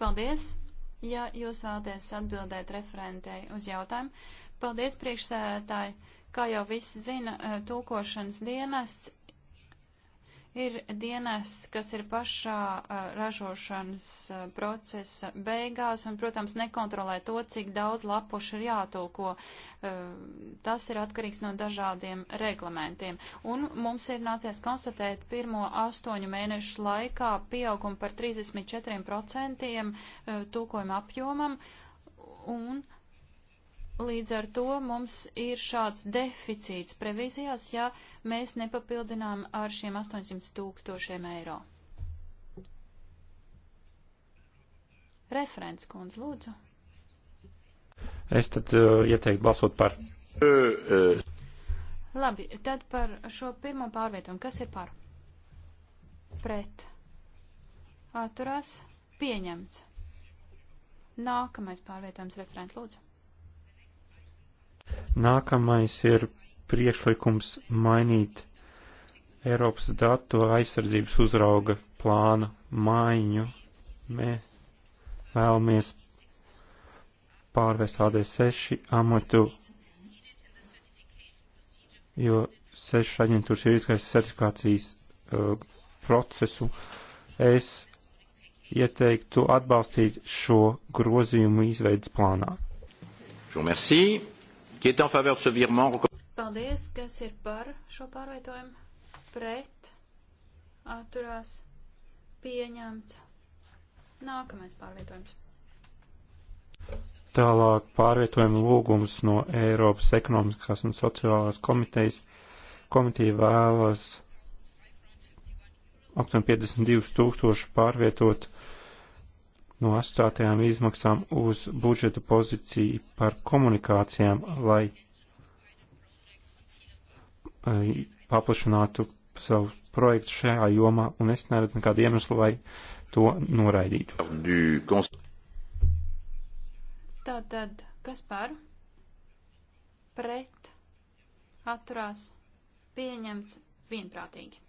[SPEAKER 2] Paldies! Ja jūs vēlaties atbildēt referentei uz jautājumu, paldies priekšsēdētāji! Kā jau visi zina, eh, tūkošanas dienests Ir dienas, kas ir pašā uh, ražošanas uh, procesa beigās un, protams, nekontrolē to, cik daudz lapušu ir jātulko. Uh, tas ir atkarīgs no dažādiem reglamentiem. Un mums ir nācies konstatēt pirmo astoņu mēnešu laikā pieaugumu par 34% tulkojuma apjomam. Un, uh, Līdz ar to mums ir šāds deficīts previzijās, ja mēs nepapildinām ar šiem 800 tūkstošiem eiro. Referents kundze, lūdzu.
[SPEAKER 4] Es tad uh, ieteiktu balsot par. Uh, uh.
[SPEAKER 2] Labi, tad par šo pirmo pārvietojumu. Kas ir par? Pret. Atturās. Pieņemts. Nākamais pārvietojums referents, lūdzu.
[SPEAKER 4] Nākamais ir priekšlikums mainīt Eiropas datu aizsardzības uzrauga plānu maiņu. Mēs vēlamies pārvest AD6 amatu, jo sešu aģentūras ir izgaisa certifikācijas uh, procesu. Es ieteiktu atbalstīt šo grozījumu izveidas plānā. Šo merci. Qui est en faveur de ce virement?
[SPEAKER 2] Paldies, kas ir par šo pārvietojumu? Pret, atturās, pieņemts. Nākamais pārvietojums.
[SPEAKER 4] Tālāk pārvietojuma lūgums no Eiropas ekonomiskās un sociālās komitejas. Komiteja vēlas aptuveni 52 tūkstoši pārvietot no asociētajām izmaksām uz budžeta pozīciju par komunikācijām, lai eh, paplašinātu savus projektus šajā jomā, un es neredzu nekādu iemeslu, lai to noraidītu.
[SPEAKER 2] Tātad, kas par? Pret, atturās, pieņemts vienprātīgi.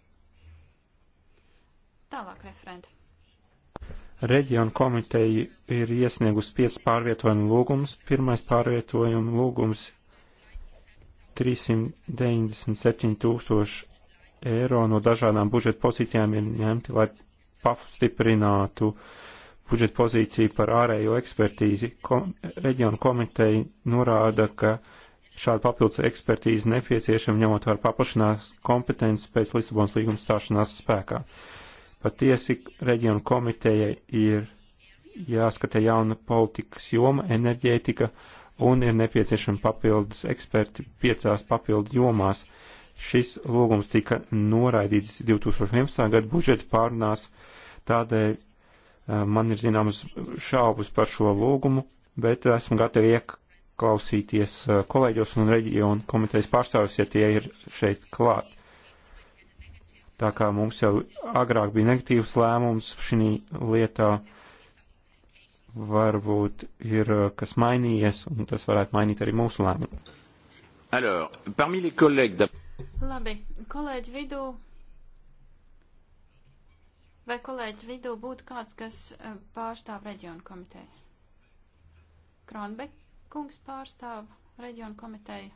[SPEAKER 2] Tālāk referenti.
[SPEAKER 4] Reģiona komiteja ir iesniegusi 5 pārvietojumu lūgumus. Pirmais pārvietojumu lūgums 397 tūkstoši eiro no dažādām budžeta pozīcijām ir ņemti, lai pastiprinātu budžeta pozīciju par ārējo ekspertīzi. Kom, reģiona komiteja norāda, ka šāda papildus ekspertīze nepieciešama ņemot vērā paplašinās kompetences pēc Lisabonas līguma stāšanās spēkā. Uh, Patiesi reģionu komiteja ir jāskata jauna politikas joma, enerģētika, un ir nepieciešami papildus eksperti piecās papildu jomās. Šis lūgums tika noraidīts 2011. gada budžeta pārunās, tādēļ eh, man ir zināmas šaubas par šo lūgumu, bet esmu gatavi ieklausīties eh, kolēģos un reģionu komitejas pārstāvis, ja tie ir šeit klāt. Tā kā mums jau agrāk bija negatīvs lēmums šī lietā, varbūt ir uh, kas mainījies, un tas varētu mainīt arī mūsu lēmumu. Alors, parmi les collègues
[SPEAKER 1] da...
[SPEAKER 2] Labi, kolēģi vidū. Vai kolēģi vidū būtu kāds, kas uh, pārstāv reģionu komiteju? Kronbek kungs pārstāv reģionu komiteju.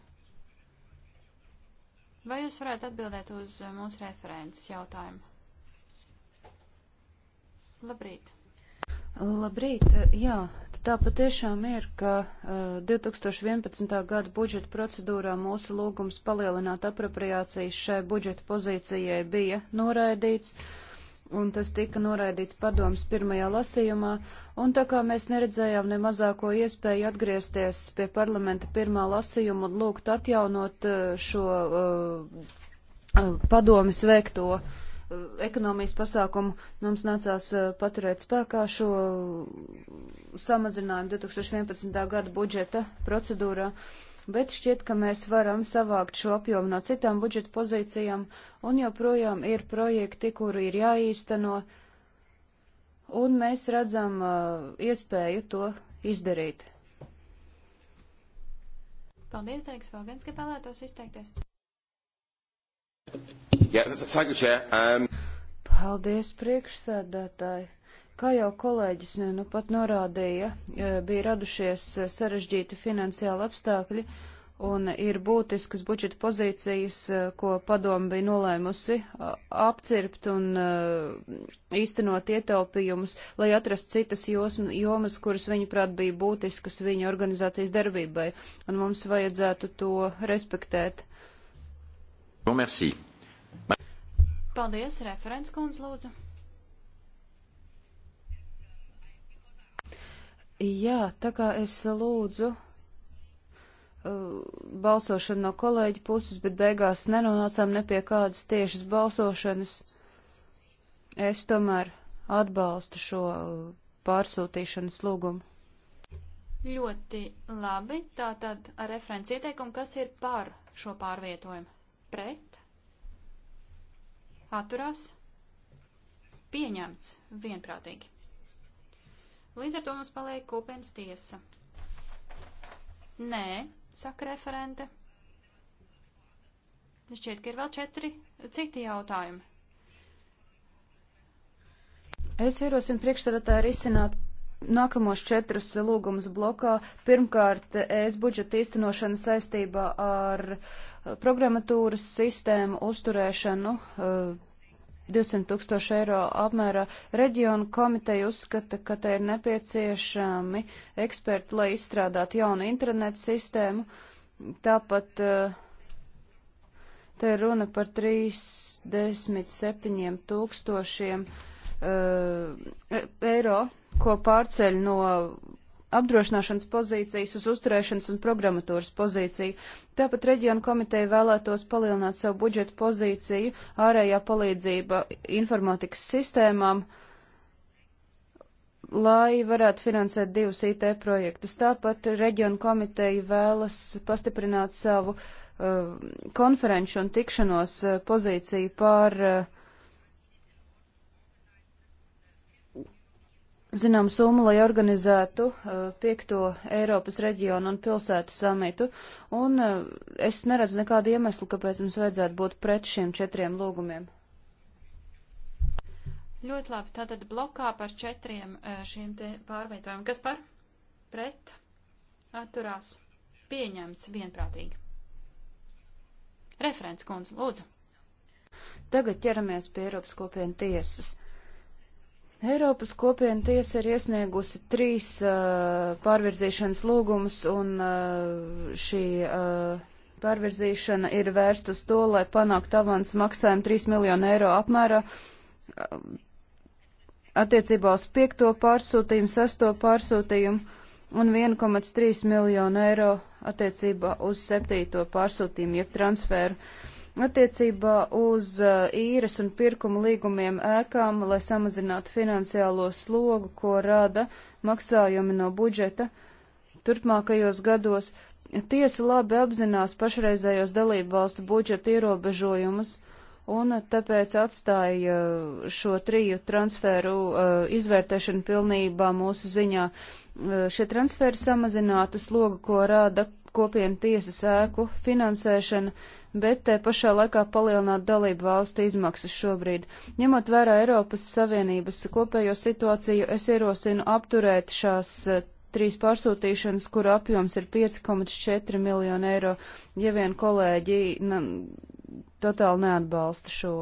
[SPEAKER 2] Vai jūs varētu atbildēt uz eh, mūsu referents jautājumu? Labrīt!
[SPEAKER 3] Labrīt! Jā, tā patiešām ir, ka 2011. Eh, gada budžeta procedūrā mūsu lūgums palielināt apropriācijas šai budžeta pozīcijai bija noraidīts un tas tika noraidīts padomas pirmajā lasījumā, un tā kā mēs neredzējām ne mazāko iespēju atgriezties pie parlamenta pirmā lasījuma un lūgt atjaunot uh, šo uh, uh, padomis veikto uh, ekonomijas pasākumu, mums nācās uh, paturēt spēkā šo samazinājumu 2011. gada budžeta procedūrā. Uh, bet šķiet, ka mēs varam savākt šo apjomu no citām budžeta pozīcijām, un joprojām ir projekti, kuri ir jāīsteno, un mēs redzam uh, iespēju to izdarīt.
[SPEAKER 2] Paldies, Dārgs Fogans, ka vēlētos izteikties.
[SPEAKER 4] Yeah, thank you, Chair. Um...
[SPEAKER 3] Paldies, priekšsēdētāji. Kā jau kolēģis eh, nu pat norādīja, eh, bija radušies eh, sarežģīti finansiāli apstākļi un ir būtiskas budžeta pozīcijas, ko padomu bija nolēmusi apcirpt un īstenot ietaupījumus, lai atrastu citas jomas, kuras viņuprāt bija būtiskas viņa organizācijas darbībai, un mums vajadzētu to respektēt.
[SPEAKER 1] Bon,
[SPEAKER 2] Paldies, referents kundze, lūdzu.
[SPEAKER 3] Jā, tā kā es lūdzu uh, balsošanu no kolēģa puses, bet beigās nenonācām ne pie kādas tiešas balsošanas. Es tomēr atbalstu šo uh, pārsūtīšanas lūgumu.
[SPEAKER 2] Ļoti labi. Tātad ar referents ieteikumu, kas ir par šo pārvietojumu? Pret? Atturās? Pieņemts vienprātīgi. Līdz ar to mums paliek kopienas tiesa. Nē, saka referente. Šķiet, ka ir vēl četri citi jautājumi.
[SPEAKER 3] Es ierosinu priekšstādātāju risināt nākamos četrus lūgumus blokā. Pirmkārt, es budžeta īstenošana saistībā ar programmatūras sistēmu uzturēšanu. Uh, 200 tūkstoši eiro apmērā reģionu komiteja uzskata, ka te ir nepieciešami eksperti, lai izstrādātu jaunu internetu sistēmu. Tāpat eh, te ir runa par 37 tūkstošiem eh, e-, eiro, ko pārceļ no apdrošināšanas pozīcijas uz uzturēšanas un programmatūras pozīciju. Tāpat reģionu komiteja vēlētos palielināt savu budžetu pozīciju ārējā palīdzība informatikas sistēmām, lai varētu finansēt divus IT projektus. Tāpat reģionu komiteja vēlas pastiprināt savu uh, konferenču un tikšanos uh, pozīciju pār uh, zinām summu, lai organizētu uh, piekto Eiropas reģionu un pilsētu samitu, un uh, es neredzu nekādu iemeslu, kāpēc mums vajadzētu būt pret šiem četriem lūgumiem.
[SPEAKER 2] Ļoti labi, tātad blokā par četriem uh, šiem te pārvietojumiem. Kas par? Pret? Atturās. Pieņemts vienprātīgi. Referents kundze, lūdzu.
[SPEAKER 3] Tagad ķeramies pie Eiropas kopienu tiesas. Eiropas kopiena tiesa ir iesniegusi trīs uh, pārvirzīšanas lūgumus, un uh, šī uh, pārvirzīšana ir vērst uz to, lai panāktu avans maksājumu 3 miljonu eiro apmērā uh, attiecībā uz piekto pārsūtījumu, sesto pārsūtījumu un 1,3 miljonu eiro attiecībā uz septīto pārsūtījumu, jeb transferu. Uh, Attiecībā uz uh, īres un pirkuma līgumiem ēkām, lai samazinātu finansiālo slogu, ko rada maksājumi no budžeta turpmākajos gados, tiesa labi apzinās pašreizējos dalību valstu budžeta ierobežojumus un tāpēc atstāja uh, šo triju transferu uh, izvērtēšanu pilnībā mūsu ziņā. Šie transferi samazinātu slogu, ko rāda kopienu tiesas ēku finansēšana, bet te pašā laikā palielināt dalību valstu izmaksas šobrīd. Ņemot vērā Eiropas Savienības kopējo situāciju, es ierosinu apturēt šās eh, trīs pārsūtīšanas, kuru apjoms ir 5,4 miljonu eiro, ja vien kolēģi na, totāli neatbalsta šo,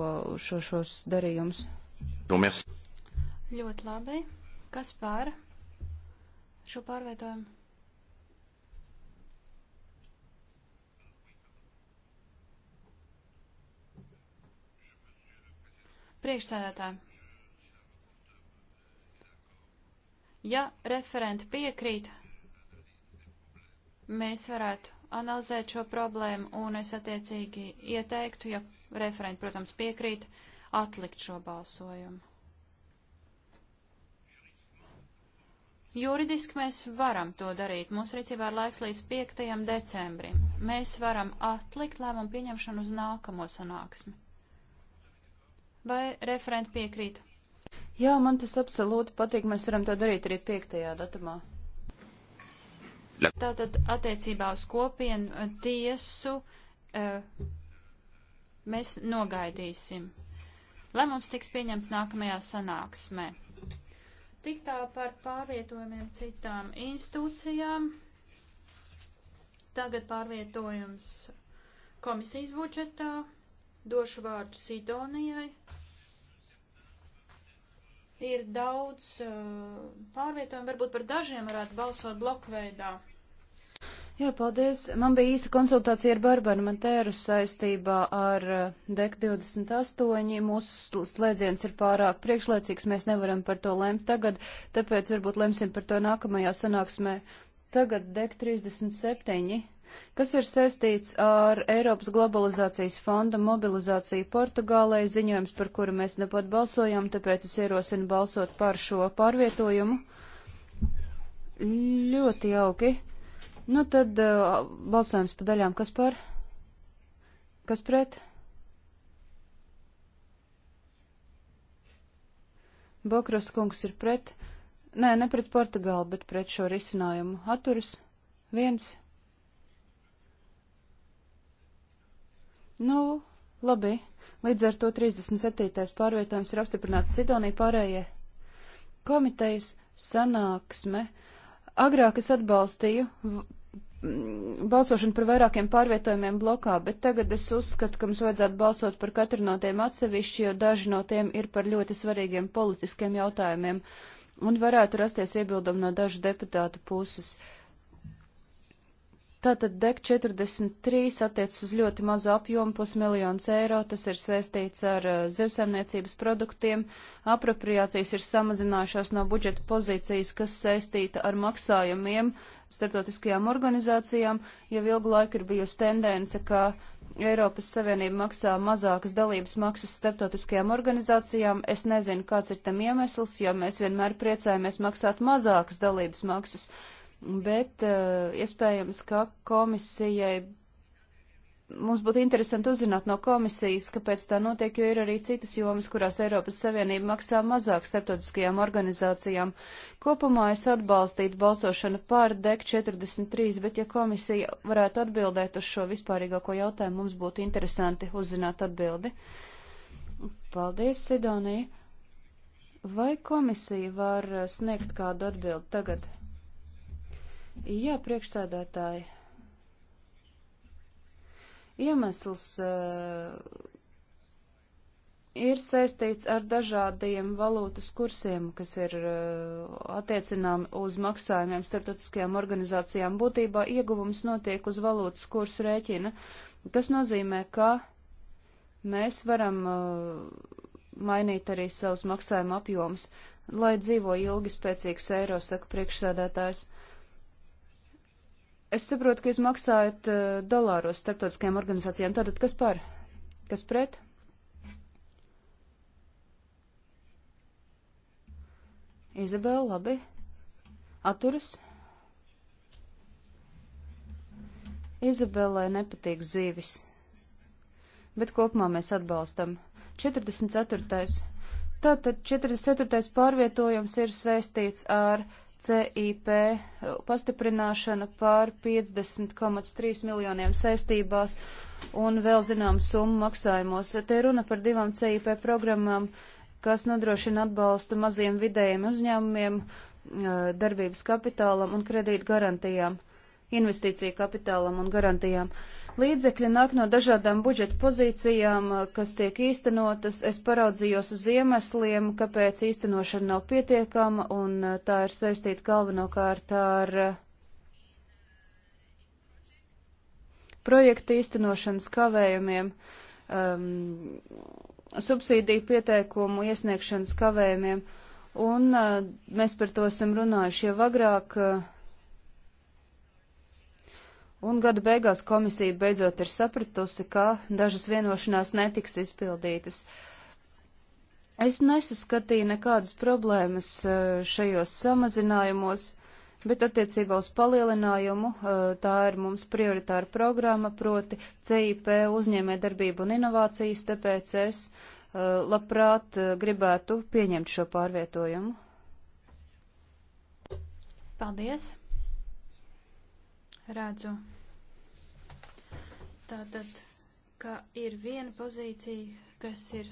[SPEAKER 3] šo, šos darījumus.
[SPEAKER 1] Domēs.
[SPEAKER 2] Nu, Ļoti labi. Kas pār šo pārvietojumu? Priekšsēdētāji. Ja referenti piekrīt, mēs varētu analizēt šo problēmu, un es attiecīgi ieteiktu, ja referenti, protams, piekrīt, atlikt šo balsojumu. Juridiski mēs varam to darīt. Mūsu rīcībā ir laiks līdz 5. decembrim. Mēs varam atlikt lēmumu pieņemšanu uz nākamo sanāksmi. Vai referenti piekrīt? Jā, man tas absolūti patīk. Mēs varam to darīt arī 5. datumā. Tātad attiecībā uz kopienu eh, tiesu eh, mēs nogaidīsim. Lēmums tiks pieņemts nākamajā sanāksmē. Tik tā par pārvietojumiem citām institūcijām. Tagad pārvietojums komisijas budžetā došu vārdu Sidonijai. Ir daudz uh, pārvietojumu, varbūt par dažiem varētu balsot blokveidā.
[SPEAKER 3] Jā, paldies. Man bija īsa konsultācija ar Barbaru Matēru saistībā ar uh, DEC 28. Mūsu slēdziens ir pārāk priekšlaicīgs, mēs nevaram par to lemt tagad, tāpēc varbūt lemsim par to nākamajā sanāksmē. Tagad DEC 37 kas ir saistīts ar Eiropas globalizācijas fonda mobilizāciju Portugālē, ziņojums, par kuru mēs nepat balsojām, tāpēc es ierosinu balsot par šo pārvietojumu. Ļoti jauki. Nu tad uh, balsojums pa daļām, kas par? Kas pret? Bokros kungs ir pret, nē, ne pret Portugālu, bet pret šo risinājumu. Atturas viens Nu, labi. Līdz ar to 37. pārvietojums ir apstiprināts Sidonija pārējie. Komitejas sanāksme. Agrāk es atbalstīju balsošanu par vairākiem pārvietojumiem blokā, bet tagad es uzskatu, ka mums vajadzētu balsot par katru no tiem atsevišķi, jo daži no tiem ir par ļoti svarīgiem politiskiem jautājumiem un varētu rasties iebildumi no dažu deputātu puses. Uh, Tātad DEC 43 attiec uz ļoti mazu apjomu, pusmiljons eiro, tas ir saistīts ar uh, zivsaimniecības produktiem. Apropriācijas ir samazinājušās no budžeta pozīcijas, kas saistīta ar maksājumiem starptautiskajām organizācijām, jau ilgu laiku ir bijusi tendence, ka Eiropas Savienība maksā mazākas dalības maksas starptautiskajām organizācijām. Es nezinu, kāds ir tam iemesls, jo mēs vienmēr priecājamies maksāt mazākas dalības maksas bet uh, iespējams, ka komisijai mums būtu interesanti uzzināt no komisijas, kāpēc tā notiek, jo ir arī citas jomas, kurās Eiropas Savienība maksā mazāk starptautiskajām organizācijām. Kopumā es atbalstītu balsošanu pār DEC 43, bet ja komisija varētu atbildēt uz šo vispārīgāko jautājumu, mums būtu interesanti uzzināt atbildi. Paldies, Sidonija. Vai komisija var eh, sniegt kādu atbildi tagad? Jā, priekšsēdētāji. Iemesls uh, ir saistīts ar dažādiem valūtas kursiem, kas ir uh, eh, attiecināmi uz maksājumiem starptautiskajām organizācijām. Būtībā ieguvums notiek uz valūtas kursu rēķina, kas nozīmē, ka mēs varam uh, mainīt arī savus maksājuma apjomus, lai dzīvo ilgi spēcīgs eiro, saka priekšsēdētājs. Uh, Es saprotu, ka jūs maksājat uh, dolāros starptautiskajām organizācijām. Tātad kas par? Kas pret? Izabela, labi. Atturas. Izabelai nepatīk zīvis. Bet kopumā mēs atbalstam. 44. Tātad 44. pārvietojums ir saistīts ar CIP pastiprināšana par 50,3 miljoniem saistībās un vēl zinām summu maksājumos. Te runa par divām CIP programmām, kas nodrošina atbalstu maziem vidējiem uzņēmumiem, eh, darbības kapitālam un kredīt garantijām, investīcija kapitālam un garantijām. Uh, Līdzekļi nāk no dažādām budžeta pozīcijām, eh, kas tiek īstenotas. Es paraudzījos uz iemesliem, kāpēc īstenošana nav pietiekama, un eh, tā ir saistīta galvenokārt ar eh, projektu īstenošanas kavējumiem. Um, subsīdiju pieteikumu iesniegšanas kavējumiem, un uh, mēs par to esam runājuši jau agrāk. Uh, Un gada beigās komisija beidzot ir sapratusi, ka dažas vienošanās netiks izpildītas. Es nesaskatīju nekādas problēmas e, šajos samazinājumos, bet attiecībā uz palielinājumu e, tā ir mums prioritāra programma, proti CIP uzņēmē darbību un inovācijas, tāpēc es e, labprāt gribētu pieņemt šo pārvietojumu.
[SPEAKER 2] Paldies! Redzu, Tātad, ka ir viena pozīcija, kas ir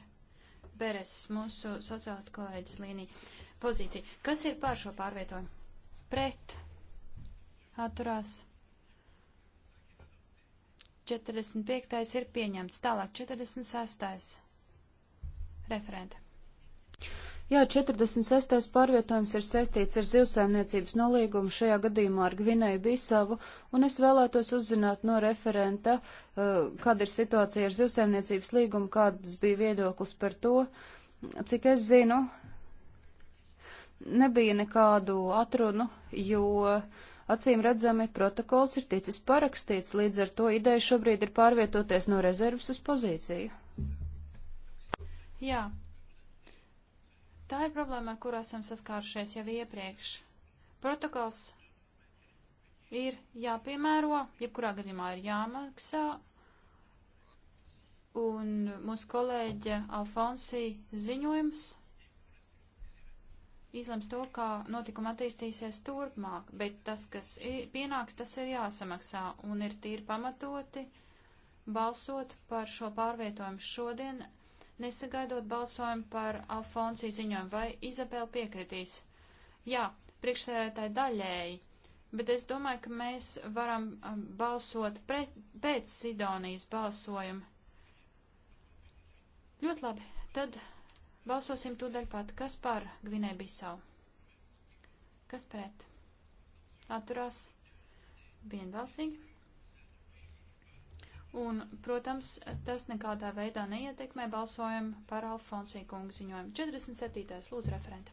[SPEAKER 2] Beres, mūsu sociālistu kolēģis līnija pozīcija. Kas ir pār šo pārvietojumu? Pret. Atturās. 45. ir pieņemts. Tālāk 46. referenta.
[SPEAKER 3] Jā, 46. pārvietojums ir saistīts ar zivsēmniecības nolīgumu šajā gadījumā ar Gvinēju Bisavu, un es vēlētos uzzināt no referenta, uh, kāda ir situācija ar zivsēmniecības līgumu, kāds bija viedoklis par to. Cik es zinu, nebija nekādu atrunu, jo acīm redzami protokols ir ticis parakstīts, līdz ar to ideja šobrīd ir pārvietoties no rezervas uz pozīciju.
[SPEAKER 2] Jā, Tā ir problēma, ar kuru esam saskārušies jau iepriekš. Protokols ir jāpiemēro, jebkurā gadījumā ir jāmaksā. Un mūsu kolēģe Alfonsī ziņojums izlems to, kā notikuma attīstīsies turpmāk, bet tas, kas pienāks, tas ir jāsamaksā un ir tīri pamatoti balsot par šo pārvietojumu šodien nesagaidot balsojumu par Alfonsiju ziņojumu, vai Izabela piekritīs? Jā, priekšsēdētāji daļēji, bet es domāju, ka mēs varam um, balsot pret, pēc Sidonijas balsojuma. Ļoti labi, tad balsosim tūdaļ pat. Kas par Gvinēju Bisau? Kas pret? Atturās vienbalsīgi. Un, protams, tas nekādā veidā neietekmē balsojumu par Alfonsī kungu ziņojumu. 47. lūdzu referenta.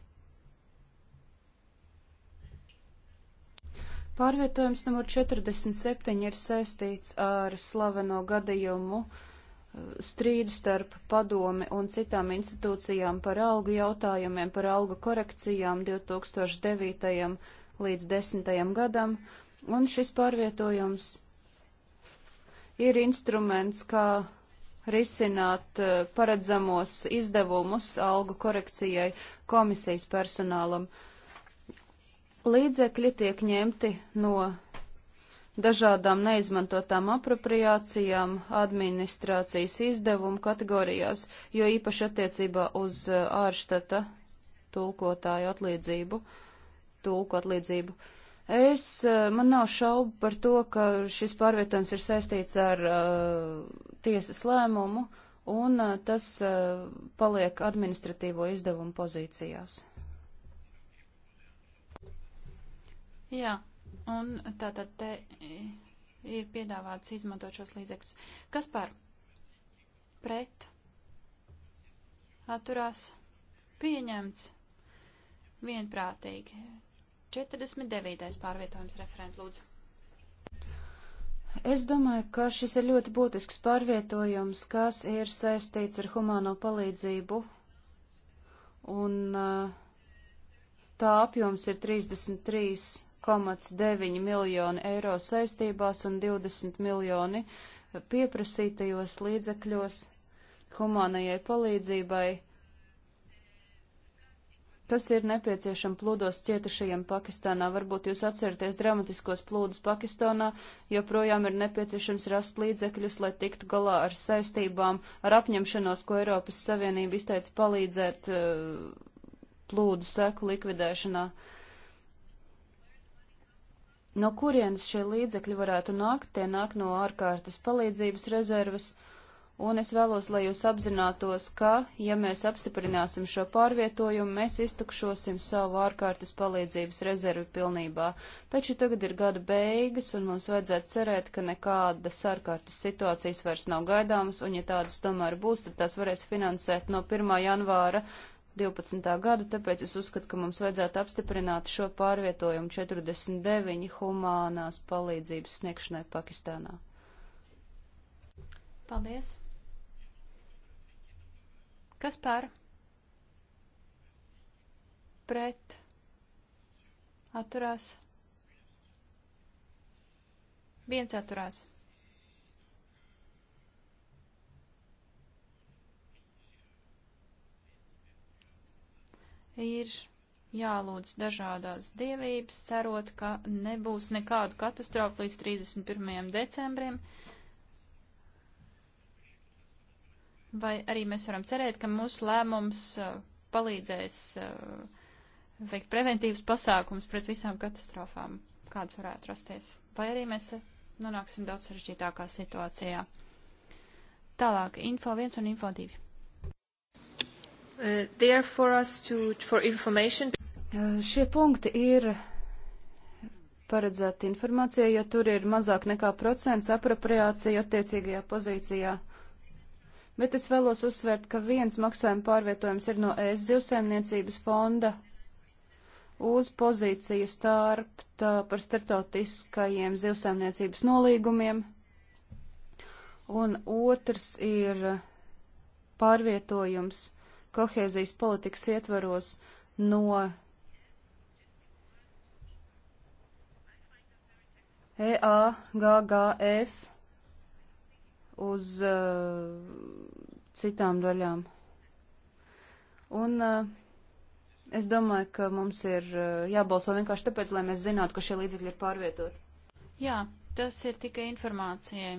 [SPEAKER 3] Pārvietojums numur 47 ir saistīts ar slaveno gadījumu eh, strīdu starp padomi un citām institūcijām par algu jautājumiem, par algu korekcijām 2009. līdz 10. gadam, un šis pārvietojums ir instruments, kā risināt eh, paredzamos izdevumus algu korekcijai komisijas personālam. Līdzekļi tiek ņemti no dažādām neizmantotām apropriācijām administrācijas izdevumu kategorijās, jo īpaši attiecībā uz eh, ārštata tulkotāju atlīdzību, tulku atlīdzību. Uh, Es, eh, man nav šaubu par to, ka šis pārvietojums ir saistīts ar uh, tiesas lēmumu, un uh, tas uh, paliek administratīvo izdevumu pozīcijās.
[SPEAKER 2] Jā, un tātad te ir piedāvāts izmantot šos līdzekļus. Kas par pret atturās pieņemts vienprātīgi? 49. pārvietojums referent lūdzu.
[SPEAKER 3] Es domāju, ka šis ir ļoti būtisks pārvietojums, kas ir saistīts ar humāno palīdzību, un uh, tā apjoms ir 33,9 miljoni eiro saistībās un 20 miljoni pieprasītajos līdzekļos humānajai palīdzībai kas ir nepieciešama plūdos cietušajiem Pakistānā. Varbūt jūs atceraties dramatiskos plūdus Pakistānā, joprojām ir nepieciešams rast līdzekļus, lai tiktu galā ar saistībām, ar apņemšanos, ko Eiropas Savienība izteica palīdzēt uh, plūdu seku likvidēšanā. No kurienes šie līdzekļi varētu nākt? Tie nāk no ārkārtas palīdzības rezerves. Uh, un es vēlos, lai jūs apzinātos, ka, ja mēs apstiprināsim šo pārvietojumu, mēs iztukšosim savu ārkārtas palīdzības rezervi pilnībā. Taču tagad ir gada beigas, un mums vajadzētu cerēt, ka nekādas ārkārtas situācijas vairs nav gaidāmas, un ja tādas tomēr būs, tad tās varēs finansēt no 1. janvāra 12. gada, tāpēc es uzskatu, ka mums vajadzētu apstiprināt šo pārvietojumu 49 humānās palīdzības sniegšanai Pakistānā. Paldies!
[SPEAKER 2] Kas par? Pret. Atturās. Viens atturās. Ir jālūdz dažādās dievības, cerot, ka nebūs nekādu katastrofu līdz 31. decembrim. vai arī mēs varam cerēt, ka mūsu lēmums uh, palīdzēs uh, veikt preventīvas pasākums pret visām katastrofām, kādas varētu rasties. Vai arī mēs uh, nonāksim daudz sarežģītākā situācijā. Tālāk, info 1 un info 2. Uh, there for us to, for information.
[SPEAKER 3] Uh, šie punkti ir paredzēti informācijai, jo tur ir mazāk nekā procents apropriācija attiecīgajā pozīcijā bet es vēlos uzsvērt, ka viens maksājuma pārvietojums ir no ES zivsēmniecības fonda uz pozīciju starp tā, par starptautiskajiem zivsēmniecības nolīgumiem, un otrs ir pārvietojums kohēzijas politikas ietvaros no EAGGF uz uh, citām daļām. Un uh, es domāju, ka mums ir uh, jābalso vienkārši tāpēc, lai mēs zinātu, ka šie līdzekļi ir pārvietoti.
[SPEAKER 2] Jā, tas ir tikai informācijai.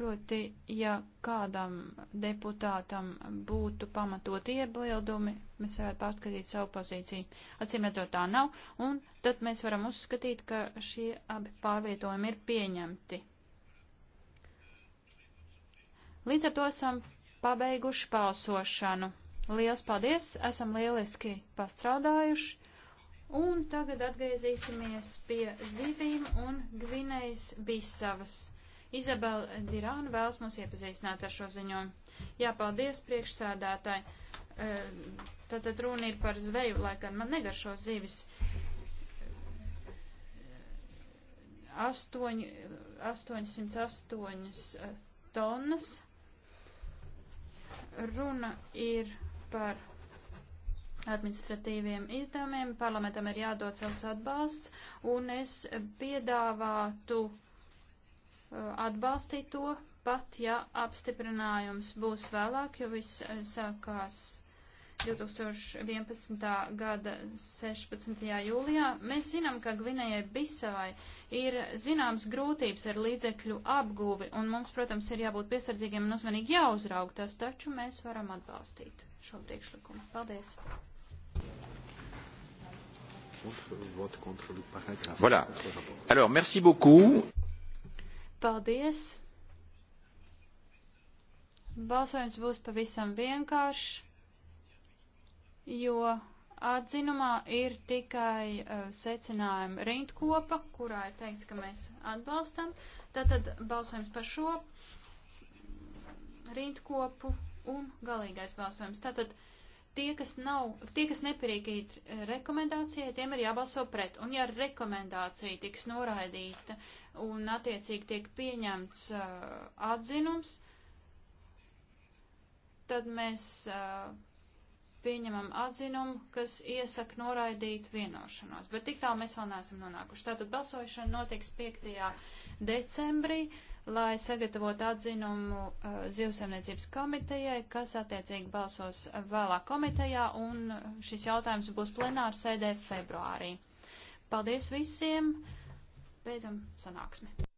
[SPEAKER 2] Proti, ja kādam deputātam būtu pamatot iebildumi, mēs varētu pārskatīt savu pozīciju. Acīm redzot, tā nav, un tad mēs varam uzskatīt, ka šie abi pārvietojumi ir pieņemti. Līdz ar to esam pabeiguši balsošanu. Liels paldies, esam lieliski pastrādājuši. Un tagad atgriezīsimies pie zivīm un Gvinējas Bisavas. Izabela Dirāna vēlas mūs iepazīstināt ar šo ziņojumu. Jā, paldies priekšsēdētāji. Tātad e, runa ir par zveju, lai gan man negaršo zivis. Astoņ, 808 tonnas Runa ir par administratīviem izdevumiem. Parlamentam ir jādod savs atbalsts, un es piedāvātu uh, atbalstīt to, pat ja apstiprinājums būs vēlāk, jo viss uh, sākās 2011. gada 16. jūlijā. Mēs zinām, ka Gvinējai Bisavai ir zināms grūtības ar līdzekļu apguvi, un mums, protams, ir jābūt piesardzīgiem un uzmanīgi jāuzraug tas, taču mēs varam atbalstīt šo priekšlikumu. Paldies!
[SPEAKER 4] Voilà. Alors, merci
[SPEAKER 1] beaucoup.
[SPEAKER 2] Paldies. Balsojums būs pavisam vienkāršs jo atzinumā ir tikai uh, eh, secinājuma rindkopa, kurā ir teikts, ka mēs atbalstam. Tātad balsojums par šo rindkopu un galīgais balsojums. Tātad tie, kas, nav, tie, kas nepierīkīt eh, rekomendācijai, tiem ir jābalso pret. Un ja rekomendācija tiks noraidīta un attiecīgi tiek pieņemts uh, atzinums, tad mēs. Uh, pieņemam atzinumu, kas iesaka noraidīt vienošanos. Bet tik tālu mēs vēl neesam nonākuši. Tātad balsošana notiks 5. decembrī, lai sagatavotu atzinumu uh, zivsaimniecības komitejai, kas attiecīgi balsos vēlāk komitejā, un šis jautājums būs plenāra sēdē februārī. Paldies visiem! Beidzam sanāksmi!